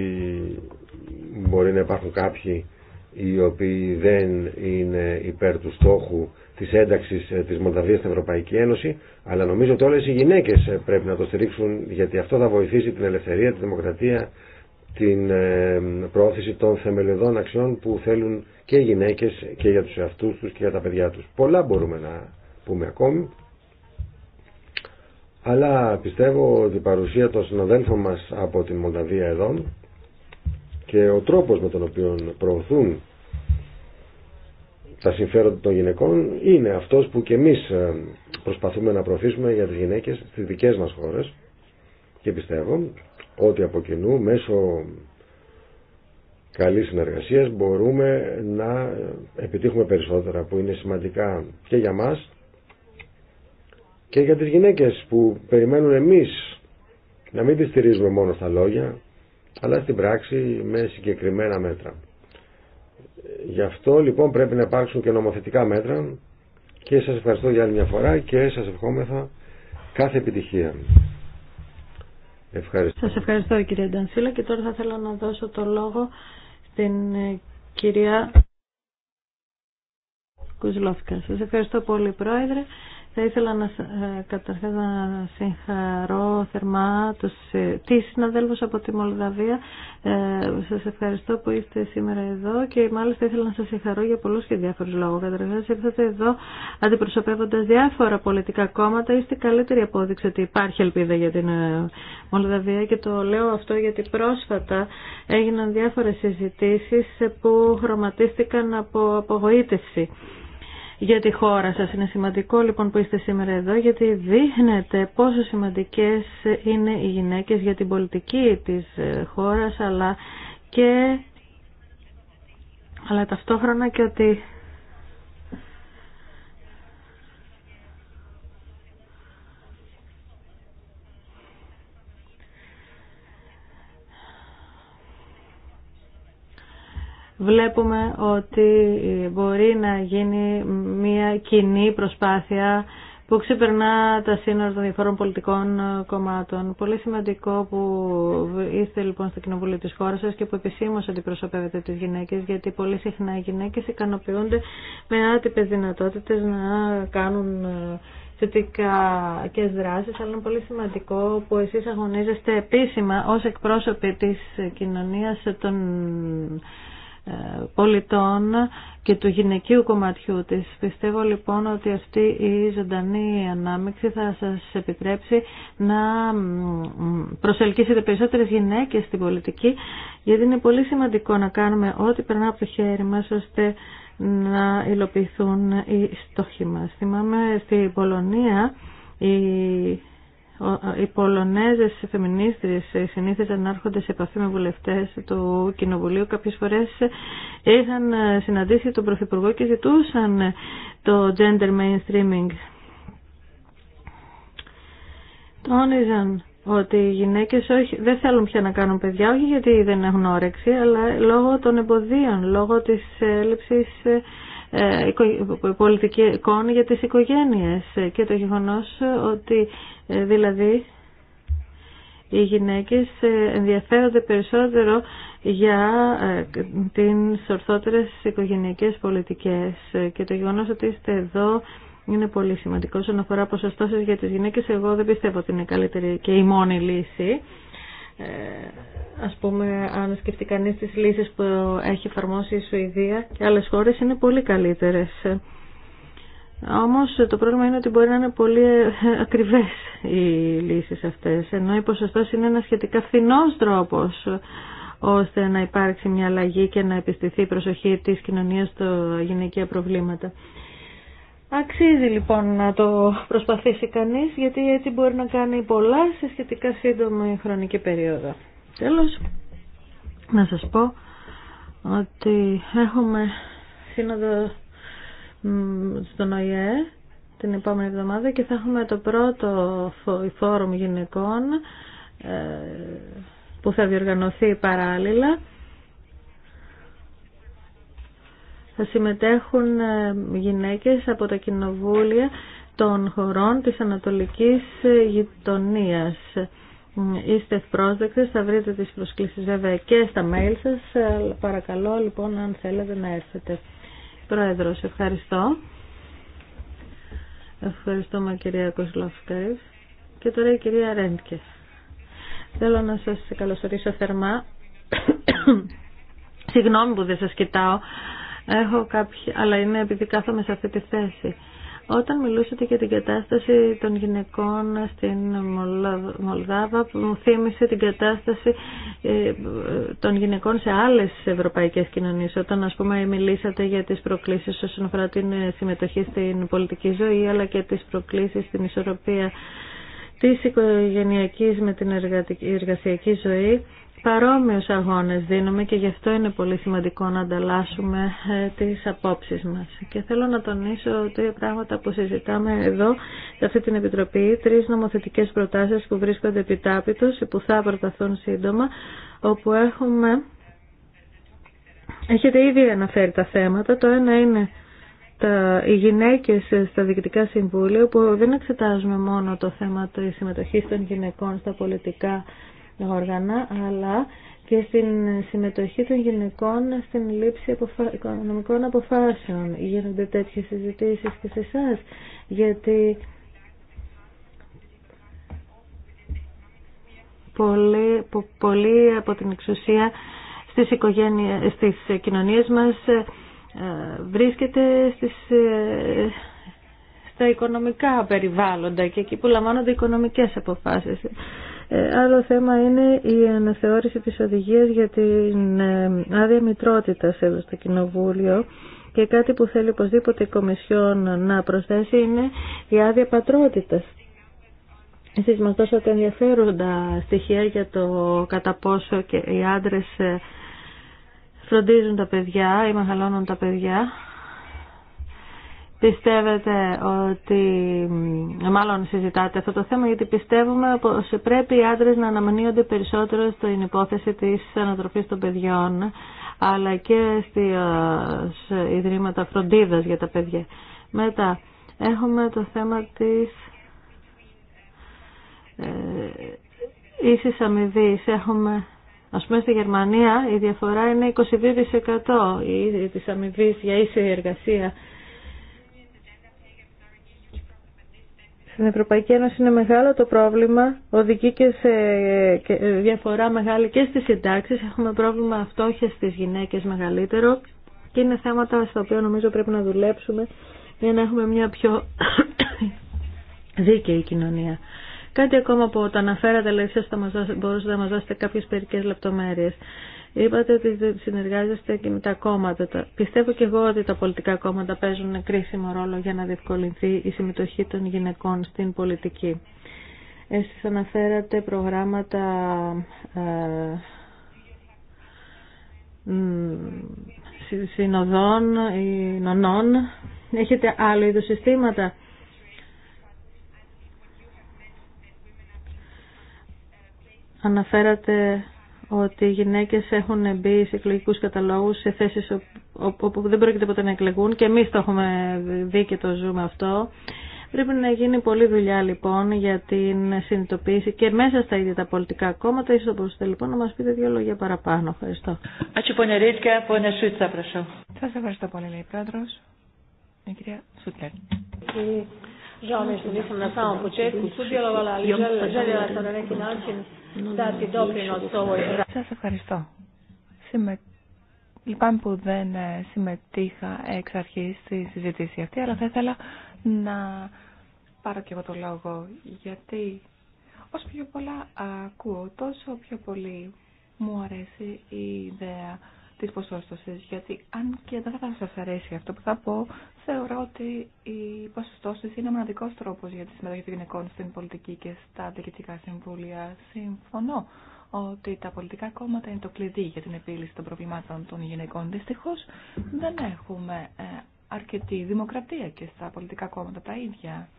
μπορεί να υπάρχουν κάποιοι οι οποίοι δεν είναι υπέρ του στόχου της ένταξης ε, της Μολδαβίας στην Ευρωπαϊκή Ένωση, αλλά νομίζω ότι όλες οι γυναίκες ε, πρέπει να το στηρίξουν, γιατί αυτό θα βοηθήσει την ελευθερία, τη δημοκρατία, την ε, πρόθεση των θεμελιωδών αξιών που θέλουν και οι γυναίκες και για τους εαυτούς τους και για τα παιδιά τους. Πολλά μπορούμε να πούμε ακόμη, αλλά πιστεύω ότι η παρουσία των συναδέλφων μας από την Μολδαβία εδώ και ο τρόπος με τον οποίο προωθούν τα συμφέροντα των γυναικών είναι αυτός που και εμείς ε, προσπαθούμε να προωθήσουμε για τις γυναίκες στις δικές μας χώρες και πιστεύω ότι από κοινού μέσω καλής συνεργασίας μπορούμε να επιτύχουμε περισσότερα που είναι σημαντικά και για μας και για τις γυναίκες που περιμένουν εμείς να μην τις στηρίζουμε μόνο στα λόγια αλλά στην πράξη με συγκεκριμένα μέτρα. Γι' αυτό λοιπόν πρέπει να υπάρξουν και νομοθετικά μέτρα και σας ευχαριστώ για άλλη μια φορά και σας ευχόμεθα κάθε επιτυχία. Ευχαριστώ. Σας ευχαριστώ κύριε Ντανσίλα και τώρα θα ήθελα να δώσω το λόγο στην ε, κυρία Κουζλόφικα. Σας ευχαριστώ πολύ πρόεδρε. Θα ήθελα να, ε, καταρχάς να συγχαρώ θερμά τους, ε, τις συναδέλφους από τη Μολδαβία. Ε, σας ευχαριστώ που είστε σήμερα εδώ και μάλιστα ήθελα να σας συγχαρώ για πολλούς και διάφορους λόγους. Καταρχάς ήρθατε εδώ αντιπροσωπεύοντας διάφορα πολιτικά κόμματα. Είστε καλύτερη απόδειξη ότι υπάρχει ελπίδα για την ε, Μολδαβία και το λέω αυτό γιατί πρόσφατα έγιναν διάφορες συζητήσεις που χρωματίστηκαν από απογοήτευση για τη χώρα σας. Είναι σημαντικό λοιπόν που είστε σήμερα εδώ γιατί δείχνετε πόσο σημαντικές είναι οι γυναίκες για την πολιτική της ε, χώρας αλλά και αλλά ταυτόχρονα και ότι βλέπουμε ότι μπορεί να γίνει μια κοινή προσπάθεια που ξεπερνά τα σύνορα των διαφορών πολιτικών κομμάτων. Πολύ σημαντικό που είστε λοιπόν στο Κοινοβούλιο της χώρας σας και που επισήμως αντιπροσωπεύετε τις γυναίκες, γιατί πολύ συχνά οι γυναίκες ικανοποιούνται με άτυπες δυνατότητες να κάνουν ε, θετικά και δράσεις, αλλά είναι πολύ σημαντικό που εσείς αγωνίζεστε επίσημα ως εκπρόσωποι της κοινωνίας των ε, πολιτών και του γυναικείου κομματιού της. Πιστεύω λοιπόν ότι αυτή η ζωντανή ανάμειξη θα σας επιτρέψει να προσελκύσετε περισσότερες γυναίκες στην πολιτική γιατί είναι πολύ σημαντικό να κάνουμε ό,τι περνά από το χέρι μας ώστε να υλοποιηθούν οι στόχοι μας. Θυμάμαι στη Πολωνία η οι Πολωνέζες φεμινίστρες συνήθιζαν να έρχονται σε επαφή με βουλευτές του Κοινοβουλίου. Κάποιες φορές είχαν συναντήσει τον Πρωθυπουργό και ζητούσαν το gender mainstreaming. Τόνιζαν ότι οι γυναίκες όχι, δεν θέλουν πια να κάνουν παιδιά, όχι γιατί δεν έχουν όρεξη, αλλά λόγω των εμποδίων, λόγω της έλλειψης ε, ε, ε, εικόνα για τις οικογένειες και το γεγονός ότι ε, δηλαδή οι γυναίκες ενδιαφέρονται περισσότερο για τις ορθότερες οικογενειακές πολιτικές και το γεγονός ότι είστε εδώ είναι πολύ σημαντικό. Όσον αφορά ποσοστώσεις για τις γυναίκες, εγώ δεν πιστεύω ότι είναι καλύτερη και η μόνη λύση. Ε, ας πούμε, αν σκεφτεί κανείς τις λύσεις που έχει εφαρμόσει η Σουηδία και άλλες χώρες είναι πολύ καλύτερες. Όμως το πρόβλημα είναι ότι μπορεί να είναι πολύ ε, ακριβές οι λύσεις αυτές, ενώ η ποσοστός είναι ένα σχετικά φθηνός τρόπος ώστε να υπάρξει μια αλλαγή και να επιστηθεί η προσοχή της κοινωνίας στο γυναικεία προβλήματα. Αξίζει λοιπόν να το προσπαθήσει κανείς γιατί έτσι μπορεί να κάνει πολλά σε σχετικά σύντομη χρονική περίοδο. Τέλος, να σας πω ότι έχουμε σύνοδο στον ΟΗΕ την επόμενη εβδομάδα και θα έχουμε το πρώτο φόρουμ γυναικών ε, που θα διοργανωθεί παράλληλα θα συμμετέχουν ε, γυναίκες από τα κοινοβούλια των χωρών της Ανατολικής ε, Γειτονίας. Είστε ευπρόσδεκτες, θα βρείτε τις προσκλήσεις βέβαια και στα mail σας. Παρακαλώ λοιπόν αν θέλετε να έρθετε. Πρόεδρος, ευχαριστώ. Ευχαριστούμε κυρία Κοσλοφκέιβ. Και τώρα η κυρία Ρέντκε. Θέλω να σας καλωσορίσω θερμά. [coughs] Συγγνώμη που δεν σας κοιτάω, Έχω αλλά είναι επειδή κάθομαι σε αυτή τη θέση. Όταν μιλούσατε για την κατάσταση των γυναικών στην Μολδάβα, μου θύμισε την κατάσταση ε, των γυναικών σε άλλες ευρωπαϊκές κοινωνίες. Όταν, ας πούμε, μιλήσατε για τις προκλήσεις όσον αφορά την ε, συμμετοχή στην πολιτική ζωή, αλλά και τις προκλήσεις στην ισορροπία της οικογενειακής με την εργασιακή ζωή, παρόμοιους αγώνες δίνουμε και γι' αυτό είναι πολύ σημαντικό να ανταλλάσσουμε ε, τις απόψεις μας. Και θέλω να τονίσω τρία πράγματα που συζητάμε εδώ, σε αυτή την Επιτροπή, τρεις νομοθετικές προτάσεις που βρίσκονται επιτάπητος, που θα προταθούν σύντομα, όπου έχουμε... Έχετε ήδη αναφέρει τα θέματα. Το ένα είναι τα, οι γυναίκες στα διοικητικά συμβούλια, που δεν εξετάζουμε μόνο το θέμα της συμμετοχής των γυναικών στα πολιτικά όργανα, αλλά και στην συμμετοχή των γυναικών στην λήψη οικονομικών αποφάσεων. Γίνονται τέτοιες συζητήσεις και σε εσά, γιατί πολλοί, από την εξουσία στις, στις κοινωνίες μας ε, βρίσκεται στις, ε, στα οικονομικά περιβάλλοντα και εκεί που λαμβάνονται οικονομικές αποφάσεις. Ε, άλλο θέμα είναι η αναθεώρηση της οδηγίας για την ε, άδεια μητρότητας εδώ στο Κοινοβούλιο και κάτι που θέλει οπωσδήποτε η Κομισιόν να προσθέσει είναι η άδεια πατρότητας. Εσείς μας δώσατε ενδιαφέροντα στοιχεία για το κατά πόσο και οι άντρες ε, φροντίζουν τα παιδιά ή μεγαλώνουν τα παιδιά πιστεύετε ότι, μάλλον συζητάτε αυτό το θέμα, γιατί πιστεύουμε πως πρέπει οι άντρες να αναμενύονται περισσότερο στην υπόθεση της ανατροφής των παιδιών, αλλά και στις ε, ιδρύματα φροντίδας για τα παιδιά. Μετά, έχουμε το θέμα της ε, ίσης αμοιβής. Έχουμε Ας πούμε στη Γερμανία η διαφορά είναι 22% της αμοιβή για ίση εργασία Στην Ευρωπαϊκή Ένωση είναι μεγάλο το πρόβλημα, οδηγεί και σε διαφορά μεγάλη και στις συντάξεις. Έχουμε πρόβλημα φτώχεια στις γυναίκες μεγαλύτερο και είναι θέματα στα οποία νομίζω πρέπει να δουλέψουμε για να έχουμε μια πιο [coughs] δίκαιη κοινωνία. Κάτι ακόμα που το αναφέρατε, λέει, μπορούσατε να μας δώσετε κάποιες περικές λεπτομέρειες. Είπατε ότι συνεργάζεστε και με τα κόμματα. Πιστεύω και εγώ ότι τα πολιτικά κόμματα παίζουν κρίσιμο ρόλο για να διευκολυνθεί η συμμετοχή των γυναικών στην πολιτική. Εσείς αναφέρατε προγράμματα ε, συνοδών ή νονών. Έχετε άλλο είδους συστήματα. Αναφέρατε ότι οι γυναίκες έχουν μπει σε εκλογικούς καταλόγους σε θέσεις όπου δεν πρόκειται ποτέ να εκλεγούν και εμείς το έχουμε δει και το ζούμε αυτό. Πρέπει να γίνει πολλή δουλειά λοιπόν για την συνειδητοποίηση και μέσα στα ίδια τα πολιτικά κόμματα. Ίσως μπορούσατε λοιπόν να μας πείτε δύο λόγια παραπάνω. Ευχαριστώ. Σας ευχαριστώ πολύ λέει Πρόεδρος. κυρία Žao mi što nisam Σας ευχαριστώ. Λυπάμαι που δεν συμμετείχα εξ αρχή στη συζήτηση αυτή, αλλά θα ήθελα να πάρω και εγώ το λόγο, γιατί όσο πιο πολλά ακούω, τόσο πιο πολύ μου αρέσει η ιδέα της ποσόστοσης, γιατί αν και δεν θα σας αρέσει αυτό που θα πω, Θεωρώ ότι οι ποσοστώσει είναι ο μοναδικό τρόπο για τη συμμετοχή των γυναικών στην πολιτική και στα διοικητικά συμβούλια. Συμφωνώ ότι τα πολιτικά κόμματα είναι το κλειδί για την επίλυση των προβλημάτων των γυναικών. Δυστυχώ δεν έχουμε ε, αρκετή δημοκρατία και στα πολιτικά κόμματα τα ίδια.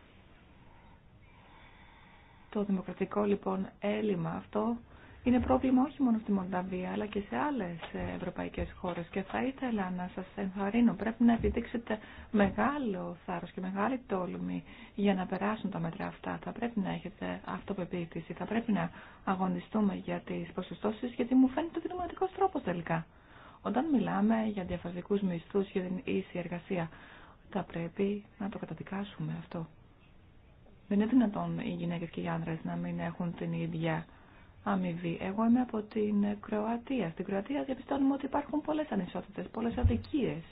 Το δημοκρατικό λοιπόν έλλειμμα αυτό είναι πρόβλημα όχι μόνο στη Μολδαβία, αλλά και σε άλλε ευρωπαϊκέ χώρε. Και θα ήθελα να σα ενθαρρύνω, πρέπει να επιδείξετε μεγάλο θάρρο και μεγάλη τόλμη για να περάσουν τα μέτρα αυτά. Θα πρέπει να έχετε αυτοπεποίθηση, θα πρέπει να αγωνιστούμε για τι ποσοστώσει, γιατί μου φαίνεται ότι είναι τρόπο τρόπος τελικά. Όταν μιλάμε για διαφασικούς μισθού για την ίση εργασία, θα πρέπει να το καταδικάσουμε αυτό. Δεν είναι δυνατόν οι γυναίκε και οι άντρε να μην έχουν την ίδια αμοιβή. Εγώ είμαι από την Κροατία. Στην Κροατία διαπιστώνουμε ότι υπάρχουν πολλές ανισότητες, πολλές αδικίες.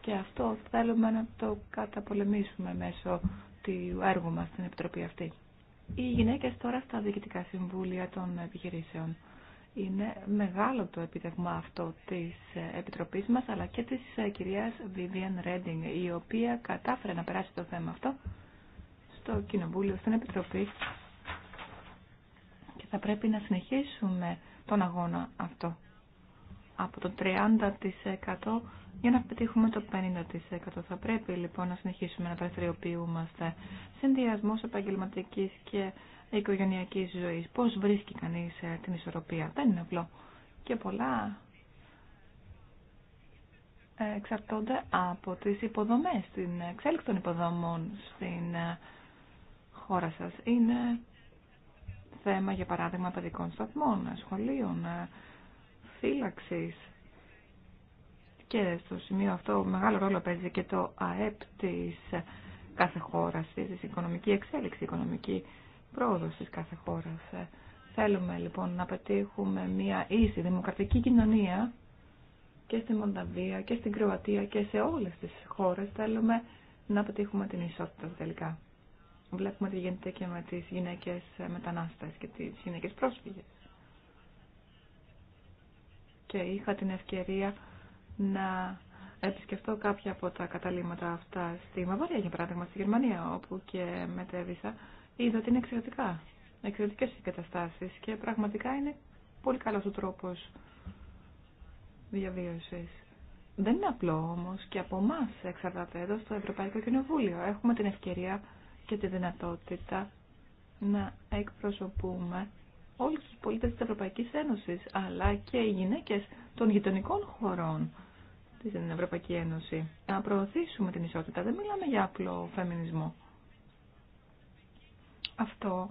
Και αυτό θέλουμε να το καταπολεμήσουμε μέσω του έργου μας στην Επιτροπή αυτή. Οι γυναίκες τώρα στα διοικητικά συμβούλια των επιχειρήσεων. Είναι μεγάλο το επιδευμα αυτό της Επιτροπής μας, αλλά και της κυρίας Vivian Redding, η οποία κατάφερε να περάσει το θέμα αυτό στο Κοινοβούλιο, στην Επιτροπή θα πρέπει να συνεχίσουμε τον αγώνα αυτό από το 30% για να πετύχουμε το 50%. Θα πρέπει λοιπόν να συνεχίσουμε να δραστηριοποιούμαστε. Συνδυασμό επαγγελματική και οικογενειακή ζωή. Πώ βρίσκει κανεί ε, την ισορροπία. Δεν είναι απλό. Και πολλά ε, εξαρτώνται από τι υποδομέ, την εξέλιξη των υποδομών στην ε, χώρα σα. Είναι θέμα, για παράδειγμα, παιδικών σταθμών, σχολείων, ε, φύλαξης. Και στο σημείο αυτό μεγάλο ρόλο παίζει και το ΑΕΠ της ε, κάθε χώρας, της οικονομική εξέλιξη, οικονομική πρόοδος της κάθε χώρας. Ε, θέλουμε λοιπόν να πετύχουμε μια ίση δημοκρατική κοινωνία και στη Μονταβία και στην Κροατία και σε όλες τις χώρες θέλουμε να πετύχουμε την ισότητα τελικά. Βλέπουμε τι γίνεται και με τις γυναίκες μετανάστες και τις γυναίκες πρόσφυγες. Και είχα την ευκαιρία να επισκεφτώ κάποια από τα καταλήμματα αυτά στη Μαβαρία, για παράδειγμα, στη Γερμανία, όπου και μετέβησα. Είδα ότι είναι εξαιρετικά. Εξαιρετικές οι καταστάσεις και πραγματικά είναι πολύ καλός ο τρόπος διαβίωσης. Δεν είναι απλό όμως και από εμά εξαρτάται εδώ στο Ευρωπαϊκό Κοινοβούλιο. Έχουμε την ευκαιρία και τη δυνατότητα να εκπροσωπούμε όλους τους πολίτες της Ευρωπαϊκής Ένωσης, αλλά και οι γυναίκες των γειτονικών χωρών στην Ευρωπαϊκή Ένωση. Να προωθήσουμε την ισότητα. Δεν μιλάμε για απλό φεμινισμό. Αυτό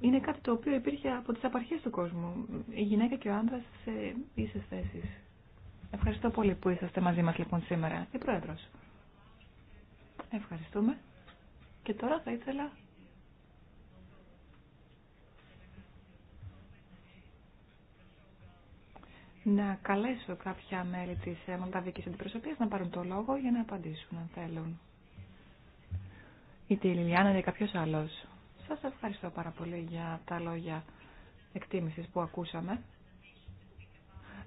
είναι κάτι το οποίο υπήρχε από τις απαρχές του κόσμου. Η γυναίκα και ο άντρας σε ίσες θέσεις. Ευχαριστώ πολύ που είσαστε μαζί μας λοιπόν σήμερα. Η Πρόεδρος. Ευχαριστούμε. Και τώρα θα ήθελα να καλέσω κάποια μέλη της ε, Μολδαβικής Αντιπροσωπείας να πάρουν το λόγο για να απαντήσουν αν θέλουν. Είτε η Λιλιάνα ή κάποιος άλλος. Σας ευχαριστώ πάρα πολύ για τα λόγια εκτίμησης που ακούσαμε.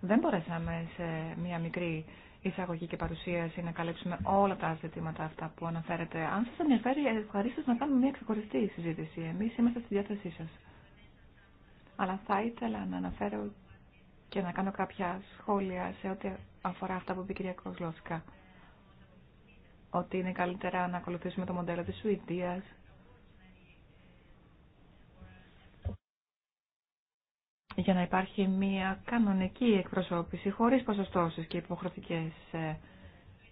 Δεν μπορέσαμε σε μία μικρή εισαγωγή και παρουσίαση να καλύψουμε όλα τα ζητήματα αυτά που αναφέρετε. Αν σα ενδιαφέρει, ευχαρίστω να κάνουμε μια ξεχωριστή συζήτηση. Εμεί είμαστε στη διάθεσή σας. Αλλά θα ήθελα να αναφέρω και να κάνω κάποια σχόλια σε ό,τι αφορά αυτά που είπε η κυρία Κοσλόφσκα. Ότι είναι καλύτερα να ακολουθήσουμε το μοντέλο τη Σουηδία, για να υπάρχει μια κανονική εκπροσώπηση χωρίς ποσοστώσεις και υποχρεωτικές ε,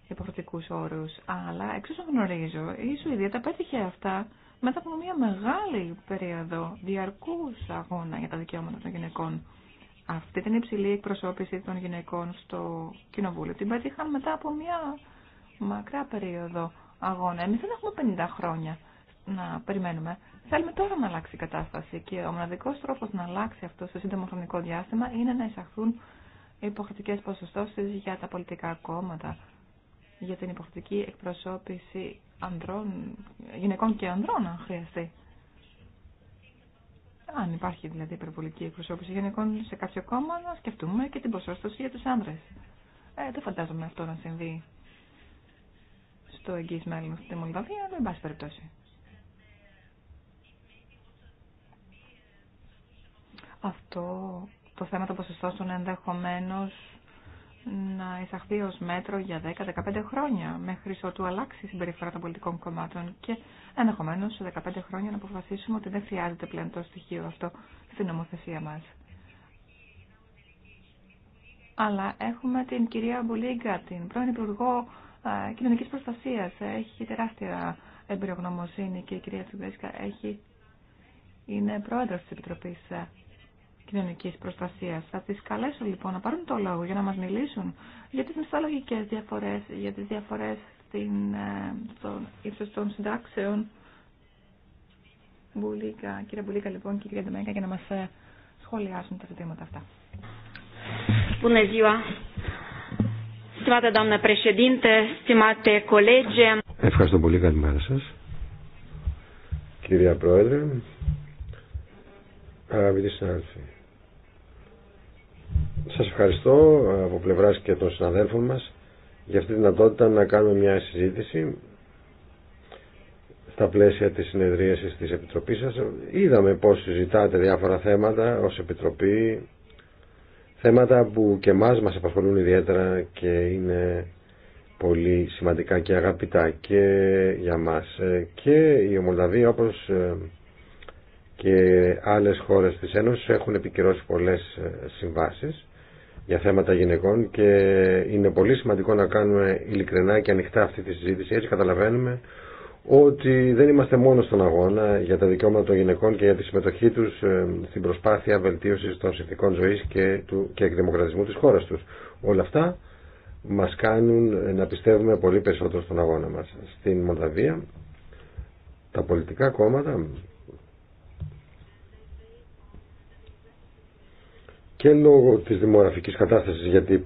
υποχρεωτικού όρου. Αλλά εξ όσων γνωρίζω, η Σουηδία τα πέτυχε αυτά μετά από μια μεγάλη περίοδο διαρκούς αγώνα για τα δικαιώματα των γυναικών. Αυτή την υψηλή εκπροσώπηση των γυναικών στο Κοινοβούλιο την πέτυχαν μετά από μια μακρά περίοδο αγώνα. Εμεί δεν έχουμε 50 χρόνια να περιμένουμε Θέλουμε τώρα να αλλάξει η κατάσταση και ο μοναδικό τρόπο να αλλάξει αυτό στο σύντομο χρονικό διάστημα είναι να εισαχθούν υποχρεωτικέ ποσοστώσει για τα πολιτικά κόμματα, για την υποχρεωτική εκπροσώπηση ανδρών, γυναικών και ανδρών, αν χρειαστεί. Αν υπάρχει δηλαδή υπερβολική εκπροσώπηση γυναικών σε κάποιο κόμμα, να σκεφτούμε και την ποσόστοση για του άνδρε. Ε, δεν φαντάζομαι αυτό να συμβεί στο εγγύη μέλλον στη Μολδαβία, αλλά εν πάση περιπτώσει. Αυτό το θέμα το των στον ενδεχομένως να εισαχθεί ω μέτρο για 10-15 χρόνια μέχρι ότου αλλάξει η συμπεριφορά των πολιτικών κομμάτων και ενδεχομένως σε 15 χρόνια να αποφασίσουμε ότι δεν χρειάζεται πλέον το στοιχείο αυτό στην νομοθεσία μας. Αλλά έχουμε την κυρία Μπουλίγκα, την πρώην Υπουργό ε, Κοινωνική Προστασία. Έχει τεράστια εμπειρογνωμοσύνη και η κυρία Τσουμπέσκα έχει... είναι πρόεδρος της Επιτροπής ε, κοινωνικής προστασίας. Θα τι καλέσω λοιπόν να πάρουν το λόγο για να μας μιλήσουν για τις μισθολογικέ διαφορές, για τις διαφορές στην, ε, στον ύψο των συντάξεων. Μπουλίκα, κύριε Μπουλίκα λοιπόν και κύριε Ντομέκα για να μας ε, σχολιάσουν τα ζητήματα αυτά. Bună ziua! Stimată doamnă președinte, stimate colege... Ευχαριστώ πολύ. Καλημέρα σας. Κυρία Πρόεδρε, αγαπητοί συνάδελφοι, σας ευχαριστώ ε, από πλευράς και των συναδέλφων μας για αυτή τη δυνατότητα να κάνουμε μια συζήτηση στα πλαίσια της συνεδρίασης της Επιτροπής σας. Είδαμε πώς συζητάτε διάφορα θέματα ως Επιτροπή, θέματα που και εμάς μας απασχολούν ιδιαίτερα και είναι πολύ σημαντικά και αγαπητά και για μας. Ε, και η Ομολδαβία όπως ε, και άλλες χώρες της Ένωσης έχουν επικυρώσει πολλές συμβάσεις για θέματα γυναικών και είναι πολύ σημαντικό να κάνουμε ειλικρινά και ανοιχτά αυτή τη συζήτηση. Έτσι καταλαβαίνουμε ότι δεν είμαστε μόνο στον αγώνα για τα δικαιώματα των γυναικών και για τη συμμετοχή του ε, στην προσπάθεια βελτίωσης των συνθηκών ζωής και, του, και εκδημοκρατισμού της χώρας τους. Όλα αυτά μας κάνουν να πιστεύουμε πολύ περισσότερο στον αγώνα μα. Στην Μολδαβία τα πολιτικά κόμματα και λόγω της δημογραφικής κατάσταση, γιατί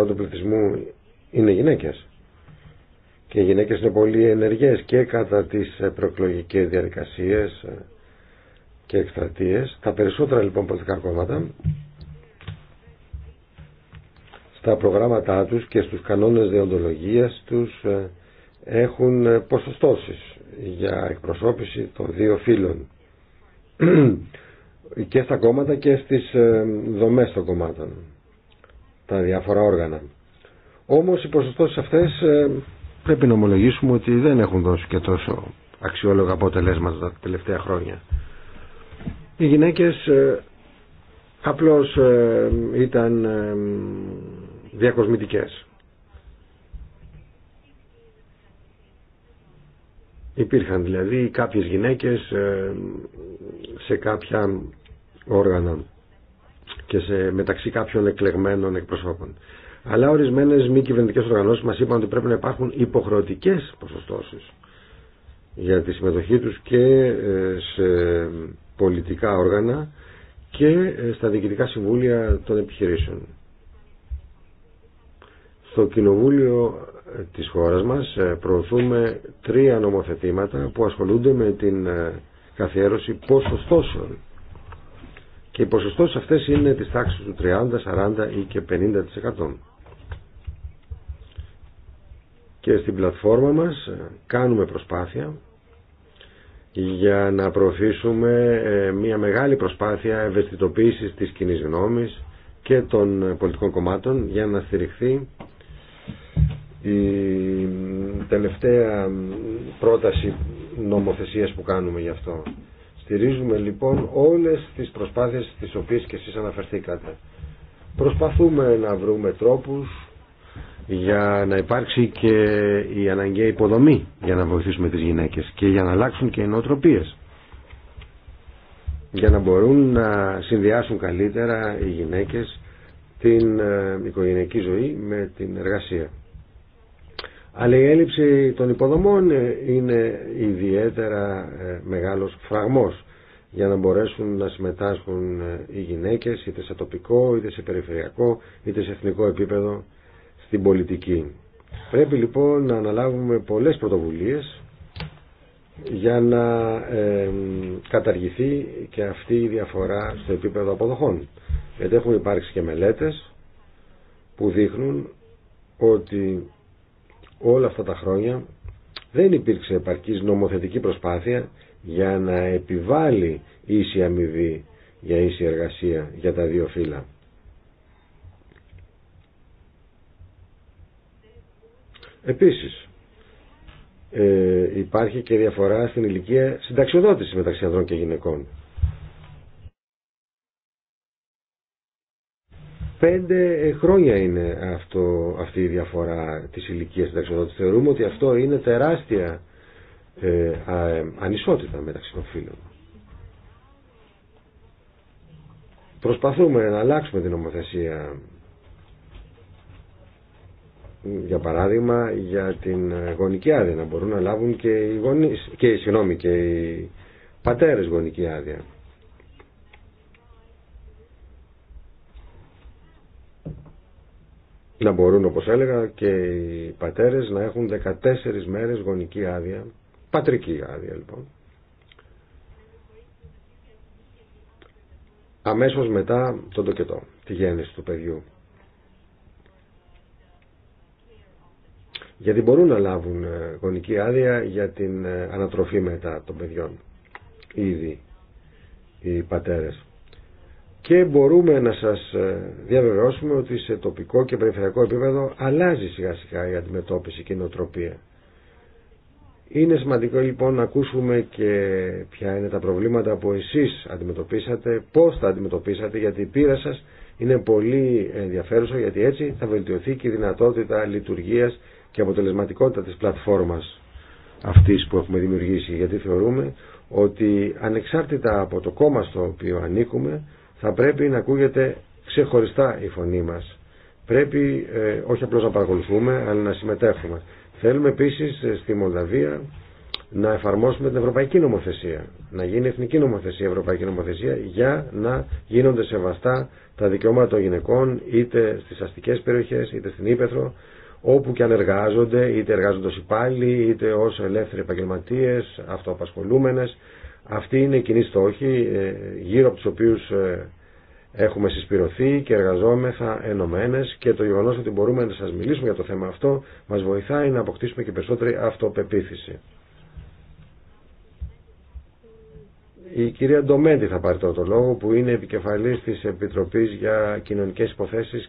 52% του πληθυσμού είναι γυναίκες και οι γυναίκες είναι πολύ ενεργές και κατά τις προεκλογικέ διαδικασίε και εκστρατείε. τα περισσότερα λοιπόν πολιτικά κόμματα στα προγράμματά τους και στους κανόνες διοντολογίας τους έχουν ποσοστώσεις για εκπροσώπηση των δύο φύλων και στα κόμματα και στις ε, δομές των κομμάτων, τα διάφορα όργανα. Όμως οι ποσοστώσεις αυτές ε, πρέπει να ομολογήσουμε ότι δεν έχουν δώσει και τόσο αξιόλογα αποτελέσματα τα τελευταία χρόνια. Οι γυναίκες ε, απλώς ήταν διακοσμητικές. Υπήρχαν δηλαδή κάποιες γυναίκες σε κάποια όργανα και σε, μεταξύ κάποιων εκλεγμένων εκπροσώπων. Αλλά ορισμένε μη κυβερνητικέ οργανώσει μα είπαν ότι πρέπει να υπάρχουν υποχρεωτικέ ποσοστώσει για τη συμμετοχή του και ε, σε πολιτικά όργανα και ε, στα διοικητικά συμβούλια των επιχειρήσεων. Στο Κοινοβούλιο ε, της χώρας μας προωθούμε τρία νομοθετήματα που ασχολούνται με την καθιέρωση ποσοστώσεων και οι ποσοστώσεις αυτές είναι της τάξης του 30, 40 ή και 50%. Και στην πλατφόρμα μας ε, κάνουμε προσπάθεια για να προωθήσουμε ε, μια μεγάλη προσπάθεια ευαισθητοποίησης της κοινή γνώμης και των πολιτικών κομμάτων για να στηριχθεί η τελευταία πρόταση νομοθεσίας που κάνουμε γι' αυτό. Στηρίζουμε λοιπόν όλες τις προσπάθειες τις οποίες και εσείς αναφερθήκατε. Προσπαθούμε να βρούμε τρόπους για να υπάρξει και η αναγκαία υποδομή για να βοηθήσουμε τις γυναίκες και για να αλλάξουν και οι για να μπορούν να συνδυάσουν καλύτερα οι γυναίκες την ε, οικογενειακή ζωή με την εργασία. Αλλά η έλλειψη των υποδομών είναι ιδιαίτερα ε, μεγάλος φραγμός για να μπορέσουν να συμμετάσχουν ε, οι γυναίκες είτε σε τοπικό, είτε σε περιφερειακό, είτε σε εθνικό επίπεδο στην πολιτική. Πρέπει λοιπόν να αναλάβουμε πολλές πρωτοβουλίες για να καταργηθεί και αυτή η διαφορά στο επίπεδο αποδοχών. Γιατί έχουν υπάρξει και μελέτες που δείχνουν ότι όλα αυτά τα χρόνια δεν υπήρξε επαρκής νομοθετική προσπάθεια για να επιβάλλει ίση αμοιβή για ίση εργασία για τα δύο φύλλα. Επίσης, ε, υπάρχει και διαφορά στην ηλικία συνταξιοδότηση μεταξύ ανδρών και γυναικών. Πέντε ε, χρόνια είναι αυτό, αυτή η διαφορά της ηλικίας Τα Θεωρούμε ότι αυτό είναι τεράστια ε, ε, ανισότητα μεταξύ των φίλων. Προσπαθούμε να αλλάξουμε την ομοθεσία για παράδειγμα για την γονική άδεια να μπορούν να λάβουν και οι, γονείς, και, συγγνώμη, και οι πατέρες γονική άδεια. να μπορούν όπως έλεγα και οι πατέρες να έχουν 14 μέρες γονική άδεια, πατρική άδεια λοιπόν. Αμέσως μετά τον τοκετό, τη γέννηση του παιδιού. Γιατί μπορούν να λάβουν ε, γονική άδεια για την ε, ανατροφή μετά των παιδιών. Ήδη οι πατέρες και μπορούμε να σας ε, διαβεβαιώσουμε ότι σε τοπικό και περιφερειακό επίπεδο αλλάζει σιγά σιγά η αντιμετώπιση και η νοοτροπία. Είναι σημαντικό λοιπόν να ακούσουμε και ποια είναι τα προβλήματα που εσείς αντιμετωπίσατε, πώς τα αντιμετωπίσατε, γιατί η πείρα σας είναι πολύ ενδιαφέρουσα, γιατί έτσι θα βελτιωθεί και η δυνατότητα λειτουργίας και αποτελεσματικότητα της πλατφόρμας αυτής που έχουμε δημιουργήσει, γιατί θεωρούμε ότι ανεξάρτητα από το κόμμα στο οποίο ανήκουμε, θα πρέπει να ακούγεται ξεχωριστά η φωνή μας. Πρέπει ε, όχι απλώς να παρακολουθούμε, αλλά να συμμετέχουμε. Θέλουμε επίσης ε, στη Μολδαβία να εφαρμόσουμε την ευρωπαϊκή νομοθεσία, να γίνει εθνική νομοθεσία, ευρωπαϊκή νομοθεσία, για να γίνονται σεβαστά τα δικαιώματα των γυναικών, είτε στις αστικές περιοχές, είτε στην Ήπεθρο, όπου και αν εργάζονται, είτε εργάζονται ως υπάλληλοι, είτε ως ελεύθεροι επαγγελματίες, αυτοαπασχολούμενες, αυτή είναι η κοινή στόχη ε, γύρω από τους οποίους ε, έχουμε συσπηρωθεί και εργαζόμεθα ενωμένε και το γεγονός ότι μπορούμε να σας μιλήσουμε για το θέμα αυτό μας βοηθάει να αποκτήσουμε και περισσότερη αυτοπεποίθηση. Η κυρία Ντομέντη θα πάρει τώρα το λόγο που είναι επικεφαλής της Επιτροπής για Κοινωνικές Υποθέσεις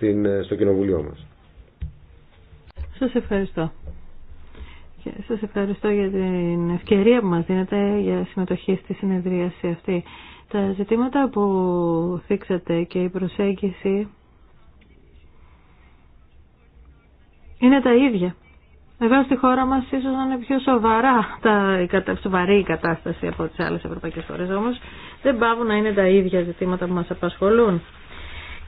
ε, στο Κοινοβουλίο μας. Σας ευχαριστώ. Σας ευχαριστώ για την ευκαιρία που μας δίνετε για συμμετοχή στη συνεδρίαση αυτή. Τα ζητήματα που θίξατε και η προσέγγιση είναι τα ίδια. Εδώ στη χώρα μας ίσως να είναι πιο σοβαρά, τα, σοβαρή η κατάσταση από τις άλλες ευρωπαϊκές χώρες, όμως δεν πάβουν να είναι τα ίδια ζητήματα που μας απασχολούν.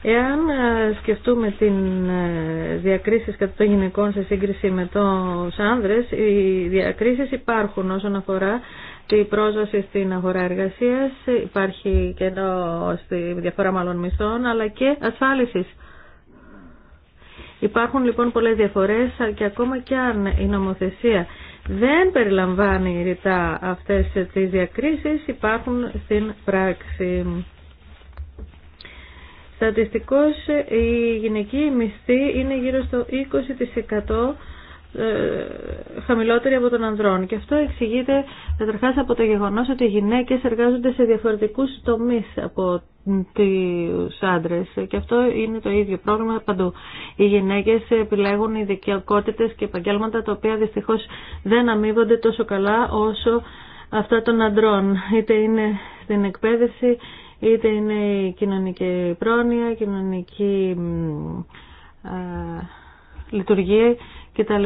Εάν ε, σκεφτούμε την ε, διακρίσεις κατά των γυναικών σε σύγκριση με τους άνδρες, οι διακρίσεις υπάρχουν όσον αφορά τη πρόσβαση στην αγορά εργασίας, υπάρχει και εδώ στη διαφορά μάλλον μισθών, αλλά και ασφάλισης. Υπάρχουν λοιπόν πολλές διαφορές και ακόμα και αν η νομοθεσία δεν περιλαμβάνει ρητά αυτές τις διακρίσεις, υπάρχουν στην πράξη. Στατιστικώς η γυναική μισθή είναι γύρω στο 20% ε, χαμηλότερη από τον ανδρών. Και αυτό εξηγείται καταρχά από το γεγονός ότι οι γυναίκες εργάζονται σε διαφορετικούς τομείς από τους άντρες και αυτό είναι το ίδιο πρόβλημα παντού. Οι γυναίκες επιλέγουν δικαιοκότητες και επαγγέλματα τα οποία δυστυχώς δεν αμείβονται τόσο καλά όσο αυτά των αντρών. Είτε είναι στην εκπαίδευση, είτε είναι η κοινωνική πρόνοια, η κοινωνική λειτουργία κτλ.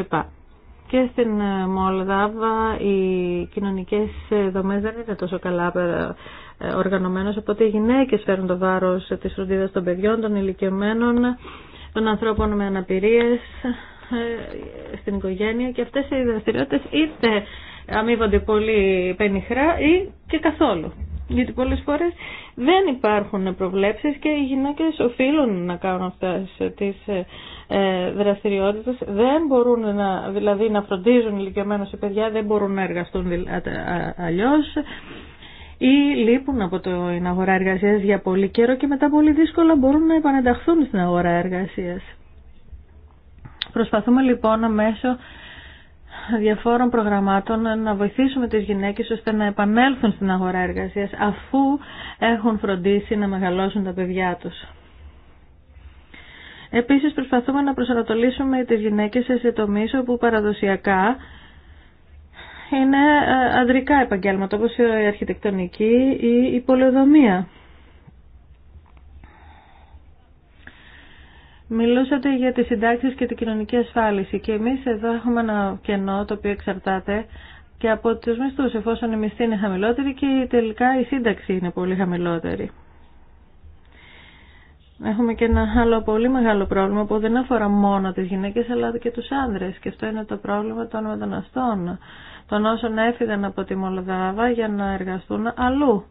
Και στην ε, Μολδάβα οι κοινωνικές ε, δομές δεν είναι τόσο καλά ε, οργανωμένες, οπότε οι γυναίκες φέρουν το βάρος της φροντίδας των παιδιών, των ηλικιωμένων, των ανθρώπων με αναπηρίες στην οικογένεια και αυτές οι δραστηριότητες είτε αμείβονται πολύ πενιχρά ή και καθόλου γιατί πολλέ φορέ δεν υπάρχουν προβλέψεις και οι γυναίκε οφείλουν να κάνουν αυτές τις ε, ε, δραστηριότητε, Δεν μπορούν να, δηλαδή να φροντίζουν ηλικιωμένα σε παιδιά, δεν μπορούν να εργαστούν αλλιώς ή λείπουν από την αγορά εργασία για πολύ καιρό και μετά πολύ δύσκολα μπορούν να επανενταχθούν στην αγορά εργασία. Προσπαθούμε λοιπόν μέσω διαφόρων προγραμμάτων να βοηθήσουμε τις γυναίκες ώστε να επανέλθουν στην αγορά εργασίας αφού έχουν φροντίσει να μεγαλώσουν τα παιδιά τους. Επίσης προσπαθούμε να προσανατολίσουμε τις γυναίκες σε τομείς όπου παραδοσιακά είναι ε, ανδρικά επαγγέλματα όπως η αρχιτεκτονική ή η πολεοδομία. Μιλούσατε για τις συντάξεις και την κοινωνική ασφάλιση και εμείς εδώ έχουμε ένα κενό το οποίο εξαρτάται και από τους μισθούς εφόσον η μισθή είναι χαμηλότερη και τελικά η σύνταξη είναι πολύ χαμηλότερη. Έχουμε και ένα άλλο πολύ μεγάλο πρόβλημα που δεν αφορά μόνο τις γυναίκες αλλά και τους άνδρες και αυτό είναι το πρόβλημα των μεταναστών, των όσων έφυγαν από τη Μολδάβα για να εργαστούν αλλού,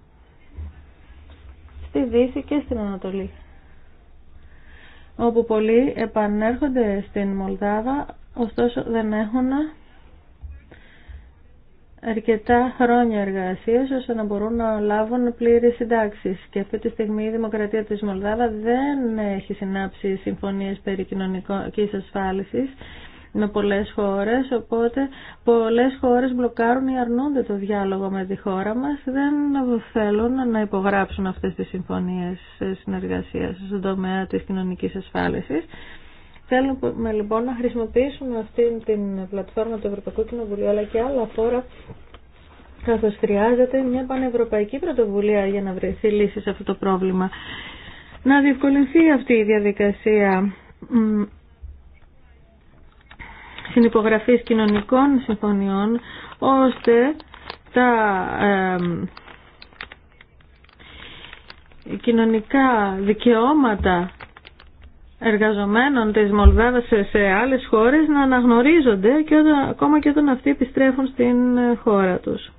στη Δύση και στην Ανατολή όπου πολλοί επανέρχονται στην Μολδάβα, ωστόσο δεν έχουν αρκετά χρόνια εργασίας ώστε να μπορούν να λάβουν πλήρες συντάξει. Και αυτή τη στιγμή η Δημοκρατία της Μολδάβα δεν έχει συνάψει συμφωνίες περί κοινωνικής ασφάλισης είναι πολλές χώρες, οπότε πολλές χώρες μπλοκάρουν ή αρνούνται το διάλογο με τη χώρα μας, δεν θέλουν να υπογράψουν αυτές τις συμφωνίες συνεργασίας στον τομέα της κοινωνικής ασφάλισης. Θέλουμε λοιπόν να χρησιμοποιήσουμε αυτή την πλατφόρμα του Ευρωπαϊκού Κοινοβουλίου αλλά και άλλα φόρα καθώς χρειάζεται μια πανευρωπαϊκή πρωτοβουλία για να βρεθεί λύση σε αυτό το πρόβλημα. Να διευκολυνθεί αυτή η διαδικασία συνυπογραφής κοινωνικών συμφωνιών ώστε τα κοινωνικά δικαιώματα εργαζομένων της Μολδάβας σε άλλες χώρες να αναγνωρίζονται και όταν, ακόμα και όταν αυτοί επιστρέφουν στην ε, χώρα τους.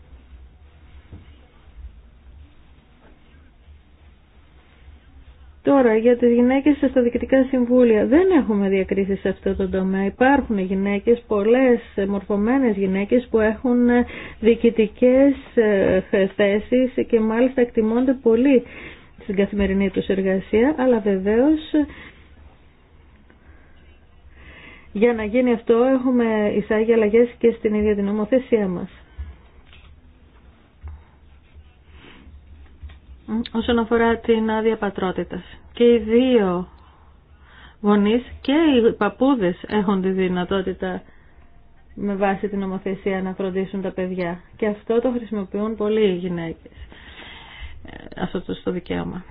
Τώρα, για τις γυναίκες στα διοικητικά συμβούλια δεν έχουμε διακρίσει σε αυτό το τομέα. Υπάρχουν γυναίκες, πολλές μορφωμένες γυναίκες που έχουν ε, διοικητικές ε, θέσεις και μάλιστα εκτιμώνται πολύ στην καθημερινή τους εργασία, αλλά βεβαίως για να γίνει αυτό έχουμε εισάγει αλλαγές και στην ίδια την νομοθεσία μας. όσον αφορά την άδεια πατρότητας. Και οι δύο γονείς και οι παππούδες έχουν τη δυνατότητα με βάση την νομοθεσία να φροντίσουν τα παιδιά. Και αυτό το χρησιμοποιούν πολλοί οι γυναίκες, ε, αυτό το στο δικαίωμα.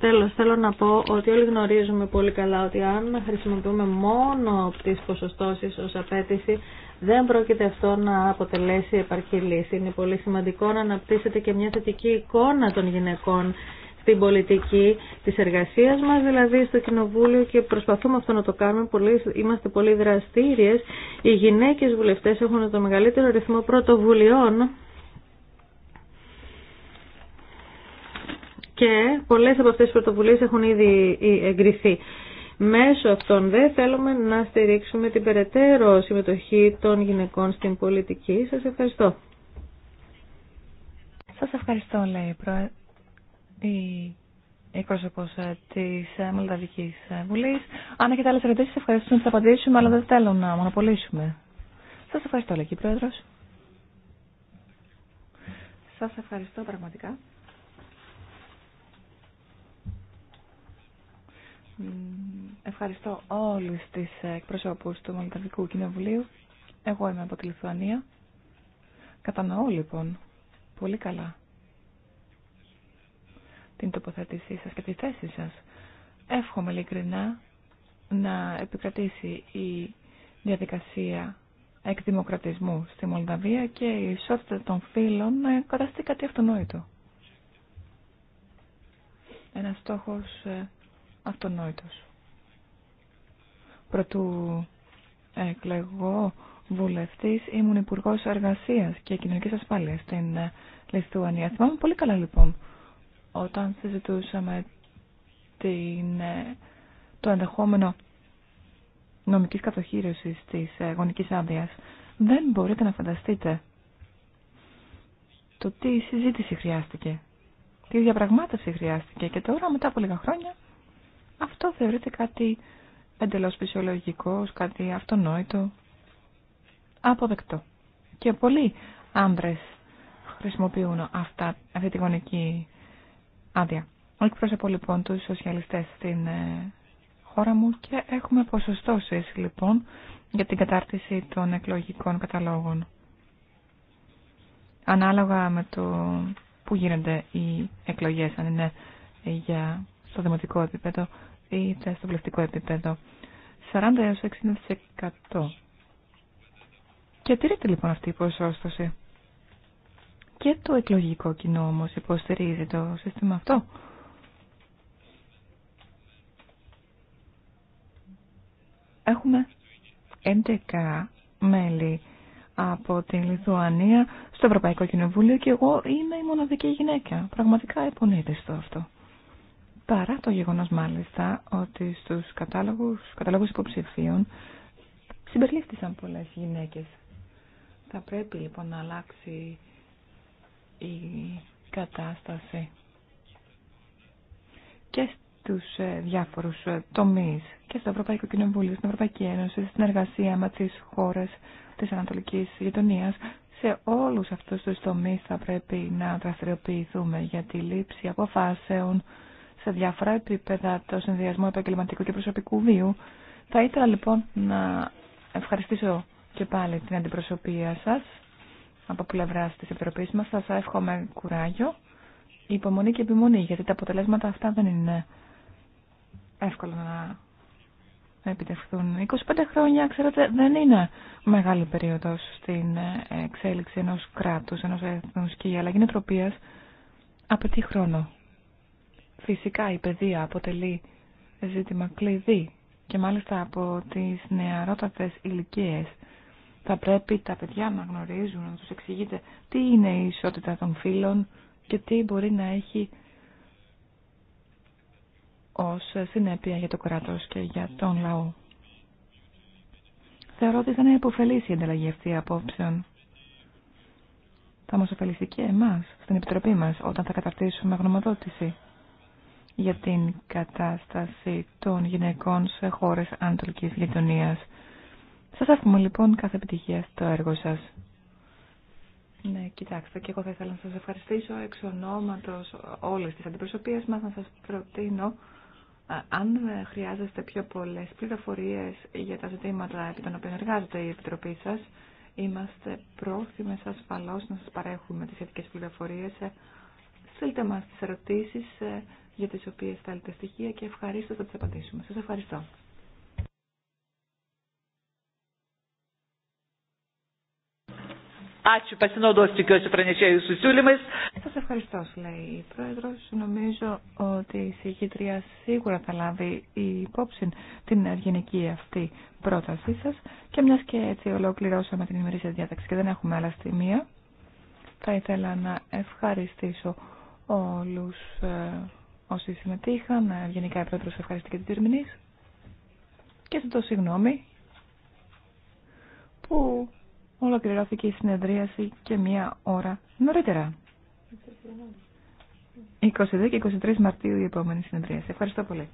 Τέλος, θέλω να πω ότι όλοι γνωρίζουμε πολύ καλά ότι αν χρησιμοποιούμε μόνο τις ποσοστώσεις ως απέτηση, δεν πρόκειται αυτό να αποτελέσει επαρκή λύση. Είναι πολύ σημαντικό να αναπτύσσεται και μια θετική εικόνα των γυναικών στην πολιτική της εργασίας μας, δηλαδή στο Κοινοβούλιο και προσπαθούμε αυτό να το κάνουμε, πολύ, είμαστε πολύ δραστήριες. Οι γυναίκες βουλευτές έχουν το μεγαλύτερο ρυθμό πρωτοβουλειών και πολλές από αυτές τις πρωτοβουλίες έχουν ήδη εγκριθεί. Μέσω αυτών δε θέλουμε να στηρίξουμε την περαιτέρω συμμετοχή των γυναικών στην πολιτική. Σας ευχαριστώ. Σας ευχαριστώ, λέει η εκπρόσωπο ε, τη ε, Μολδαβική ε, Βουλή. Αν έχετε άλλε ερωτήσει, ευχαριστώ να τι απαντήσουμε, αλλά δεν θέλω να μονοπολίσουμε. Σα ευχαριστώ, η Πρόεδρο. Σα ευχαριστώ πραγματικά. Ευχαριστώ όλους τις εκπροσώπους του Μολδαβικού Κοινοβουλίου. Εγώ είμαι από τη Λιθουανία. Κατανοώ λοιπόν πολύ καλά την τοποθέτησή σας και τη θέση σας. Εύχομαι ειλικρινά να επικρατήσει η διαδικασία εκδημοκρατισμού στη Μολδαβία και η ισότητα των φίλων να καταστεί κάτι αυτονόητο. Ένας στόχος ε, αυτονόητος. Πρωτού εκλεγώ βουλευτής, ήμουν υπουργό εργασία και Κοινωνικής Ασφάλειας στην ε, Λιθουανία. Θυμάμαι πολύ καλά λοιπόν όταν συζητούσαμε την, ε, το ενδεχόμενο νομικής κατοχήρωσης της ε, γονικής άδεια, Δεν μπορείτε να φανταστείτε το τι συζήτηση χρειάστηκε, τι διαπραγμάτευση χρειάστηκε και τώρα μετά από λίγα χρόνια αυτό θεωρείται κάτι εντελώς φυσιολογικό, κάτι αυτονόητο, αποδεκτό. Και πολλοί άνδρες χρησιμοποιούν αυτά, αυτή τη γονική άδεια. Εκπρόσωπο λοιπόν τους σοσιαλιστές στην ε, χώρα μου και έχουμε ποσοστώσεις λοιπόν για την κατάρτιση των εκλογικών καταλόγων. Ανάλογα με το που γίνονται οι εκλογές, αν είναι για στο δημοτικό επίπεδο ή στο βουλευτικό επίπεδο. 40 έως 60%. Και τηρείται λοιπόν αυτή η ποσόστοση. Και το εκλογικό κοινό όμως υποστηρίζει το σύστημα αυτό. Έχουμε 11 μέλη από την Λιθουανία στο Ευρωπαϊκό Κοινοβούλιο και εγώ είμαι η μοναδική γυναίκα. Πραγματικά στο αυτό. Παρά το γεγονός μάλιστα ότι στους κατάλογους, καταλόγους υποψηφίων συμπεριλήφθησαν πολλές γυναίκες. Θα πρέπει λοιπόν να αλλάξει η κατάσταση και στους ε, διάφορους ε, τομείς και στο Ευρωπαϊκό Κοινοβούλιο, στην Ευρωπαϊκή Ένωση, στην εργασία με τις χώρες της Ανατολικής Γειτονίας. Σε όλους αυτούς τους τομείς θα πρέπει να δραστηριοποιηθούμε για τη λήψη αποφάσεων σε διάφορα επίπεδα το συνδυασμό επαγγελματικού και προσωπικού βίου. Θα ήθελα λοιπόν να ευχαριστήσω και πάλι την αντιπροσωπεία σας από πλευρά τη Επιτροπή μα. Σας εύχομαι κουράγιο, υπομονή και επιμονή, γιατί τα αποτελέσματα αυτά δεν είναι εύκολο να επιτευχθούν. 25 χρόνια, ξέρετε, δεν είναι μεγάλη περίοδος στην εξέλιξη ενός κράτους, ενός εθνούς και η αλλαγή νοτροπίας απαιτεί χρόνο. Φυσικά η παιδεία αποτελεί ζήτημα κλειδί και μάλιστα από τις νεαρότατες ηλικίες. Θα πρέπει τα παιδιά να γνωρίζουν, να τους εξηγείτε τι είναι η ισότητα των φίλων και τι μπορεί να έχει ως συνέπεια για το κράτος και για τον λαό. Θεωρώ ότι θα είναι υποφελής η ανταλλαγή αυτή απόψεων. Θα μας ωφελήσει και εμάς, στην Επιτροπή μας, όταν θα καταρτήσουμε γνωμοδότηση για την κατάσταση των γυναικών σε χώρες Ανατολικής Γειτονίας. Σας εύχομαι λοιπόν κάθε επιτυχία στο έργο σας. Ναι, κοιτάξτε, και εγώ θα ήθελα να σας ευχαριστήσω εξ ονόματος όλες τις αντιπροσωπείες μας, να σας προτείνω αν ε, χρειάζεστε πιο πολλές πληροφορίες για τα ζητήματα επί των οποίων εργάζεται η Επιτροπή σας, είμαστε πρόθυμες ασφαλώς να σας παρέχουμε τις ειδικές πληροφορίες. Ε, στείλτε μας τις ερωτήσεις ε, για τις οποίες θέλετε στοιχεία και ευχαρίστω θα τις απαντήσουμε. Σας ευχαριστώ. Σα Σας ευχαριστώ, λέει η Πρόεδρος. Νομίζω ότι η συγχύτρια σίγουρα θα λάβει υπόψη την γενική αυτή πρότασή σας και μια και έτσι ολοκληρώσαμε την ημερήσια διάταξη και δεν έχουμε άλλα στιγμή. Θα ήθελα να ευχαριστήσω όλους ε, όσοι συμμετείχαν. Ε, γενικά η πρόεδρος ευχαριστεί και την Τερμινής. Και ζητώ συγγνώμη που ολοκληρώθηκε η συνεδρίαση και μία ώρα νωρίτερα. 22 και 23 Μαρτίου η επόμενη συνεδρίαση. Ευχαριστώ πολύ.